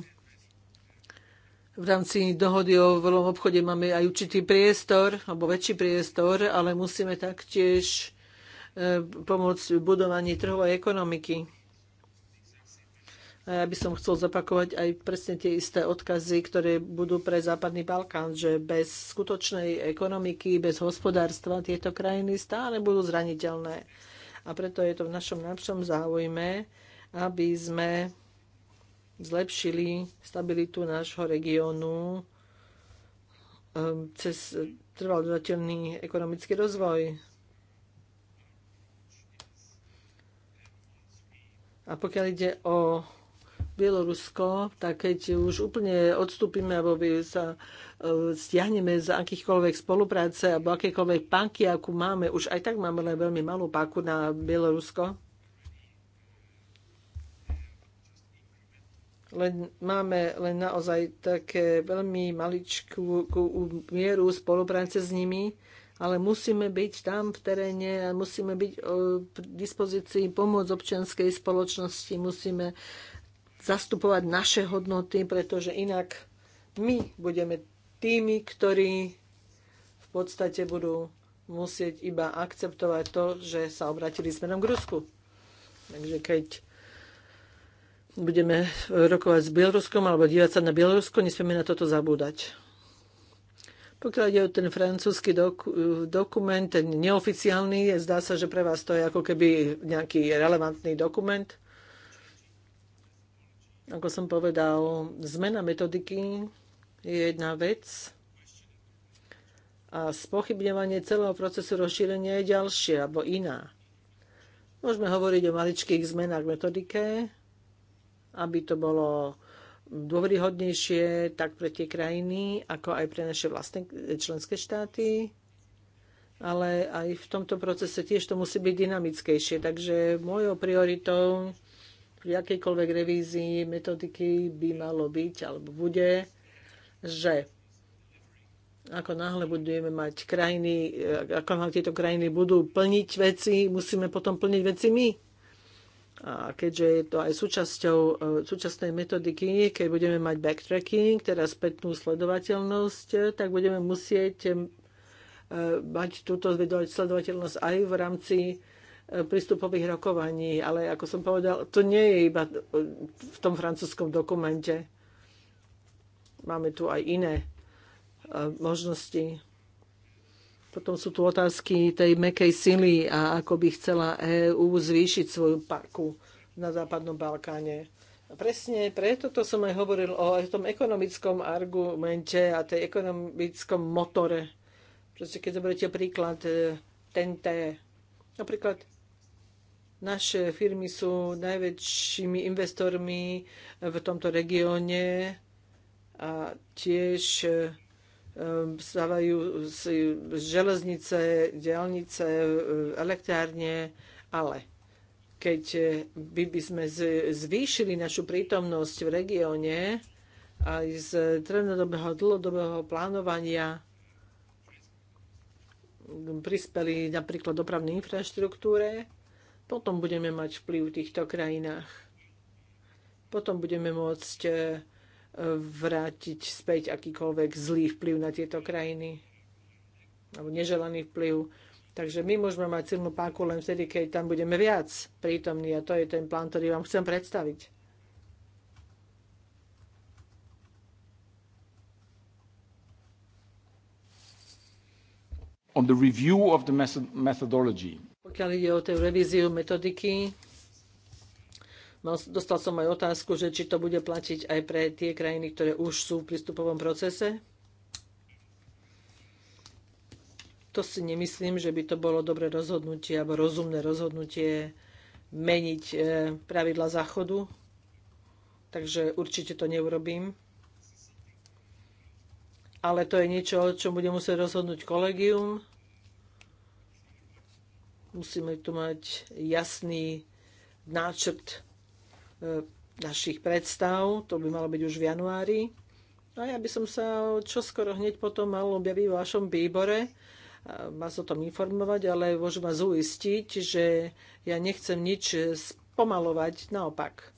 v rámci dohody o voľnom obchode máme aj určitý priestor, alebo väčší priestor, ale musíme taktiež e, pomôcť v budovaní trhovej ekonomiky. A Ja by som chcel zopakovať aj presne tie isté odkazy, ktoré budú pre Západný Balkán, že bez skutočnej ekonomiky, bez hospodárstva tieto krajiny stále budú zraniteľné. A preto je to v našom najlepšom záujme, aby sme zlepšili stabilitu nášho regiónu ehm, cez trvalodateľný ekonomický rozvoj. A pokiaľ ide o Bielorusko, tak keď už úplne odstúpime alebo sa e, stiahneme z akýchkoľvek spolupráce alebo akékoľvek páky, akú máme, už aj tak máme len veľmi malú páku na Bielorusko. Len máme len naozaj také veľmi maličkú mieru spolupráce s nimi, ale musíme byť tam v teréne a musíme byť k e, dispozícii pomoc občianskej spoločnosti, musíme zastupovať naše hodnoty, pretože inak my budeme tými, ktorí v podstate budú musieť iba akceptovať to, že sa obratili smerom k Rusku. Takže keď budeme rokovať s Bieloruskom alebo dívať sa na Bielorusko, nesmieme na toto zabúdať. Pokiaľ ide o ten francúzsky doku- dokument, ten neoficiálny, zdá sa, že pre vás to je ako keby nejaký relevantný dokument. Ako som povedal, zmena metodiky je jedna vec a spochybňovanie celého procesu rozšírenia je ďalšia alebo iná. Môžeme hovoriť o maličkých zmenách metodike, aby to bolo dôveryhodnejšie tak pre tie krajiny, ako aj pre naše vlastné členské štáty. Ale aj v tomto procese tiež to musí byť dynamickejšie. Takže mojou prioritou pri akejkoľvek revízii metodiky by malo byť alebo bude, že ako náhle budeme mať krajiny, ako náhle tieto krajiny budú plniť veci, musíme potom plniť veci my. A keďže je to aj súčasťou e, súčasnej metodiky, keď budeme mať backtracking, teda spätnú sledovateľnosť, tak budeme musieť e, mať túto sledovateľnosť aj v rámci prístupových rokovaní, ale ako som povedal, to nie je iba v tom francúzskom dokumente. Máme tu aj iné e, možnosti. Potom sú tu otázky tej mekej sily a ako by chcela EÚ zvýšiť svoju parku na Západnom Balkáne. Presne preto to som aj hovoril o tom ekonomickom argumente a tej ekonomickom motore. Proste keď zoberiete príklad TNT, e, napríklad naše firmy sú najväčšími investormi v tomto regióne a tiež ehm, stávajú železnice, diálnice, ehm, elektrárne, ale keď eh, by, by sme zvýšili našu prítomnosť v regióne aj z trenodobého dlhodobého plánovania prispeli napríklad dopravnej infraštruktúre, potom budeme mať vplyv v týchto krajinách. Potom budeme môcť e, vrátiť späť akýkoľvek zlý vplyv na tieto krajiny alebo neželaný vplyv. Takže my môžeme mať silnú páku len vtedy, keď tam budeme viac prítomní a to je ten plán, ktorý vám chcem predstaviť. On the review of the methodology. Pokiaľ ide o tú revíziu metodiky, dostal som aj otázku, že či to bude platiť aj pre tie krajiny, ktoré už sú v prístupovom procese. To si nemyslím, že by to bolo dobré rozhodnutie alebo rozumné rozhodnutie meniť e, pravidla záchodu. Takže určite to neurobím. Ale to je niečo, o čom bude musieť rozhodnúť kolegium Musíme tu mať jasný náčrt e, našich predstav, to by malo byť už v januári. A ja by som sa čoskoro hneď potom mal objaviť v vašom výbore, vás o tom informovať, ale môžem vás uistiť, že ja nechcem nič spomalovať, naopak.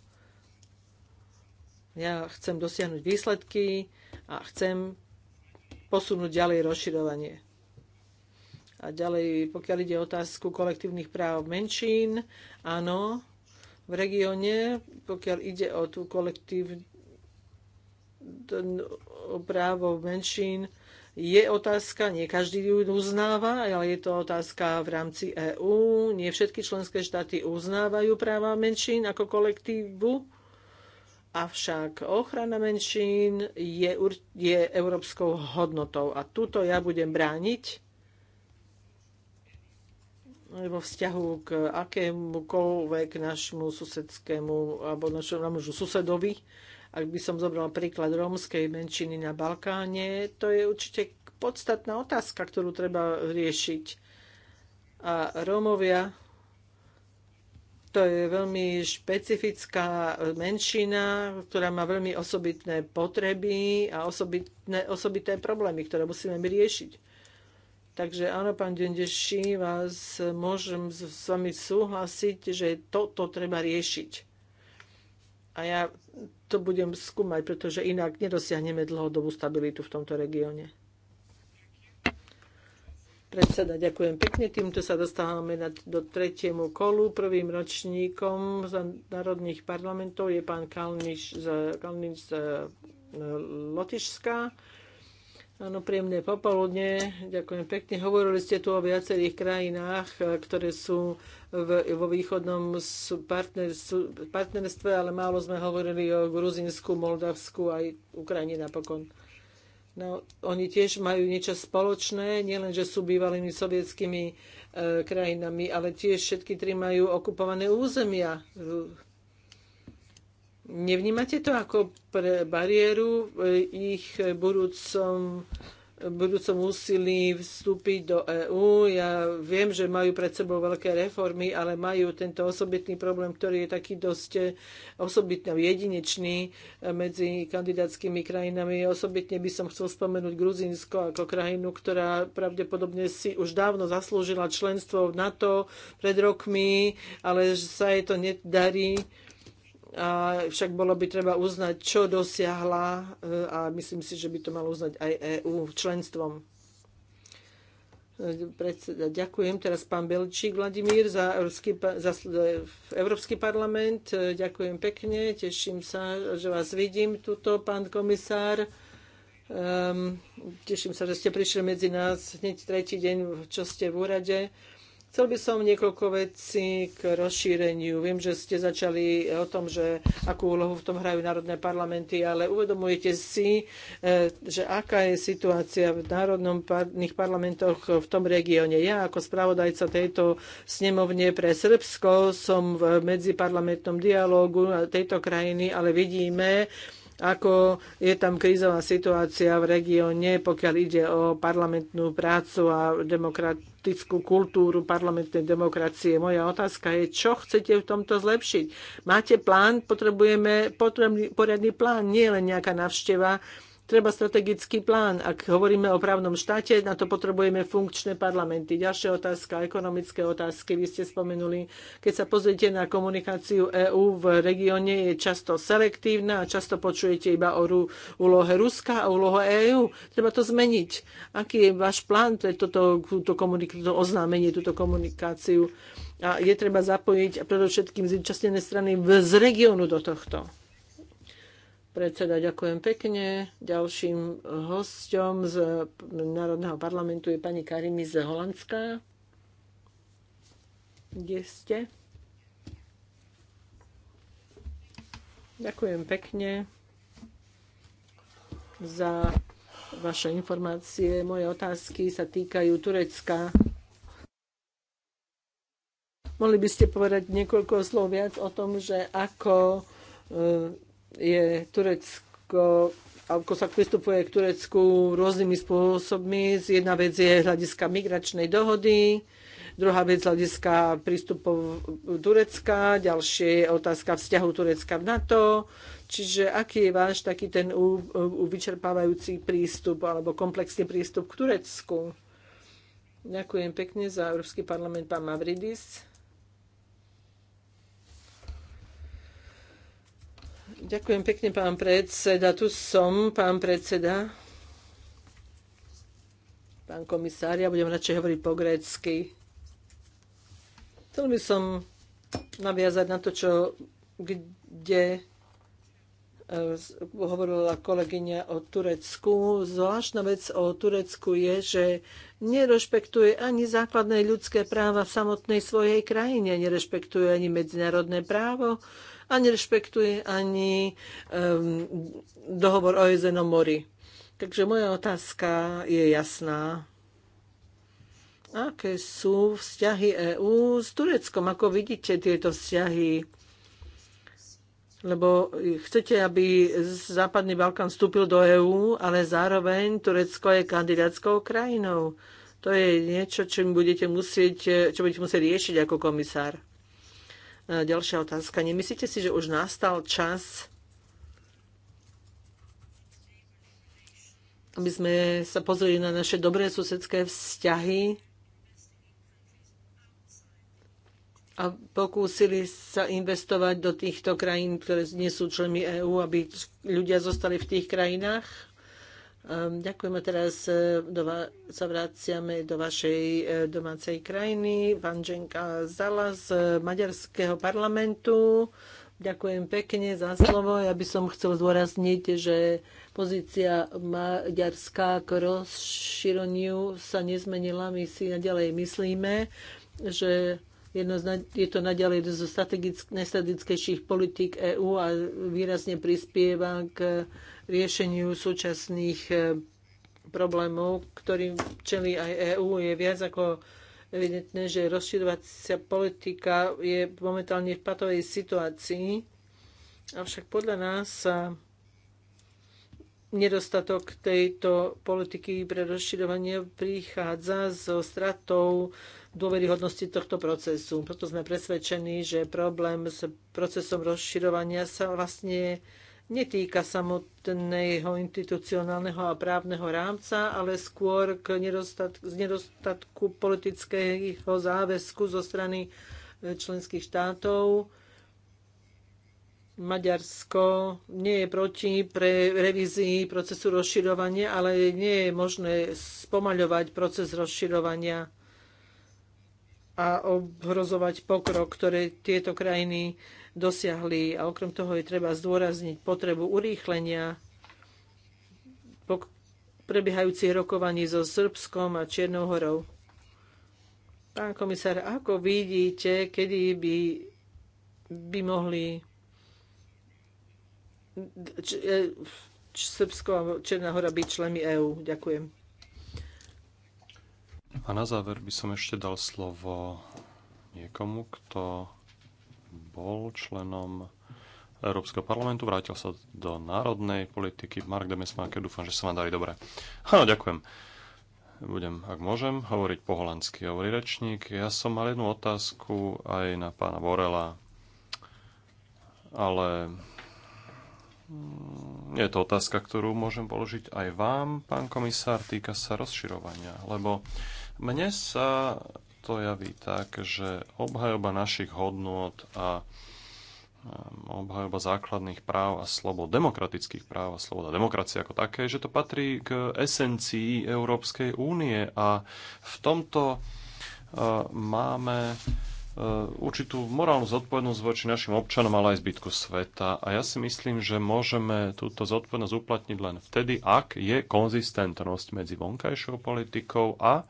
Ja chcem dosiahnuť výsledky a chcem posunúť ďalej rozširovanie. A ďalej, pokiaľ ide o otázku kolektívnych práv menšín, áno, v regióne, pokiaľ ide o tú kolektív, o právo menšín, je otázka, nie každý ju uznáva, ale je to otázka v rámci EÚ. Nie všetky členské štáty uznávajú práva menšín ako kolektívu, avšak ochrana menšín je, je európskou hodnotou a tuto ja budem brániť vo vzťahu k akémukoľvek našemu susedskému alebo našemu susedovi. Ak by som zobral príklad rómskej menšiny na Balkáne, to je určite podstatná otázka, ktorú treba riešiť. A Rómovia to je veľmi špecifická menšina, ktorá má veľmi osobitné potreby a osobitné, osobité problémy, ktoré musíme riešiť. Takže áno, pán Dendeši, vás môžem s vami súhlasiť, že toto treba riešiť. A ja to budem skúmať, pretože inak nedosiahneme dlhodobú stabilitu v tomto regióne. Predseda, ďakujem pekne. Týmto sa dostávame na, do tretiemu kolu. Prvým ročníkom z národných parlamentov je pán Kalniš z, Kalniš z e, Lotyšska. Áno, príjemné popoludne. Ďakujem pekne. Hovorili ste tu o viacerých krajinách, eh, ktoré sú v, vo východnom partner, partnerstve, ale málo sme hovorili o Gruzinsku, Moldavsku aj Ukrajine napokon. No, oni tiež majú niečo spoločné, nielen, že sú bývalými sovietskými e, krajinami, ale tiež všetky tri majú okupované územia. Nevnímate to ako pre bariéru v e, ich budúcom budúcom úsilí vstúpiť do EÚ. Ja viem, že majú pred sebou veľké reformy, ale majú tento osobitný problém, ktorý je taký dosť osobitný, jedinečný e, medzi kandidátskymi krajinami. Osobitne by som chcel spomenúť Gruzínsko ako krajinu, ktorá pravdepodobne si už dávno zaslúžila členstvo v NATO pred rokmi, ale sa jej to nedarí a však bolo by treba uznať, čo dosiahla e, a myslím si, že by to malo uznať aj EÚ členstvom. E, predseda, ďakujem teraz pán Belčík Vladimír za Európsky, za e, Európsky parlament. Ďakujem pekne, teším sa, že vás vidím tuto, pán komisár. Um, teším sa, že ste prišli medzi nás hneď tretí deň, čo ste v úrade. Chcel by som niekoľko vecí k rozšíreniu. Viem, že ste začali o tom, že akú úlohu v tom hrajú národné parlamenty, ale uvedomujete si, e, že aká je situácia v národných parlamentoch v tom regióne. Ja ako spravodajca tejto snemovne pre Srbsko som v medziparlamentnom dialógu tejto krajiny, ale vidíme, ako je tam krízová situácia v regióne, pokiaľ ide o parlamentnú prácu a demokratickú kultúru parlamentnej demokracie. Moja otázka je, čo chcete v tomto zlepšiť? Máte plán? Potrebujeme potrebný, poriadny plán, nie len nejaká navšteva treba strategický plán. Ak hovoríme o právnom štáte, na to potrebujeme funkčné parlamenty. Ďalšia otázka, ekonomické otázky, vy ste spomenuli. Keď sa pozriete na komunikáciu EÚ v regióne, je často selektívna a často počujete iba o úlohe Ruska a úlohe EÚ. Treba to zmeniť. Aký je váš plán pre toto, túto, komunik- toto oznámenie, túto komunikáciu? A je treba zapojiť predovšetkým zúčastnené strany z regiónu do tohto. Predseda, ďakujem pekne. Ďalším hostom z Národného parlamentu je pani Karimi z Holandska. Kde ste? Ďakujem pekne za vaše informácie. Moje otázky sa týkajú Turecka. Mohli by ste povedať niekoľko slov viac o tom, že ako e, je Turecko ako sa pristupuje k Turecku rôznymi spôsobmi. Jedna vec je hľadiska migračnej dohody, druhá vec hľadiska prístupov Turecka, ďalšie je otázka vzťahu Turecka v NATO. Čiže aký je váš taký ten u, u, vyčerpávajúci prístup alebo komplexný prístup k Turecku? Ďakujem pekne za Európsky parlament, pán Mavridis. Ďakujem pekne, pán predseda. Tu som, pán predseda. Pán komisár, ja budem radšej hovoriť po grécky. Chcel by som naviazať na to, čo kde e, hovorila kolegyňa o Turecku. Zvláštna vec o Turecku je, že nerešpektuje ani základné ľudské práva v samotnej svojej krajine, nerešpektuje ani medzinárodné právo, a nerešpektuje ani um, dohovor o o mori. Takže moja otázka je jasná. Aké sú vzťahy EÚ s Tureckom? Ako vidíte tieto vzťahy? Lebo chcete, aby Západný Balkán vstúpil do EÚ, ale zároveň Turecko je kandidátskou krajinou. To je niečo, čo budete musieť, čo budete musieť riešiť ako komisár. Ďalšia otázka. Nemyslíte si, že už nastal čas, aby sme sa pozreli na naše dobré susedské vzťahy a pokúsili sa investovať do týchto krajín, ktoré nie sú členmi EÚ, aby ľudia zostali v tých krajinách? Ehm, ďakujeme teraz e, do sa vraciame do vašej e, domácej krajiny. Pán Ženka Zala z e, Maďarského parlamentu. Ďakujem pekne za slovo. Ja by som chcel zdôrazniť, že pozícia Maďarska k rozšironiu sa nezmenila. My si naďalej myslíme, že jedno je to naďalej zo najstrategickejších politík EÚ a výrazne prispieva k riešeniu súčasných e, problémov, ktorým čelí aj EÚ. Je viac ako evidentné, že rozširovacia politika je momentálne v patovej situácii. Avšak podľa nás nedostatok tejto politiky pre rozširovanie prichádza so stratou dôveryhodnosti tohto procesu. Preto sme presvedčení, že problém s procesom rozširovania sa vlastne netýka samotného institucionálneho a právneho rámca, ale skôr k nedostatku, z nedostatku politického záväzku zo strany e, členských štátov. Maďarsko nie je proti pre revízii procesu rozširovania, ale nie je možné spomaľovať proces rozširovania a ohrozovať pokrok, ktoré tieto krajiny dosiahli. A okrem toho je treba zdôrazniť potrebu urýchlenia prebiehajúcich rokovaní so Srbskom a Čiernou horou. Pán komisár, ako vidíte, kedy by, by mohli e, Srbsko a Černá hora byť členmi EÚ? Ďakujem. A na záver by som ešte dal slovo niekomu, kto bol členom Európskeho parlamentu, vrátil sa do národnej politiky. Mark Demesmáke, dúfam, že sa vám dali dobre. Áno, ďakujem. Budem, ak môžem, hovoriť po holandsky, hovorí rečník. Ja som mal jednu otázku aj na pána Borela, ale mm, je to otázka, ktorú môžem položiť aj vám, pán komisár, týka sa rozširovania, lebo mne sa to javí tak, že obhajoba našich hodnôt a obhajoba základných práv a slobod, demokratických práv a slobod a demokracie ako také, že to patrí k esencii Európskej únie a v tomto e, máme e, určitú morálnu zodpovednosť voči našim občanom, ale aj zbytku sveta. A ja si myslím, že môžeme túto zodpovednosť uplatniť len vtedy, ak je konzistentnosť medzi vonkajšou politikou a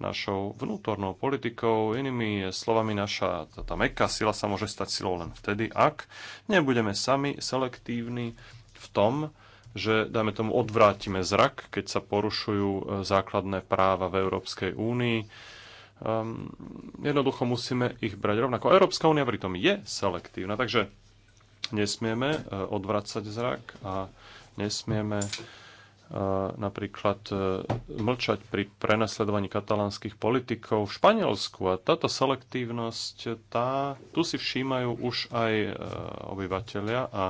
našou vnútornou politikou. Inými slovami, naša tá, tá meká sila sa môže stať silou len vtedy, ak nebudeme sami selektívni v tom, že, dáme tomu, odvrátime zrak, keď sa porušujú e, základné práva v Európskej únii. Um, jednoducho musíme ich brať rovnako. Európska únia pritom je selektívna, takže nesmieme e, odvracať zrak a nesmieme uh, napríklad e, mlčať pri prenasledovaní katalánskych politikov v Španielsku. A táto selektívnosť, e, tá, tu si všímajú už aj e, obyvateľia a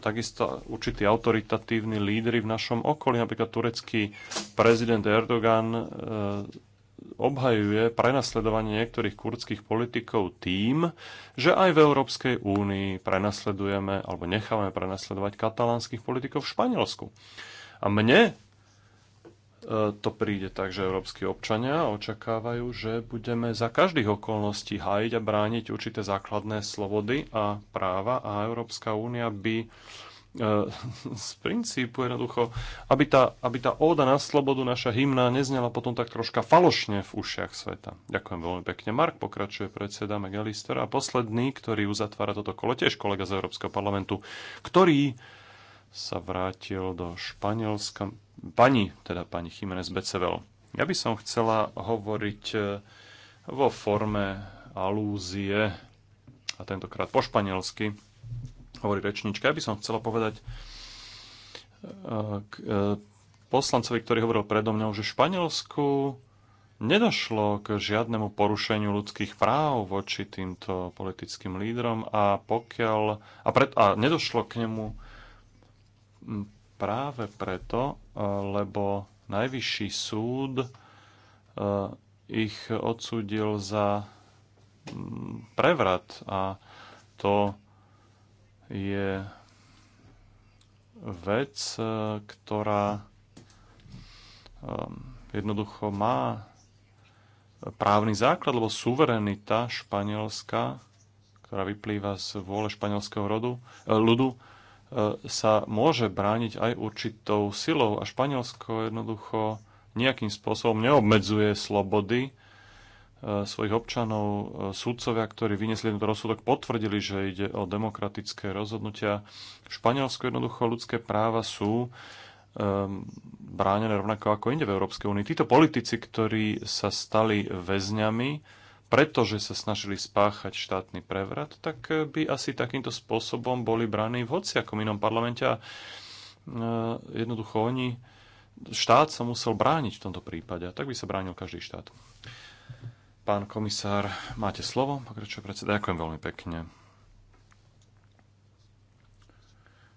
takisto určití autoritatívni lídry v našom okolí. Napríklad turecký prezident Erdogan obhajuje prenasledovanie niektorých kurdských politikov tým, že aj v Európskej únii prenasledujeme alebo nechávame prenasledovať katalánskych politikov v Španielsku. A mne e, to príde tak, že európsky občania očakávajú, že budeme za každých okolností hájiť a brániť určité základné slobody a práva a Európska únia by E, z princípu jednoducho, aby tá, aby tá óda na slobodu, naša hymna, neznela potom tak troška falošne v ušiach sveta. Ďakujem veľmi pekne. Mark pokračuje predseda Megalister a posledný, ktorý uzatvára toto kolo, tiež kolega z Európskeho parlamentu, ktorý sa vrátil do Španielska. Pani, teda pani Jiménez Becevel. Ja by som chcela hovoriť e, vo forme alúzie a tentokrát po španielsky hovorí rečnička. Ja by som chcela povedať e, k e, poslancovi, ktorý hovoril predo mňou, že Španielsku nedošlo k žiadnemu porušeniu ľudských práv voči týmto politickým lídrom a pokiaľ a, pred, a nedošlo k nemu práve preto, e, lebo najvyšší súd ich odsúdil za prevrat a to je vec, eh, ktorá ehm, jednoducho má právny základ, lebo suverenita španielská, ktorá vyplýva z vôle španielského rodu, eh, ľudu, eh, sa môže brániť aj určitou silou a Španielsko jednoducho nejakým spôsobom neobmedzuje slobody Eh, svojich občanov, eh, súdcovia, ktorí vyniesli tento rozsudok, potvrdili, že ide o demokratické rozhodnutia. V Španielsku jednoducho ľudské práva sú um, bránené rovnako ako inde v Európskej únii. Títo politici, ktorí sa stali väzňami, pretože sa snažili spáchať štátny prevrat, tak eh, by asi takýmto spôsobom boli bráni v hociakom inom parlamente a jednoducho oni, štát sa musel brániť v tomto prípade a tak by sa bránil každý štát. Pán komisár, máte slovo, pokračuje predseda. Ďakujem veľmi pekne.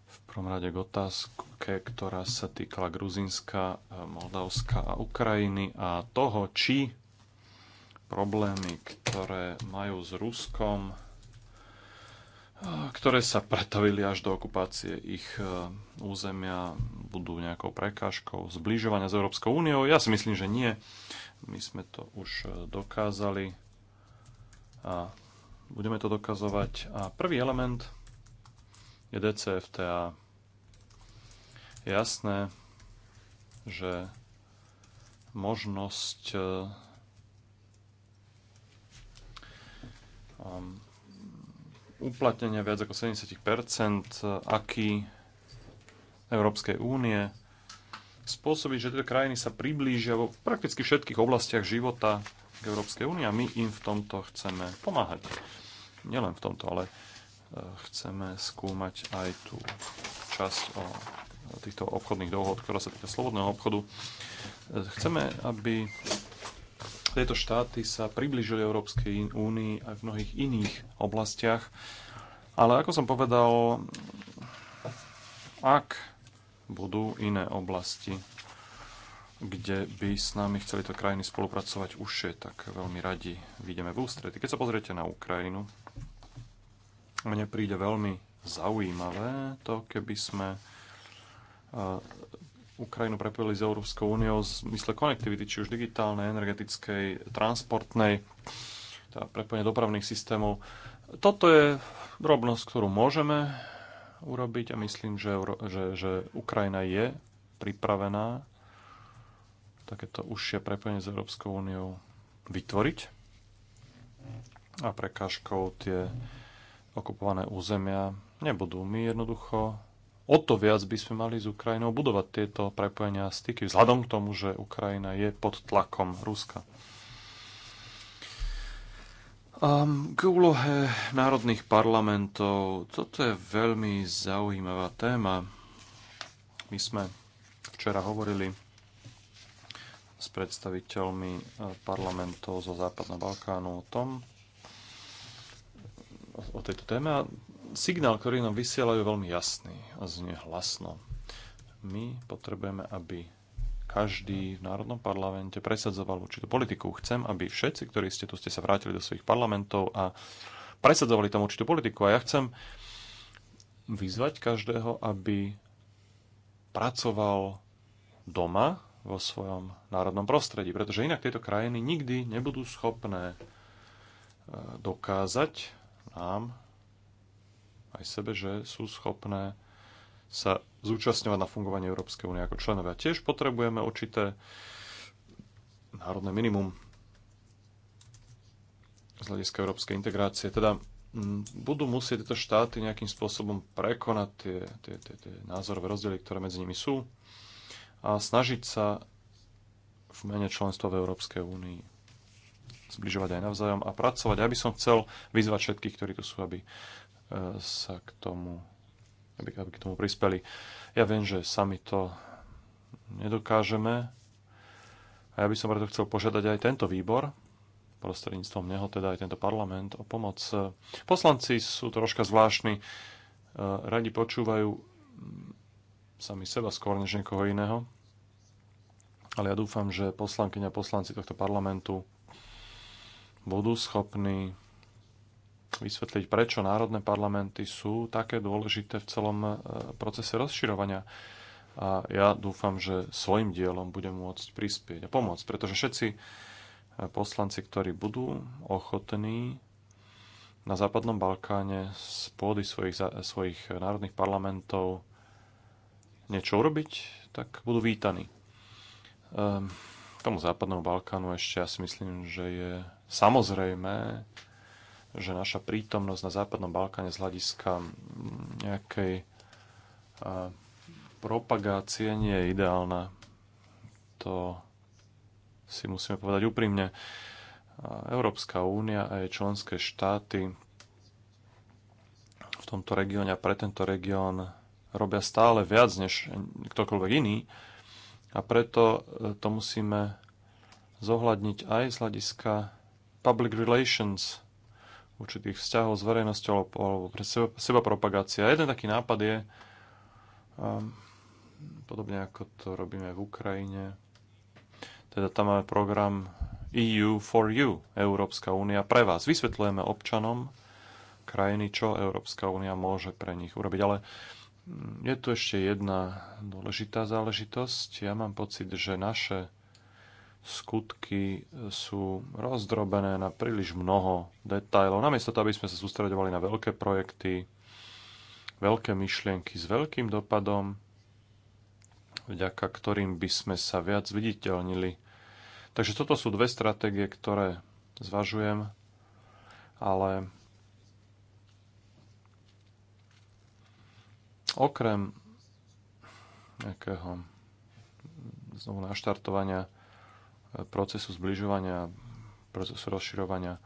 V prvom rade k otázke, ktorá sa týkala Gruzinska, Moldavska a Ukrajiny a toho, či problémy, ktoré majú s Ruskom, ktoré sa pretavili až do okupácie ich e, územia, budú nejakou prekážkou zbližovania s Európskou úniou? Ja si myslím, že nie. My sme to už e, dokázali a budeme to dokazovať. A prvý element je DCFTA. Jasné, že možnosť e, um, uplatnenia viac ako 70 e, aký Európskej únie spôsobiť, že tieto krajiny sa priblížia vo prakticky všetkých oblastiach života k Európskej únii a my im v tomto chceme pomáhať. Nielen v tomto, ale e, chceme skúmať aj tú časť o týchto obchodných dohod, ktorá sa týka slobodného obchodu. E, chceme, aby tieto štáty sa priblížili Európskej únii aj v mnohých iných oblastiach. Ale ako som povedal, ak budú iné oblasti, kde by s nami chceli to krajiny spolupracovať užšie, tak veľmi radi vidíme v ústrety. Keď sa pozriete na Ukrajinu, mne príde veľmi zaujímavé to, keby sme e, Ukrajinu prepojili s Európskou úniou z mysle konektivity, či už digitálnej, energetickej, transportnej, teda prepojenie dopravných systémov. Toto je drobnosť, ktorú môžeme urobiť a myslím, že, že, že Ukrajina je pripravená takéto užšie prepojenie s Európskou úniou vytvoriť. A prekážkou tie okupované územia nebudú. My jednoducho o to viac by sme mali s Ukrajinou budovať tieto prepojenia a styky, vzhľadom k tomu, že Ukrajina je pod tlakom Ruska. Um, k úlohe národných parlamentov, toto je veľmi zaujímavá téma. My sme včera hovorili s predstaviteľmi eh, parlamentov zo Západného Balkánu o tom, o tejto téme a signál, ktorý nám vysielajú, je veľmi jasný a znie hlasno. My potrebujeme, aby každý v Národnom parlamente presadzoval určitú politiku. Chcem, aby všetci, ktorí ste tu, ste sa vrátili do svojich parlamentov a presadzovali tam určitú politiku. A ja chcem vyzvať každého, aby pracoval doma vo svojom národnom prostredí, pretože inak tieto krajiny nikdy nebudú schopné e, dokázať nám aj sebe, že sú schopné sa zúčastňovať na fungovanie Európskej únie ako členovia. Tiež potrebujeme určité národné minimum z hľadiska európskej integrácie. Teda budú musieť tieto štáty nejakým spôsobom prekonať tie, tie, tie, tie názorové rozdiely, ktoré medzi nimi sú a snažiť sa v mene členstva v Európskej únii zbližovať aj navzájom a pracovať. Ja by som chcel vyzvať všetkých, ktorí tu sú, aby e, sa k tomu aby, aby k tomu prispeli. Ja viem, že sami to nedokážeme a ja by som preto chcel požiadať aj tento výbor, prostredníctvom neho teda aj tento parlament o pomoc. Poslanci sú troška zvláštni, e, radi počúvajú sami seba skôr než niekoho iného, ale ja dúfam, že poslankyňa poslanci tohto parlamentu budú schopní vysvetliť, prečo národné parlamenty sú také dôležité v celom e, procese rozširovania. A ja dúfam, že svojim dielom budem môcť prispieť a pomôcť, pretože všetci e, poslanci, ktorí budú ochotní na Západnom Balkáne z pôdy svojich, svojich národných parlamentov niečo urobiť, tak budú vítaní. Ehm, k tomu Západnému Balkánu ešte ja si myslím, že je samozrejme, že naša prítomnosť na Západnom Balkáne z hľadiska mm, nejakej propagácie nie je ideálna. To si musíme povedať úprimne. Európska únia a jej členské štáty v tomto regióne a pre tento región robia stále viac než ktokoľvek iný a preto e, to musíme zohľadniť aj z hľadiska public relations určitých vzťahov s verejnosťou alebo pre seba, seba propagácia. Jeden taký nápad je, um, podobne ako to robíme v Ukrajine, teda tam máme program EU for you, Európska únia pre vás. Vysvetľujeme občanom krajiny, čo Európska únia môže pre nich urobiť. Ale mm, je tu ešte jedna dôležitá záležitosť. Ja mám pocit, že naše skutky sú rozdrobené na príliš mnoho detajlov. Namiesto toho, aby sme sa sústredovali na veľké projekty, veľké myšlienky s veľkým dopadom, vďaka ktorým by sme sa viac viditeľnili. Takže toto sú dve stratégie, ktoré zvažujem, ale okrem nejakého znovu naštartovania procesu zbližovania, procesu rozširovania,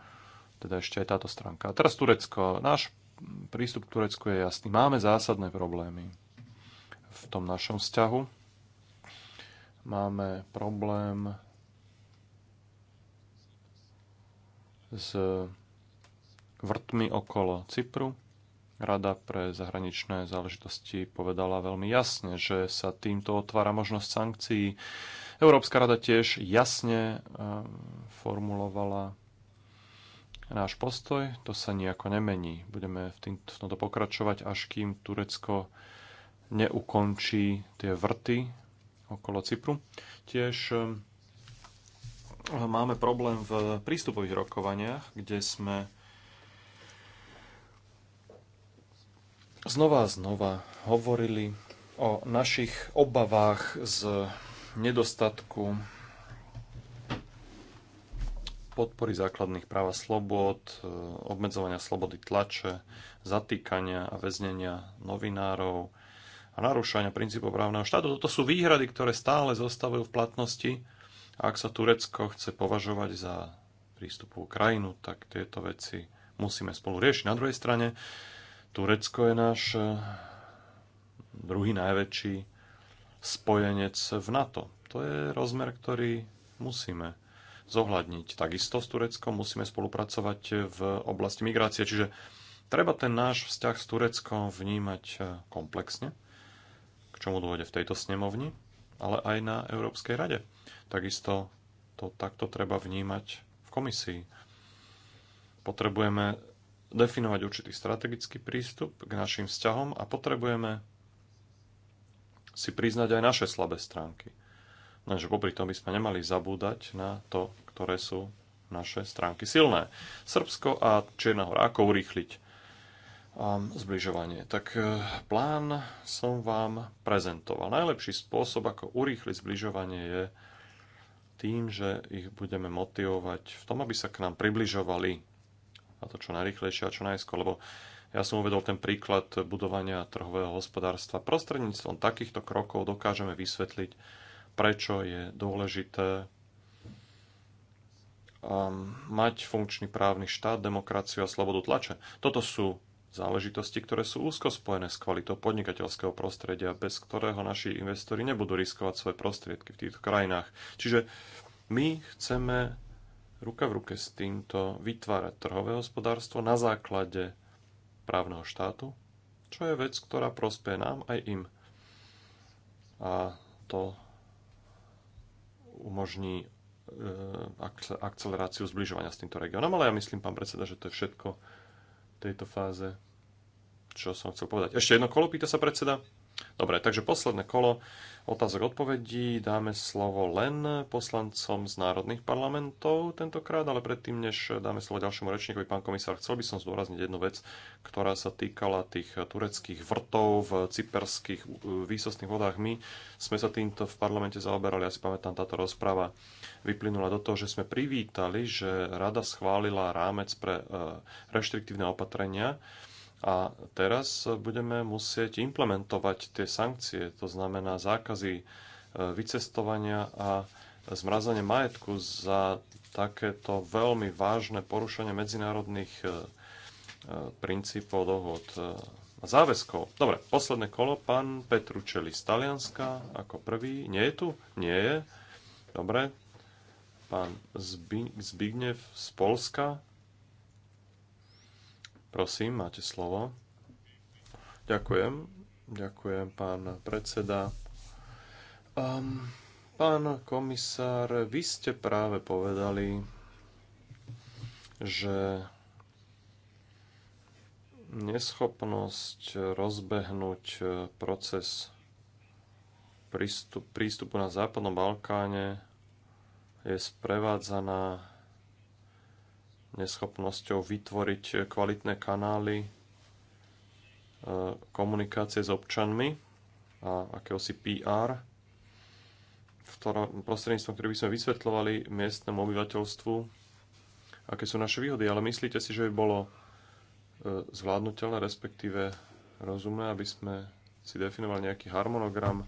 teda ešte aj táto stránka. A teraz Turecko. Náš prístup k Turecku je jasný. Máme zásadné problémy v tom našom vzťahu. Máme problém s vrtmi okolo Cypru. Rada pre zahraničné záležitosti povedala veľmi jasne, že sa týmto otvára možnosť sankcií Európska rada tiež jasne e, formulovala náš postoj. To sa nejako nemení. Budeme v, tomto pokračovať, až kým Turecko neukončí tie vrty okolo Cypru. Tiež e, máme problém v prístupových rokovaniach, kde sme znova a znova hovorili o našich obavách z nedostatku podpory základných práv a slobod, e, obmedzovania slobody tlače, zatýkania a väznenia novinárov a narúšania princípov právneho štátu. Toto sú výhrady, ktoré stále zostávajú v platnosti. A ak sa Turecko chce považovať za prístupovú krajinu, tak tieto veci musíme spolu riešiť. Na druhej strane, Turecko je náš e, druhý najväčší spojenec v NATO. To je rozmer, ktorý musíme zohľadniť. Takisto s Tureckom musíme spolupracovať v oblasti migrácie, čiže treba ten náš vzťah s Tureckom vnímať eh, komplexne, k čomu dôjde v tejto snemovni, ale aj na Európskej rade. Takisto to takto treba vnímať v komisii. Potrebujeme definovať určitý strategický prístup k našim vzťahom a potrebujeme si priznať aj naše slabé stránky. Lenže no, popri tom by sme nemali zabúdať na to, ktoré sú naše stránky silné. Srbsko a Čierna hora. Ako urýchliť um, zbližovanie? Tak e, plán som vám prezentoval. Najlepší spôsob, ako urýchliť zbližovanie je tým, že ich budeme motivovať v tom, aby sa k nám približovali a to čo najrychlejšie a čo najskôr, lebo ja som uvedol ten príklad budovania trhového hospodárstva. Prostredníctvom takýchto krokov dokážeme vysvetliť, prečo je dôležité um, mať funkčný právny štát, demokraciu a slobodu tlače. Toto sú záležitosti, ktoré sú úzko spojené s kvalitou podnikateľského prostredia, bez ktorého naši investori nebudú riskovať svoje prostriedky v týchto krajinách. Čiže my chceme ruka v ruke s týmto vytvárať trhové hospodárstvo na základe právneho štátu, čo je vec, ktorá prospeje nám aj im. A to umožní e, akceleráciu zbližovania s týmto regiónom. Ale ja myslím, pán predseda, že to je všetko v tejto fáze, čo som chcel povedať. Ešte jedno kolo, pýta sa predseda. Dobre, takže posledné kolo otázok odpovedí. Dáme slovo len poslancom z národných parlamentov tentokrát, ale predtým, než dáme slovo ďalšiemu rečníkovi, pán komisár, chcel by som zdôrazniť jednu vec, ktorá sa týkala tých tureckých vrtov v cyperských uh, výsostných vodách. My sme sa týmto v parlamente zaoberali, ja pamätám, táto rozpráva vyplynula do toho, že sme privítali, že rada schválila rámec pre uh, reštriktívne opatrenia, a teraz budeme musieť implementovať tie sankcie, to znamená zákazy e, vycestovania a zmrazanie majetku za takéto veľmi vážne porušenie medzinárodných e, e, princípov dohod a záväzkov. Dobre, posledné kolo, pán Petručeli z Talianska ako prvý. Nie je tu? Nie je. Dobre. Pán Zbignev z Polska Prosím, máte slovo. Ďakujem. Ďakujem, pán predseda. Um, pán komisár, vy ste práve povedali, že neschopnosť rozbehnúť proces prístupu na Západnom Balkáne je sprevádzaná neschopnosťou vytvoriť kvalitné kanály e, komunikácie s občanmi a akéhosi PR, v ktorom, prostredníctvom ktorý by sme vysvetľovali miestnemu obyvateľstvu, aké sú naše výhody. Ale myslíte si, že by bolo e, zvládnutelné, respektíve rozumné, aby sme si definovali nejaký harmonogram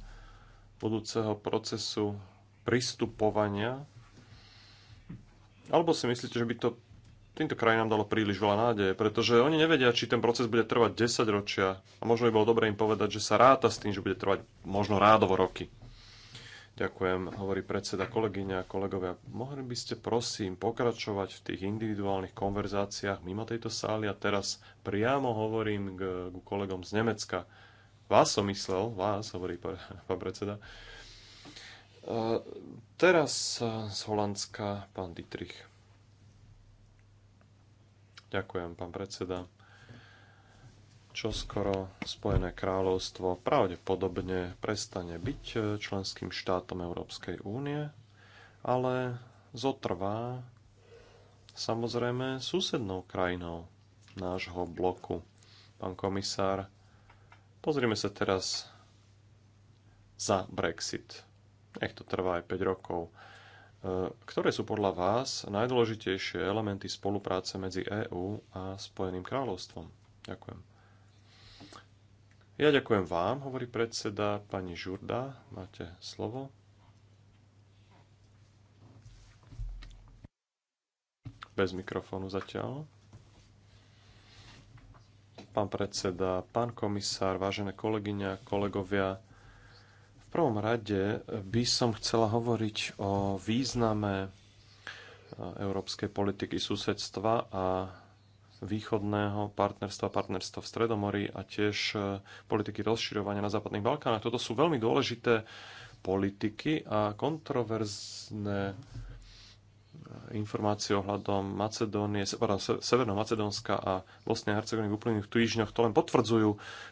budúceho procesu pristupovania? Alebo si myslíte, že by to týmto krajinám dalo príliš veľa nádeje, pretože oni nevedia, či ten proces bude trvať 10 ročia a možno by bolo dobre im povedať, že sa ráta s tým, že bude trvať možno rádovo roky. Ďakujem, hovorí predseda kolegyňa a kolegovia. Mohli by ste prosím pokračovať v tých individuálnych konverzáciách mimo tejto sály a teraz priamo hovorím k, k kolegom z Nemecka. Vás som myslel, vás, hovorí pán predseda. E, teraz e, z Holandska pán Dietrich. Ďakujem, pán predseda. Čo skoro Spojené kráľovstvo pravdepodobne prestane byť e, členským štátom Európskej únie, ale zotrvá samozrejme susednou krajinou nášho bloku. Pán komisár, pozrime sa teraz za Brexit. Nech to trvá aj 5 rokov. Ktoré sú podľa vás najdôležitejšie elementy spolupráce medzi EÚ a Spojeným kráľovstvom? Ďakujem. Ja ďakujem vám, hovorí predseda pani Žurda. Máte slovo. Bez mikrofónu zatiaľ. Pán predseda, pán komisár, vážené kolegyňa, kolegovia, prvom rade by som chcela hovoriť o význame e, európskej politiky susedstva a východného partnerstva, partnerstva v Stredomorí a tiež e, politiky rozširovania na Západných Balkánach. Toto sú veľmi dôležité politiky a kontroverzné informácie ohľadom Macedónie, pardon, Macedónska a Bosnia a Hercegovina v uplynulých týždňoch to len potvrdzujú.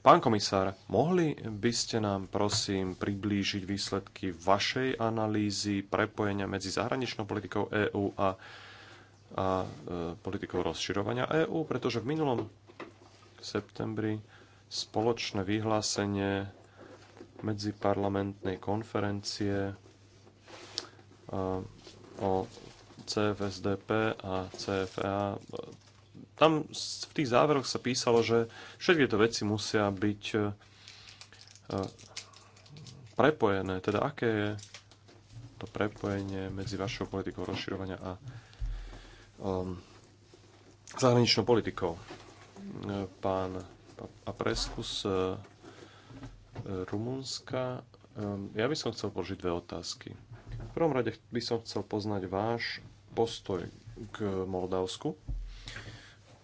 Pán komisár, mohli by ste nám prosím priblížiť výsledky vašej analýzy prepojenia medzi zahraničnou politikou EÚ a, a e, politikou rozširovania EÚ, pretože v minulom septembri spoločné vyhlásenie medziparlamentnej konferencie e, o CFSDP a CFA. Tam v tých záveroch sa písalo, že všetky tieto veci musia byť e, prepojené. Teda aké je to prepojenie medzi vašou politikou rozširovania a um, zahraničnou politikou. E, pán a preskus uh, e, Rumunska. Um, ja by som chcel položiť dve otázky. V prvom rade by som chcel poznať váš postoj k Moldavsku,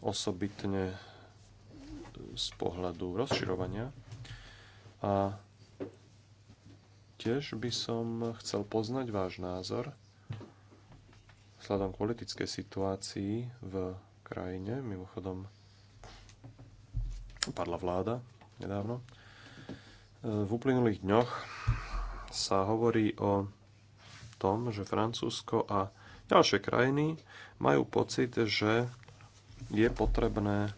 osobitne z pohľadu rozširovania. A tiež by som chcel poznať váš názor vzhľadom k politickej situácii v krajine. Mimochodom, padla vláda nedávno. V uplynulých dňoch sa hovorí o tom, že Francúzsko a Ďalšie krajiny majú pocit, že je potrebné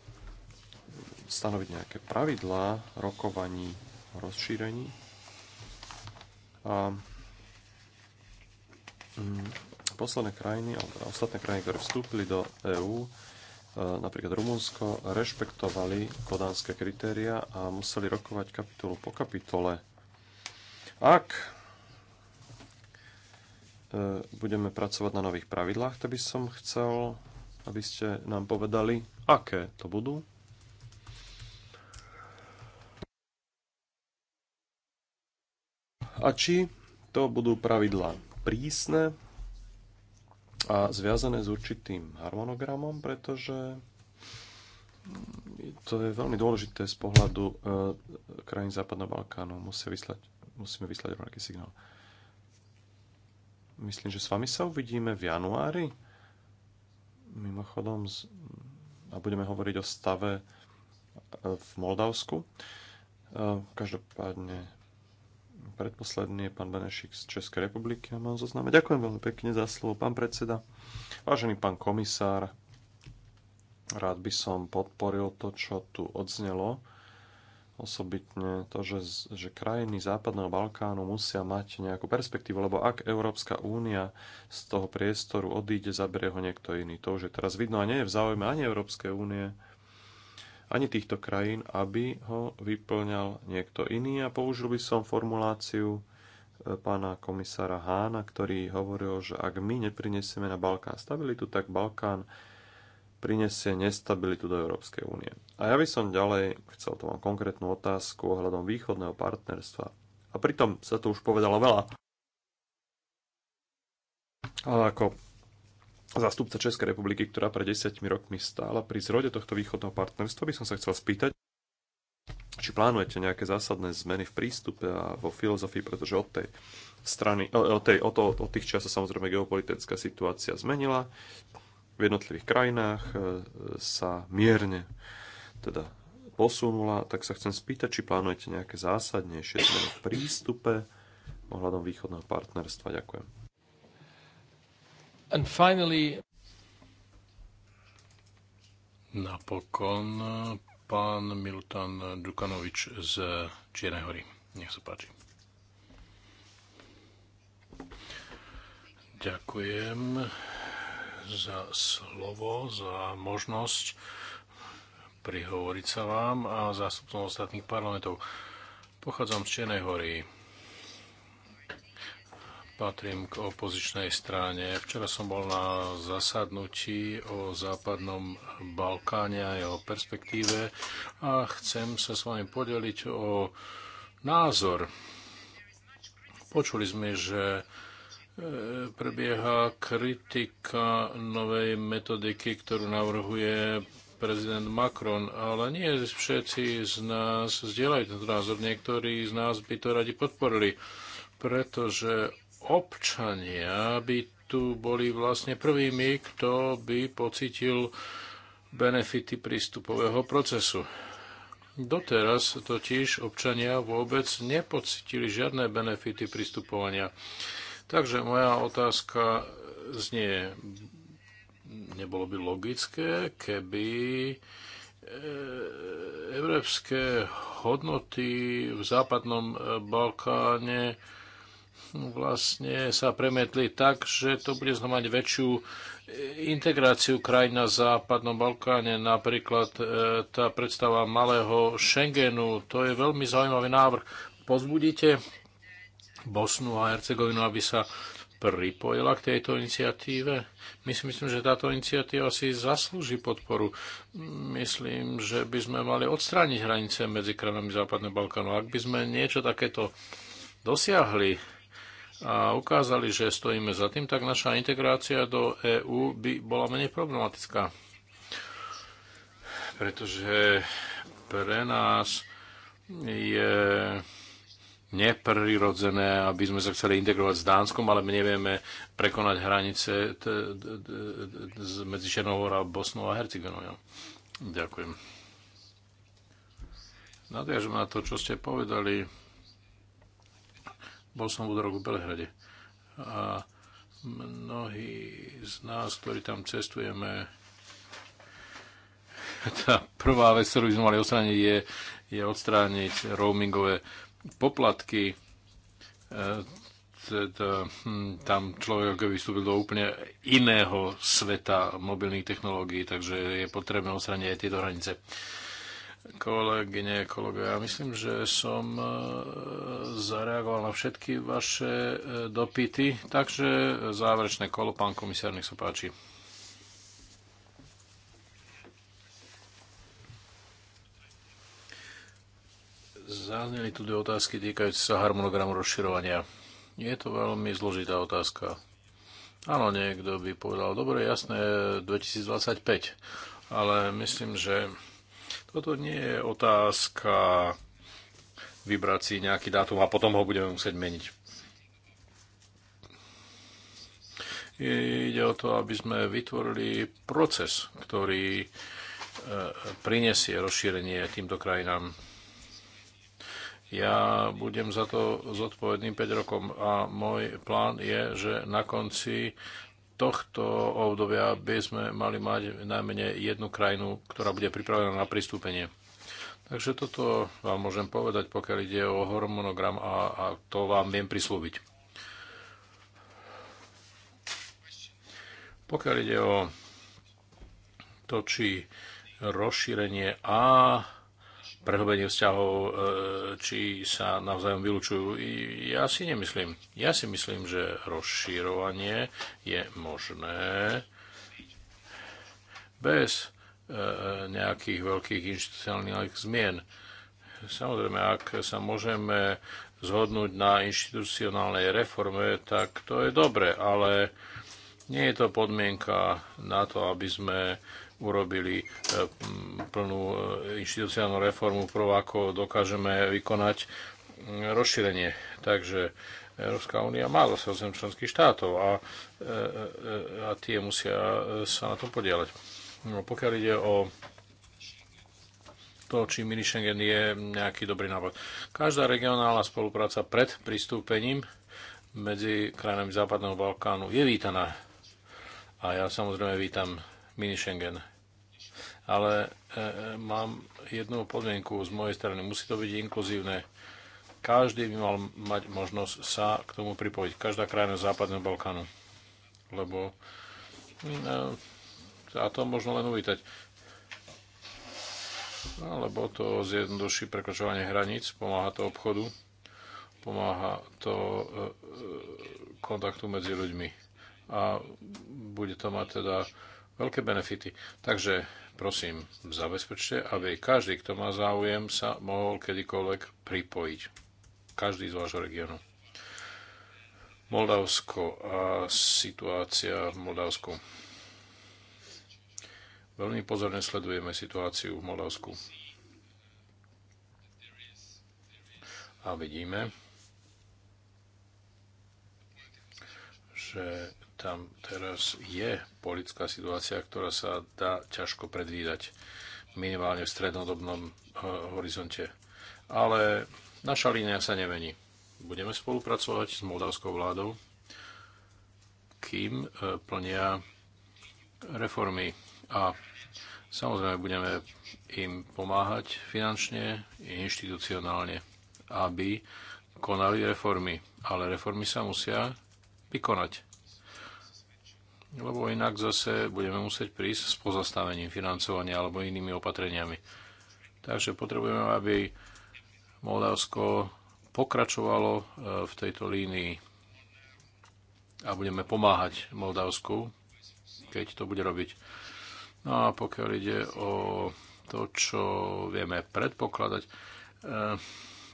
stanoviť nejaké pravidlá rokovaní o rozšírení. A mm, posledné krajiny, alebo ostatné krajiny, ktoré vstúpili do EÚ, e, napríklad Rumunsko, rešpektovali kodánske kritéria a museli rokovať kapitolu po kapitole. Ak E, budeme pracovať na nových pravidlách, to by som chcel, aby ste nám povedali, aké to budú. A či to budú pravidlá prísne a zviazané s určitým harmonogramom, pretože to je veľmi dôležité z pohľadu e, krajín Západného Balkánu. vyslať, musíme vyslať rovnaký signál. Myslím, že s vami sa uvidíme v januári. Mimochodom, a budeme hovoriť o stave e, v Moldavsku. E, každopádne predposledný je pán Benešik z Českej republiky a mám zoznáme. Ďakujem veľmi pekne za slovo, pán predseda. Vážený pán komisár, rád by som podporil to, čo tu odznelo osobitne to, že, že krajiny Západného Balkánu musia mať nejakú perspektívu, lebo ak Európska únia z toho priestoru odíde, zaberie ho niekto iný. To už je teraz vidno a nie je v záujme ani Európskej únie, ani týchto krajín, aby ho vyplňal niekto iný. A použil by som formuláciu e, pána komisára Hána, ktorý hovoril, že ak my neprinesieme na Balkán stabilitu, tak Balkán prinesie nestabilitu do Európskej únie. A ja by som ďalej chcel tu mám konkrétnu otázku ohľadom východného partnerstva. A pritom sa tu už povedalo veľa. Ale ako zástupca Českej republiky, ktorá pred desiatimi rokmi stála pri zrode tohto východného partnerstva, by som sa chcel spýtať, či plánujete nejaké zásadné zmeny v prístupe a vo filozofii, pretože od tej strany, od, tej, od, od, od tých časov samozrejme geopolitická situácia zmenila v jednotlivých krajinách e, sa mierne teda posunula, tak sa chcem spýtať, či plánujete nejaké zásadnejšie zmeny v prístupe ohľadom východného partnerstva. Ďakujem. And finally... Napokon pán Milutan Dukanovič z Čiernej hory. Nech sa páči. Ďakujem za slovo, za možnosť prihovoriť sa vám a zástupcom ostatných parlamentov. Pochádzam z Čenej hory. Patrím k opozičnej strane. Včera som bol na zasadnutí o západnom Balkáne a jeho perspektíve a chcem sa s vami podeliť o názor. Počuli sme, že E, prebieha kritika novej metodiky, ktorú navrhuje prezident Macron, ale nie všetci z nás zdieľajú tento názor. Niektorí z nás by to radi podporili, pretože občania by tu boli vlastne prvými, kto by pocitil benefity prístupového procesu. Doteraz totiž občania vôbec nepocitili žiadne benefity pristupovania. Takže moja otázka znie, nebolo by logické, keby e, európske hodnoty v západnom e, Balkáne hm, vlastne sa premietli tak, že to bude znamenať väčšiu e, integráciu krajín na západnom Balkáne. Napríklad tá predstava malého Schengenu, to je veľmi zaujímavý návrh. Pozbudíte Bosnu a Hercegovinu, aby sa pripojila k tejto iniciatíve. My si myslím, že táto iniciatíva si zaslúži podporu. Myslím, že by sme mali odstrániť hranice medzi krajinami Západného Balkánu. Ak by sme niečo takéto dosiahli a ukázali, že stojíme za tým, tak naša integrácia do EÚ by bola menej problematická. Pretože pre nás je neprirodzené, aby sme sa chceli integrovať s Dánskom, ale my nevieme prekonať hranice medzi Černohorou a Bosnou a Hercegovinou. Ďakujem. Nadviažem na to, čo ste povedali. Bol som v útorok v Belehrade. a mnohí z nás, ktorí tam cestujeme, tá prvá vec, ktorú by sme mali odstrániť, je, je odstrániť roamingové poplatky, e, teda, hm, tam človek vystúpil do úplne iného sveta mobilných technológií, takže je potrebné odstrániť aj tieto hranice. Kolegyne, kolego, ja myslím, že som e, zareagoval na všetky vaše e, dopity, takže záverečné kolo, pán komisár, nech sa páči. Zazneli tu dve otázky týkajúce sa harmonogramu rozširovania. Je to veľmi zložitá otázka. Áno, niekto by povedal, dobre, jasné, 2025. Ale myslím, že toto nie je otázka vybrať si nejaký dátum a potom ho budeme musieť meniť. Ide o to, aby sme vytvorili proces, ktorý e, prinesie rozšírenie týmto krajinám. Ja budem za to zodpovedným 5 rokom a môj plán je, že na konci tohto obdobia by sme mali mať najmenej jednu krajinu, ktorá bude pripravená na pristúpenie. Takže toto vám môžem povedať, pokiaľ ide o hormonogram a, a to vám viem prislúbiť. Pokiaľ ide o to, či rozšírenie A prehlbenie vzťahov, e, či sa navzájom vylúčujú. Ja si nemyslím. Ja si myslím, že rozširovanie je možné bez e, nejakých veľkých inštitucionálnych zmien. Samozrejme, ak sa môžeme zhodnúť na inštitucionálnej reforme, tak to je dobre, ale nie je to podmienka na to, aby sme urobili e, plnú e, inštitucionálnu reformu, prv ako dokážeme vykonať rozšírenie. Takže Európska únia má zase 8 členských štátov a, e, a tie musia sa na tom podielať. No, pokiaľ ide o to, či mini Schengen je nejaký dobrý nápad. Každá regionálna spolupráca pred pristúpením medzi krajinami Západného Balkánu je vítaná. A ja samozrejme vítam mini Schengen. Ale e, e, mám jednu podmienku z mojej strany. Musí to byť inkluzívne. Každý by mal mať možnosť sa k tomu pripojiť. Každá krajina Západného Balkánu. Lebo e, a to možno len uvítať. Lebo to zjednoduší prekračovanie hraníc, pomáha to obchodu, pomáha to e, e, kontaktu medzi ľuďmi. A bude to mať teda veľké benefity. Takže prosím, zabezpečte, aby každý, kto má záujem, sa mohol kedykoľvek pripojiť. Každý z vášho regiónu. Moldavsko a situácia v Moldavsku. Veľmi pozorne sledujeme situáciu v Moldavsku. A vidíme, že tam teraz je politická situácia, ktorá sa dá ťažko predvídať, minimálne v strednodobnom e, horizonte. Ale naša línia sa nemení. Budeme spolupracovať s moldavskou vládou, kým e, plnia reformy a samozrejme budeme im pomáhať finančne i inštitucionálne, aby konali reformy. Ale reformy sa musia vykonať lebo inak zase budeme musieť prísť s pozastavením financovania alebo inými opatreniami. Takže potrebujeme, aby Moldavsko pokračovalo e, v tejto línii a budeme pomáhať Moldavsku, keď to bude robiť. No a pokiaľ ide o to, čo vieme predpokladať, e,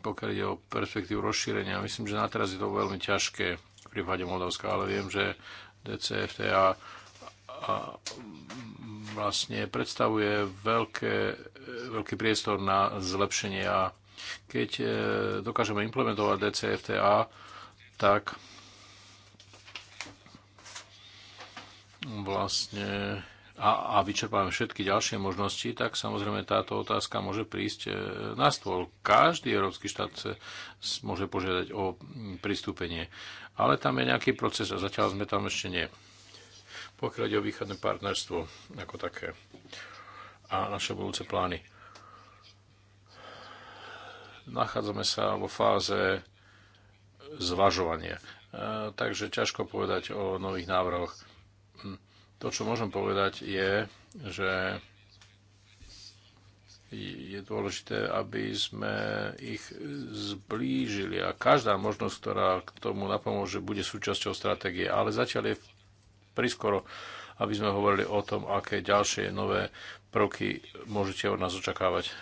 pokiaľ ide o perspektívu rozšírenia, myslím, že na teraz je to veľmi ťažké v prípade Moldavska, ale viem, že DCFTA a vlastne predstavuje veľké, veľký priestor na zlepšenie a keď e, dokážeme implementovať DCFTA, tak vlastne a, a vyčerpáme všetky ďalšie možnosti, tak samozrejme táto otázka môže prísť e, na stôl. Každý európsky štát môže požiadať o pristúpenie ale tam je nejaký proces a zatiaľ sme tam ešte nie. Pokiaľ ide o východné partnerstvo ako také a naše budúce plány. Nachádzame sa vo fáze zvažovania. E, takže ťažko povedať o nových návrhoch. Hm. To, čo môžem povedať, je, že je dôležité, aby sme ich zblížili a každá možnosť, ktorá k tomu napomôže, bude súčasťou stratégie. Ale zatiaľ je priskoro, aby sme hovorili o tom, aké ďalšie nové prvky môžete od nás očakávať. E,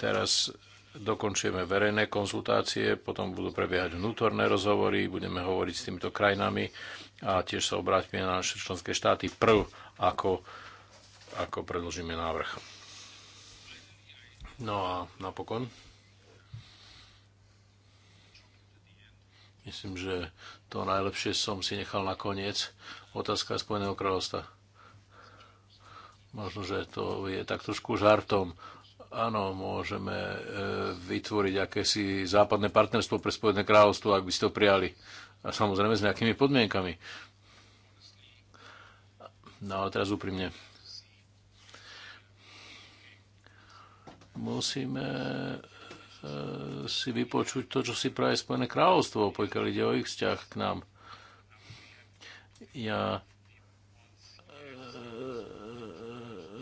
teraz dokončujeme verejné konzultácie, potom budú prebiehať vnútorné rozhovory, budeme hovoriť s týmito krajinami a tiež sa obráťme na naše členské štáty prv, ako ako predložíme návrh. No a napokon, myslím, že to najlepšie som si nechal na koniec. Otázka Spojeného kráľovstva. Možno, že to je tak trošku žartom. Áno, môžeme e, vytvoriť akési západné partnerstvo pre Spojené kráľovstvo, ak by ste to prijali. A samozrejme s nejakými podmienkami. No ale teraz úprimne. musíme eh, si vypočuť to, čo si praje Spojené kráľovstvo, pokiaľ ide o ich vzťah k nám. Ja eh,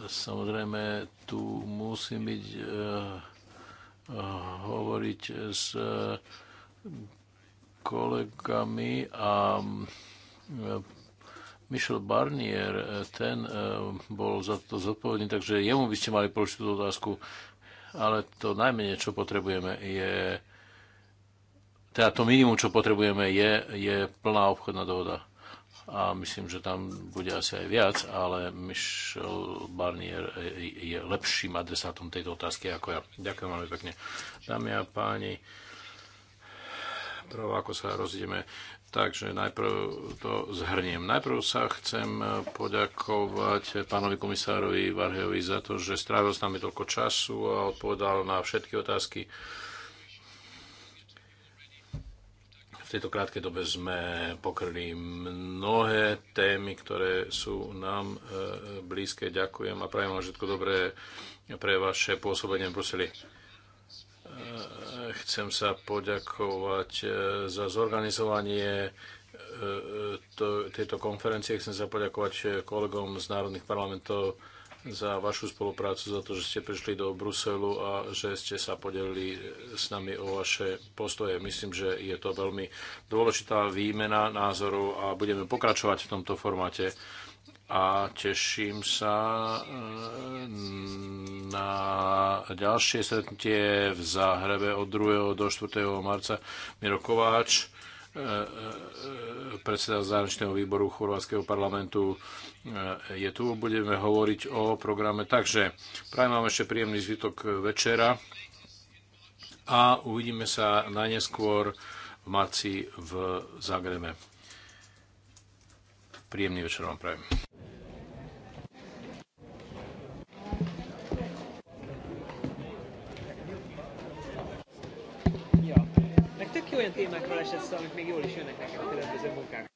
samozrejme tu musím byť eh, hovoriť s kolegami a Michel Barnier, ten bol za to zodpovedný, takže jemu by ste mali položiť tú otázku ale to najmenej, čo potrebujeme, je teda to minimum, čo potrebujeme, je, je plná obchodná dohoda. A myslím, že tam bude asi aj viac, ale Michel Barnier je lepším adresátom tejto otázky ako ja. Ďakujem veľmi pekne. Dámy a páni, prvá, ako sa rozideme Takže najprv to zhrniem. Najprv sa chcem poďakovať pánovi komisárovi Varhejovi za to, že strávil s nami toľko času a odpovedal na všetky otázky. V tejto krátkej dobe sme pokryli mnohé témy, ktoré sú nám e, blízke. Ďakujem a prajem vám všetko dobré pre vaše pôsobenie v Bruseli. Chcem sa poďakovať e, za zorganizovanie e, to, tejto konferencie. Chcem sa poďakovať e, kolegom z národných parlamentov za vašu spoluprácu, za to, že ste prišli do Bruselu a že ste sa podelili s nami o vaše postoje. Myslím, že je to veľmi dôležitá výmena názorov a budeme pokračovať v tomto formáte a teším sa eh, na ďalšie stretnutie v Záhrebe od 2. do 4. marca. Miro Kováč, eh, eh, predseda zahraničného výboru Chorvátskeho parlamentu je tu. Budeme hovoriť o programe. Takže prajem vám ešte príjemný zvytok večera a uvidíme sa najneskôr v marci v Zagrebe. Príjemný večer vám prajem. olyan témákról esett szó, amik még jól is jönnek nekem a különböző munkák.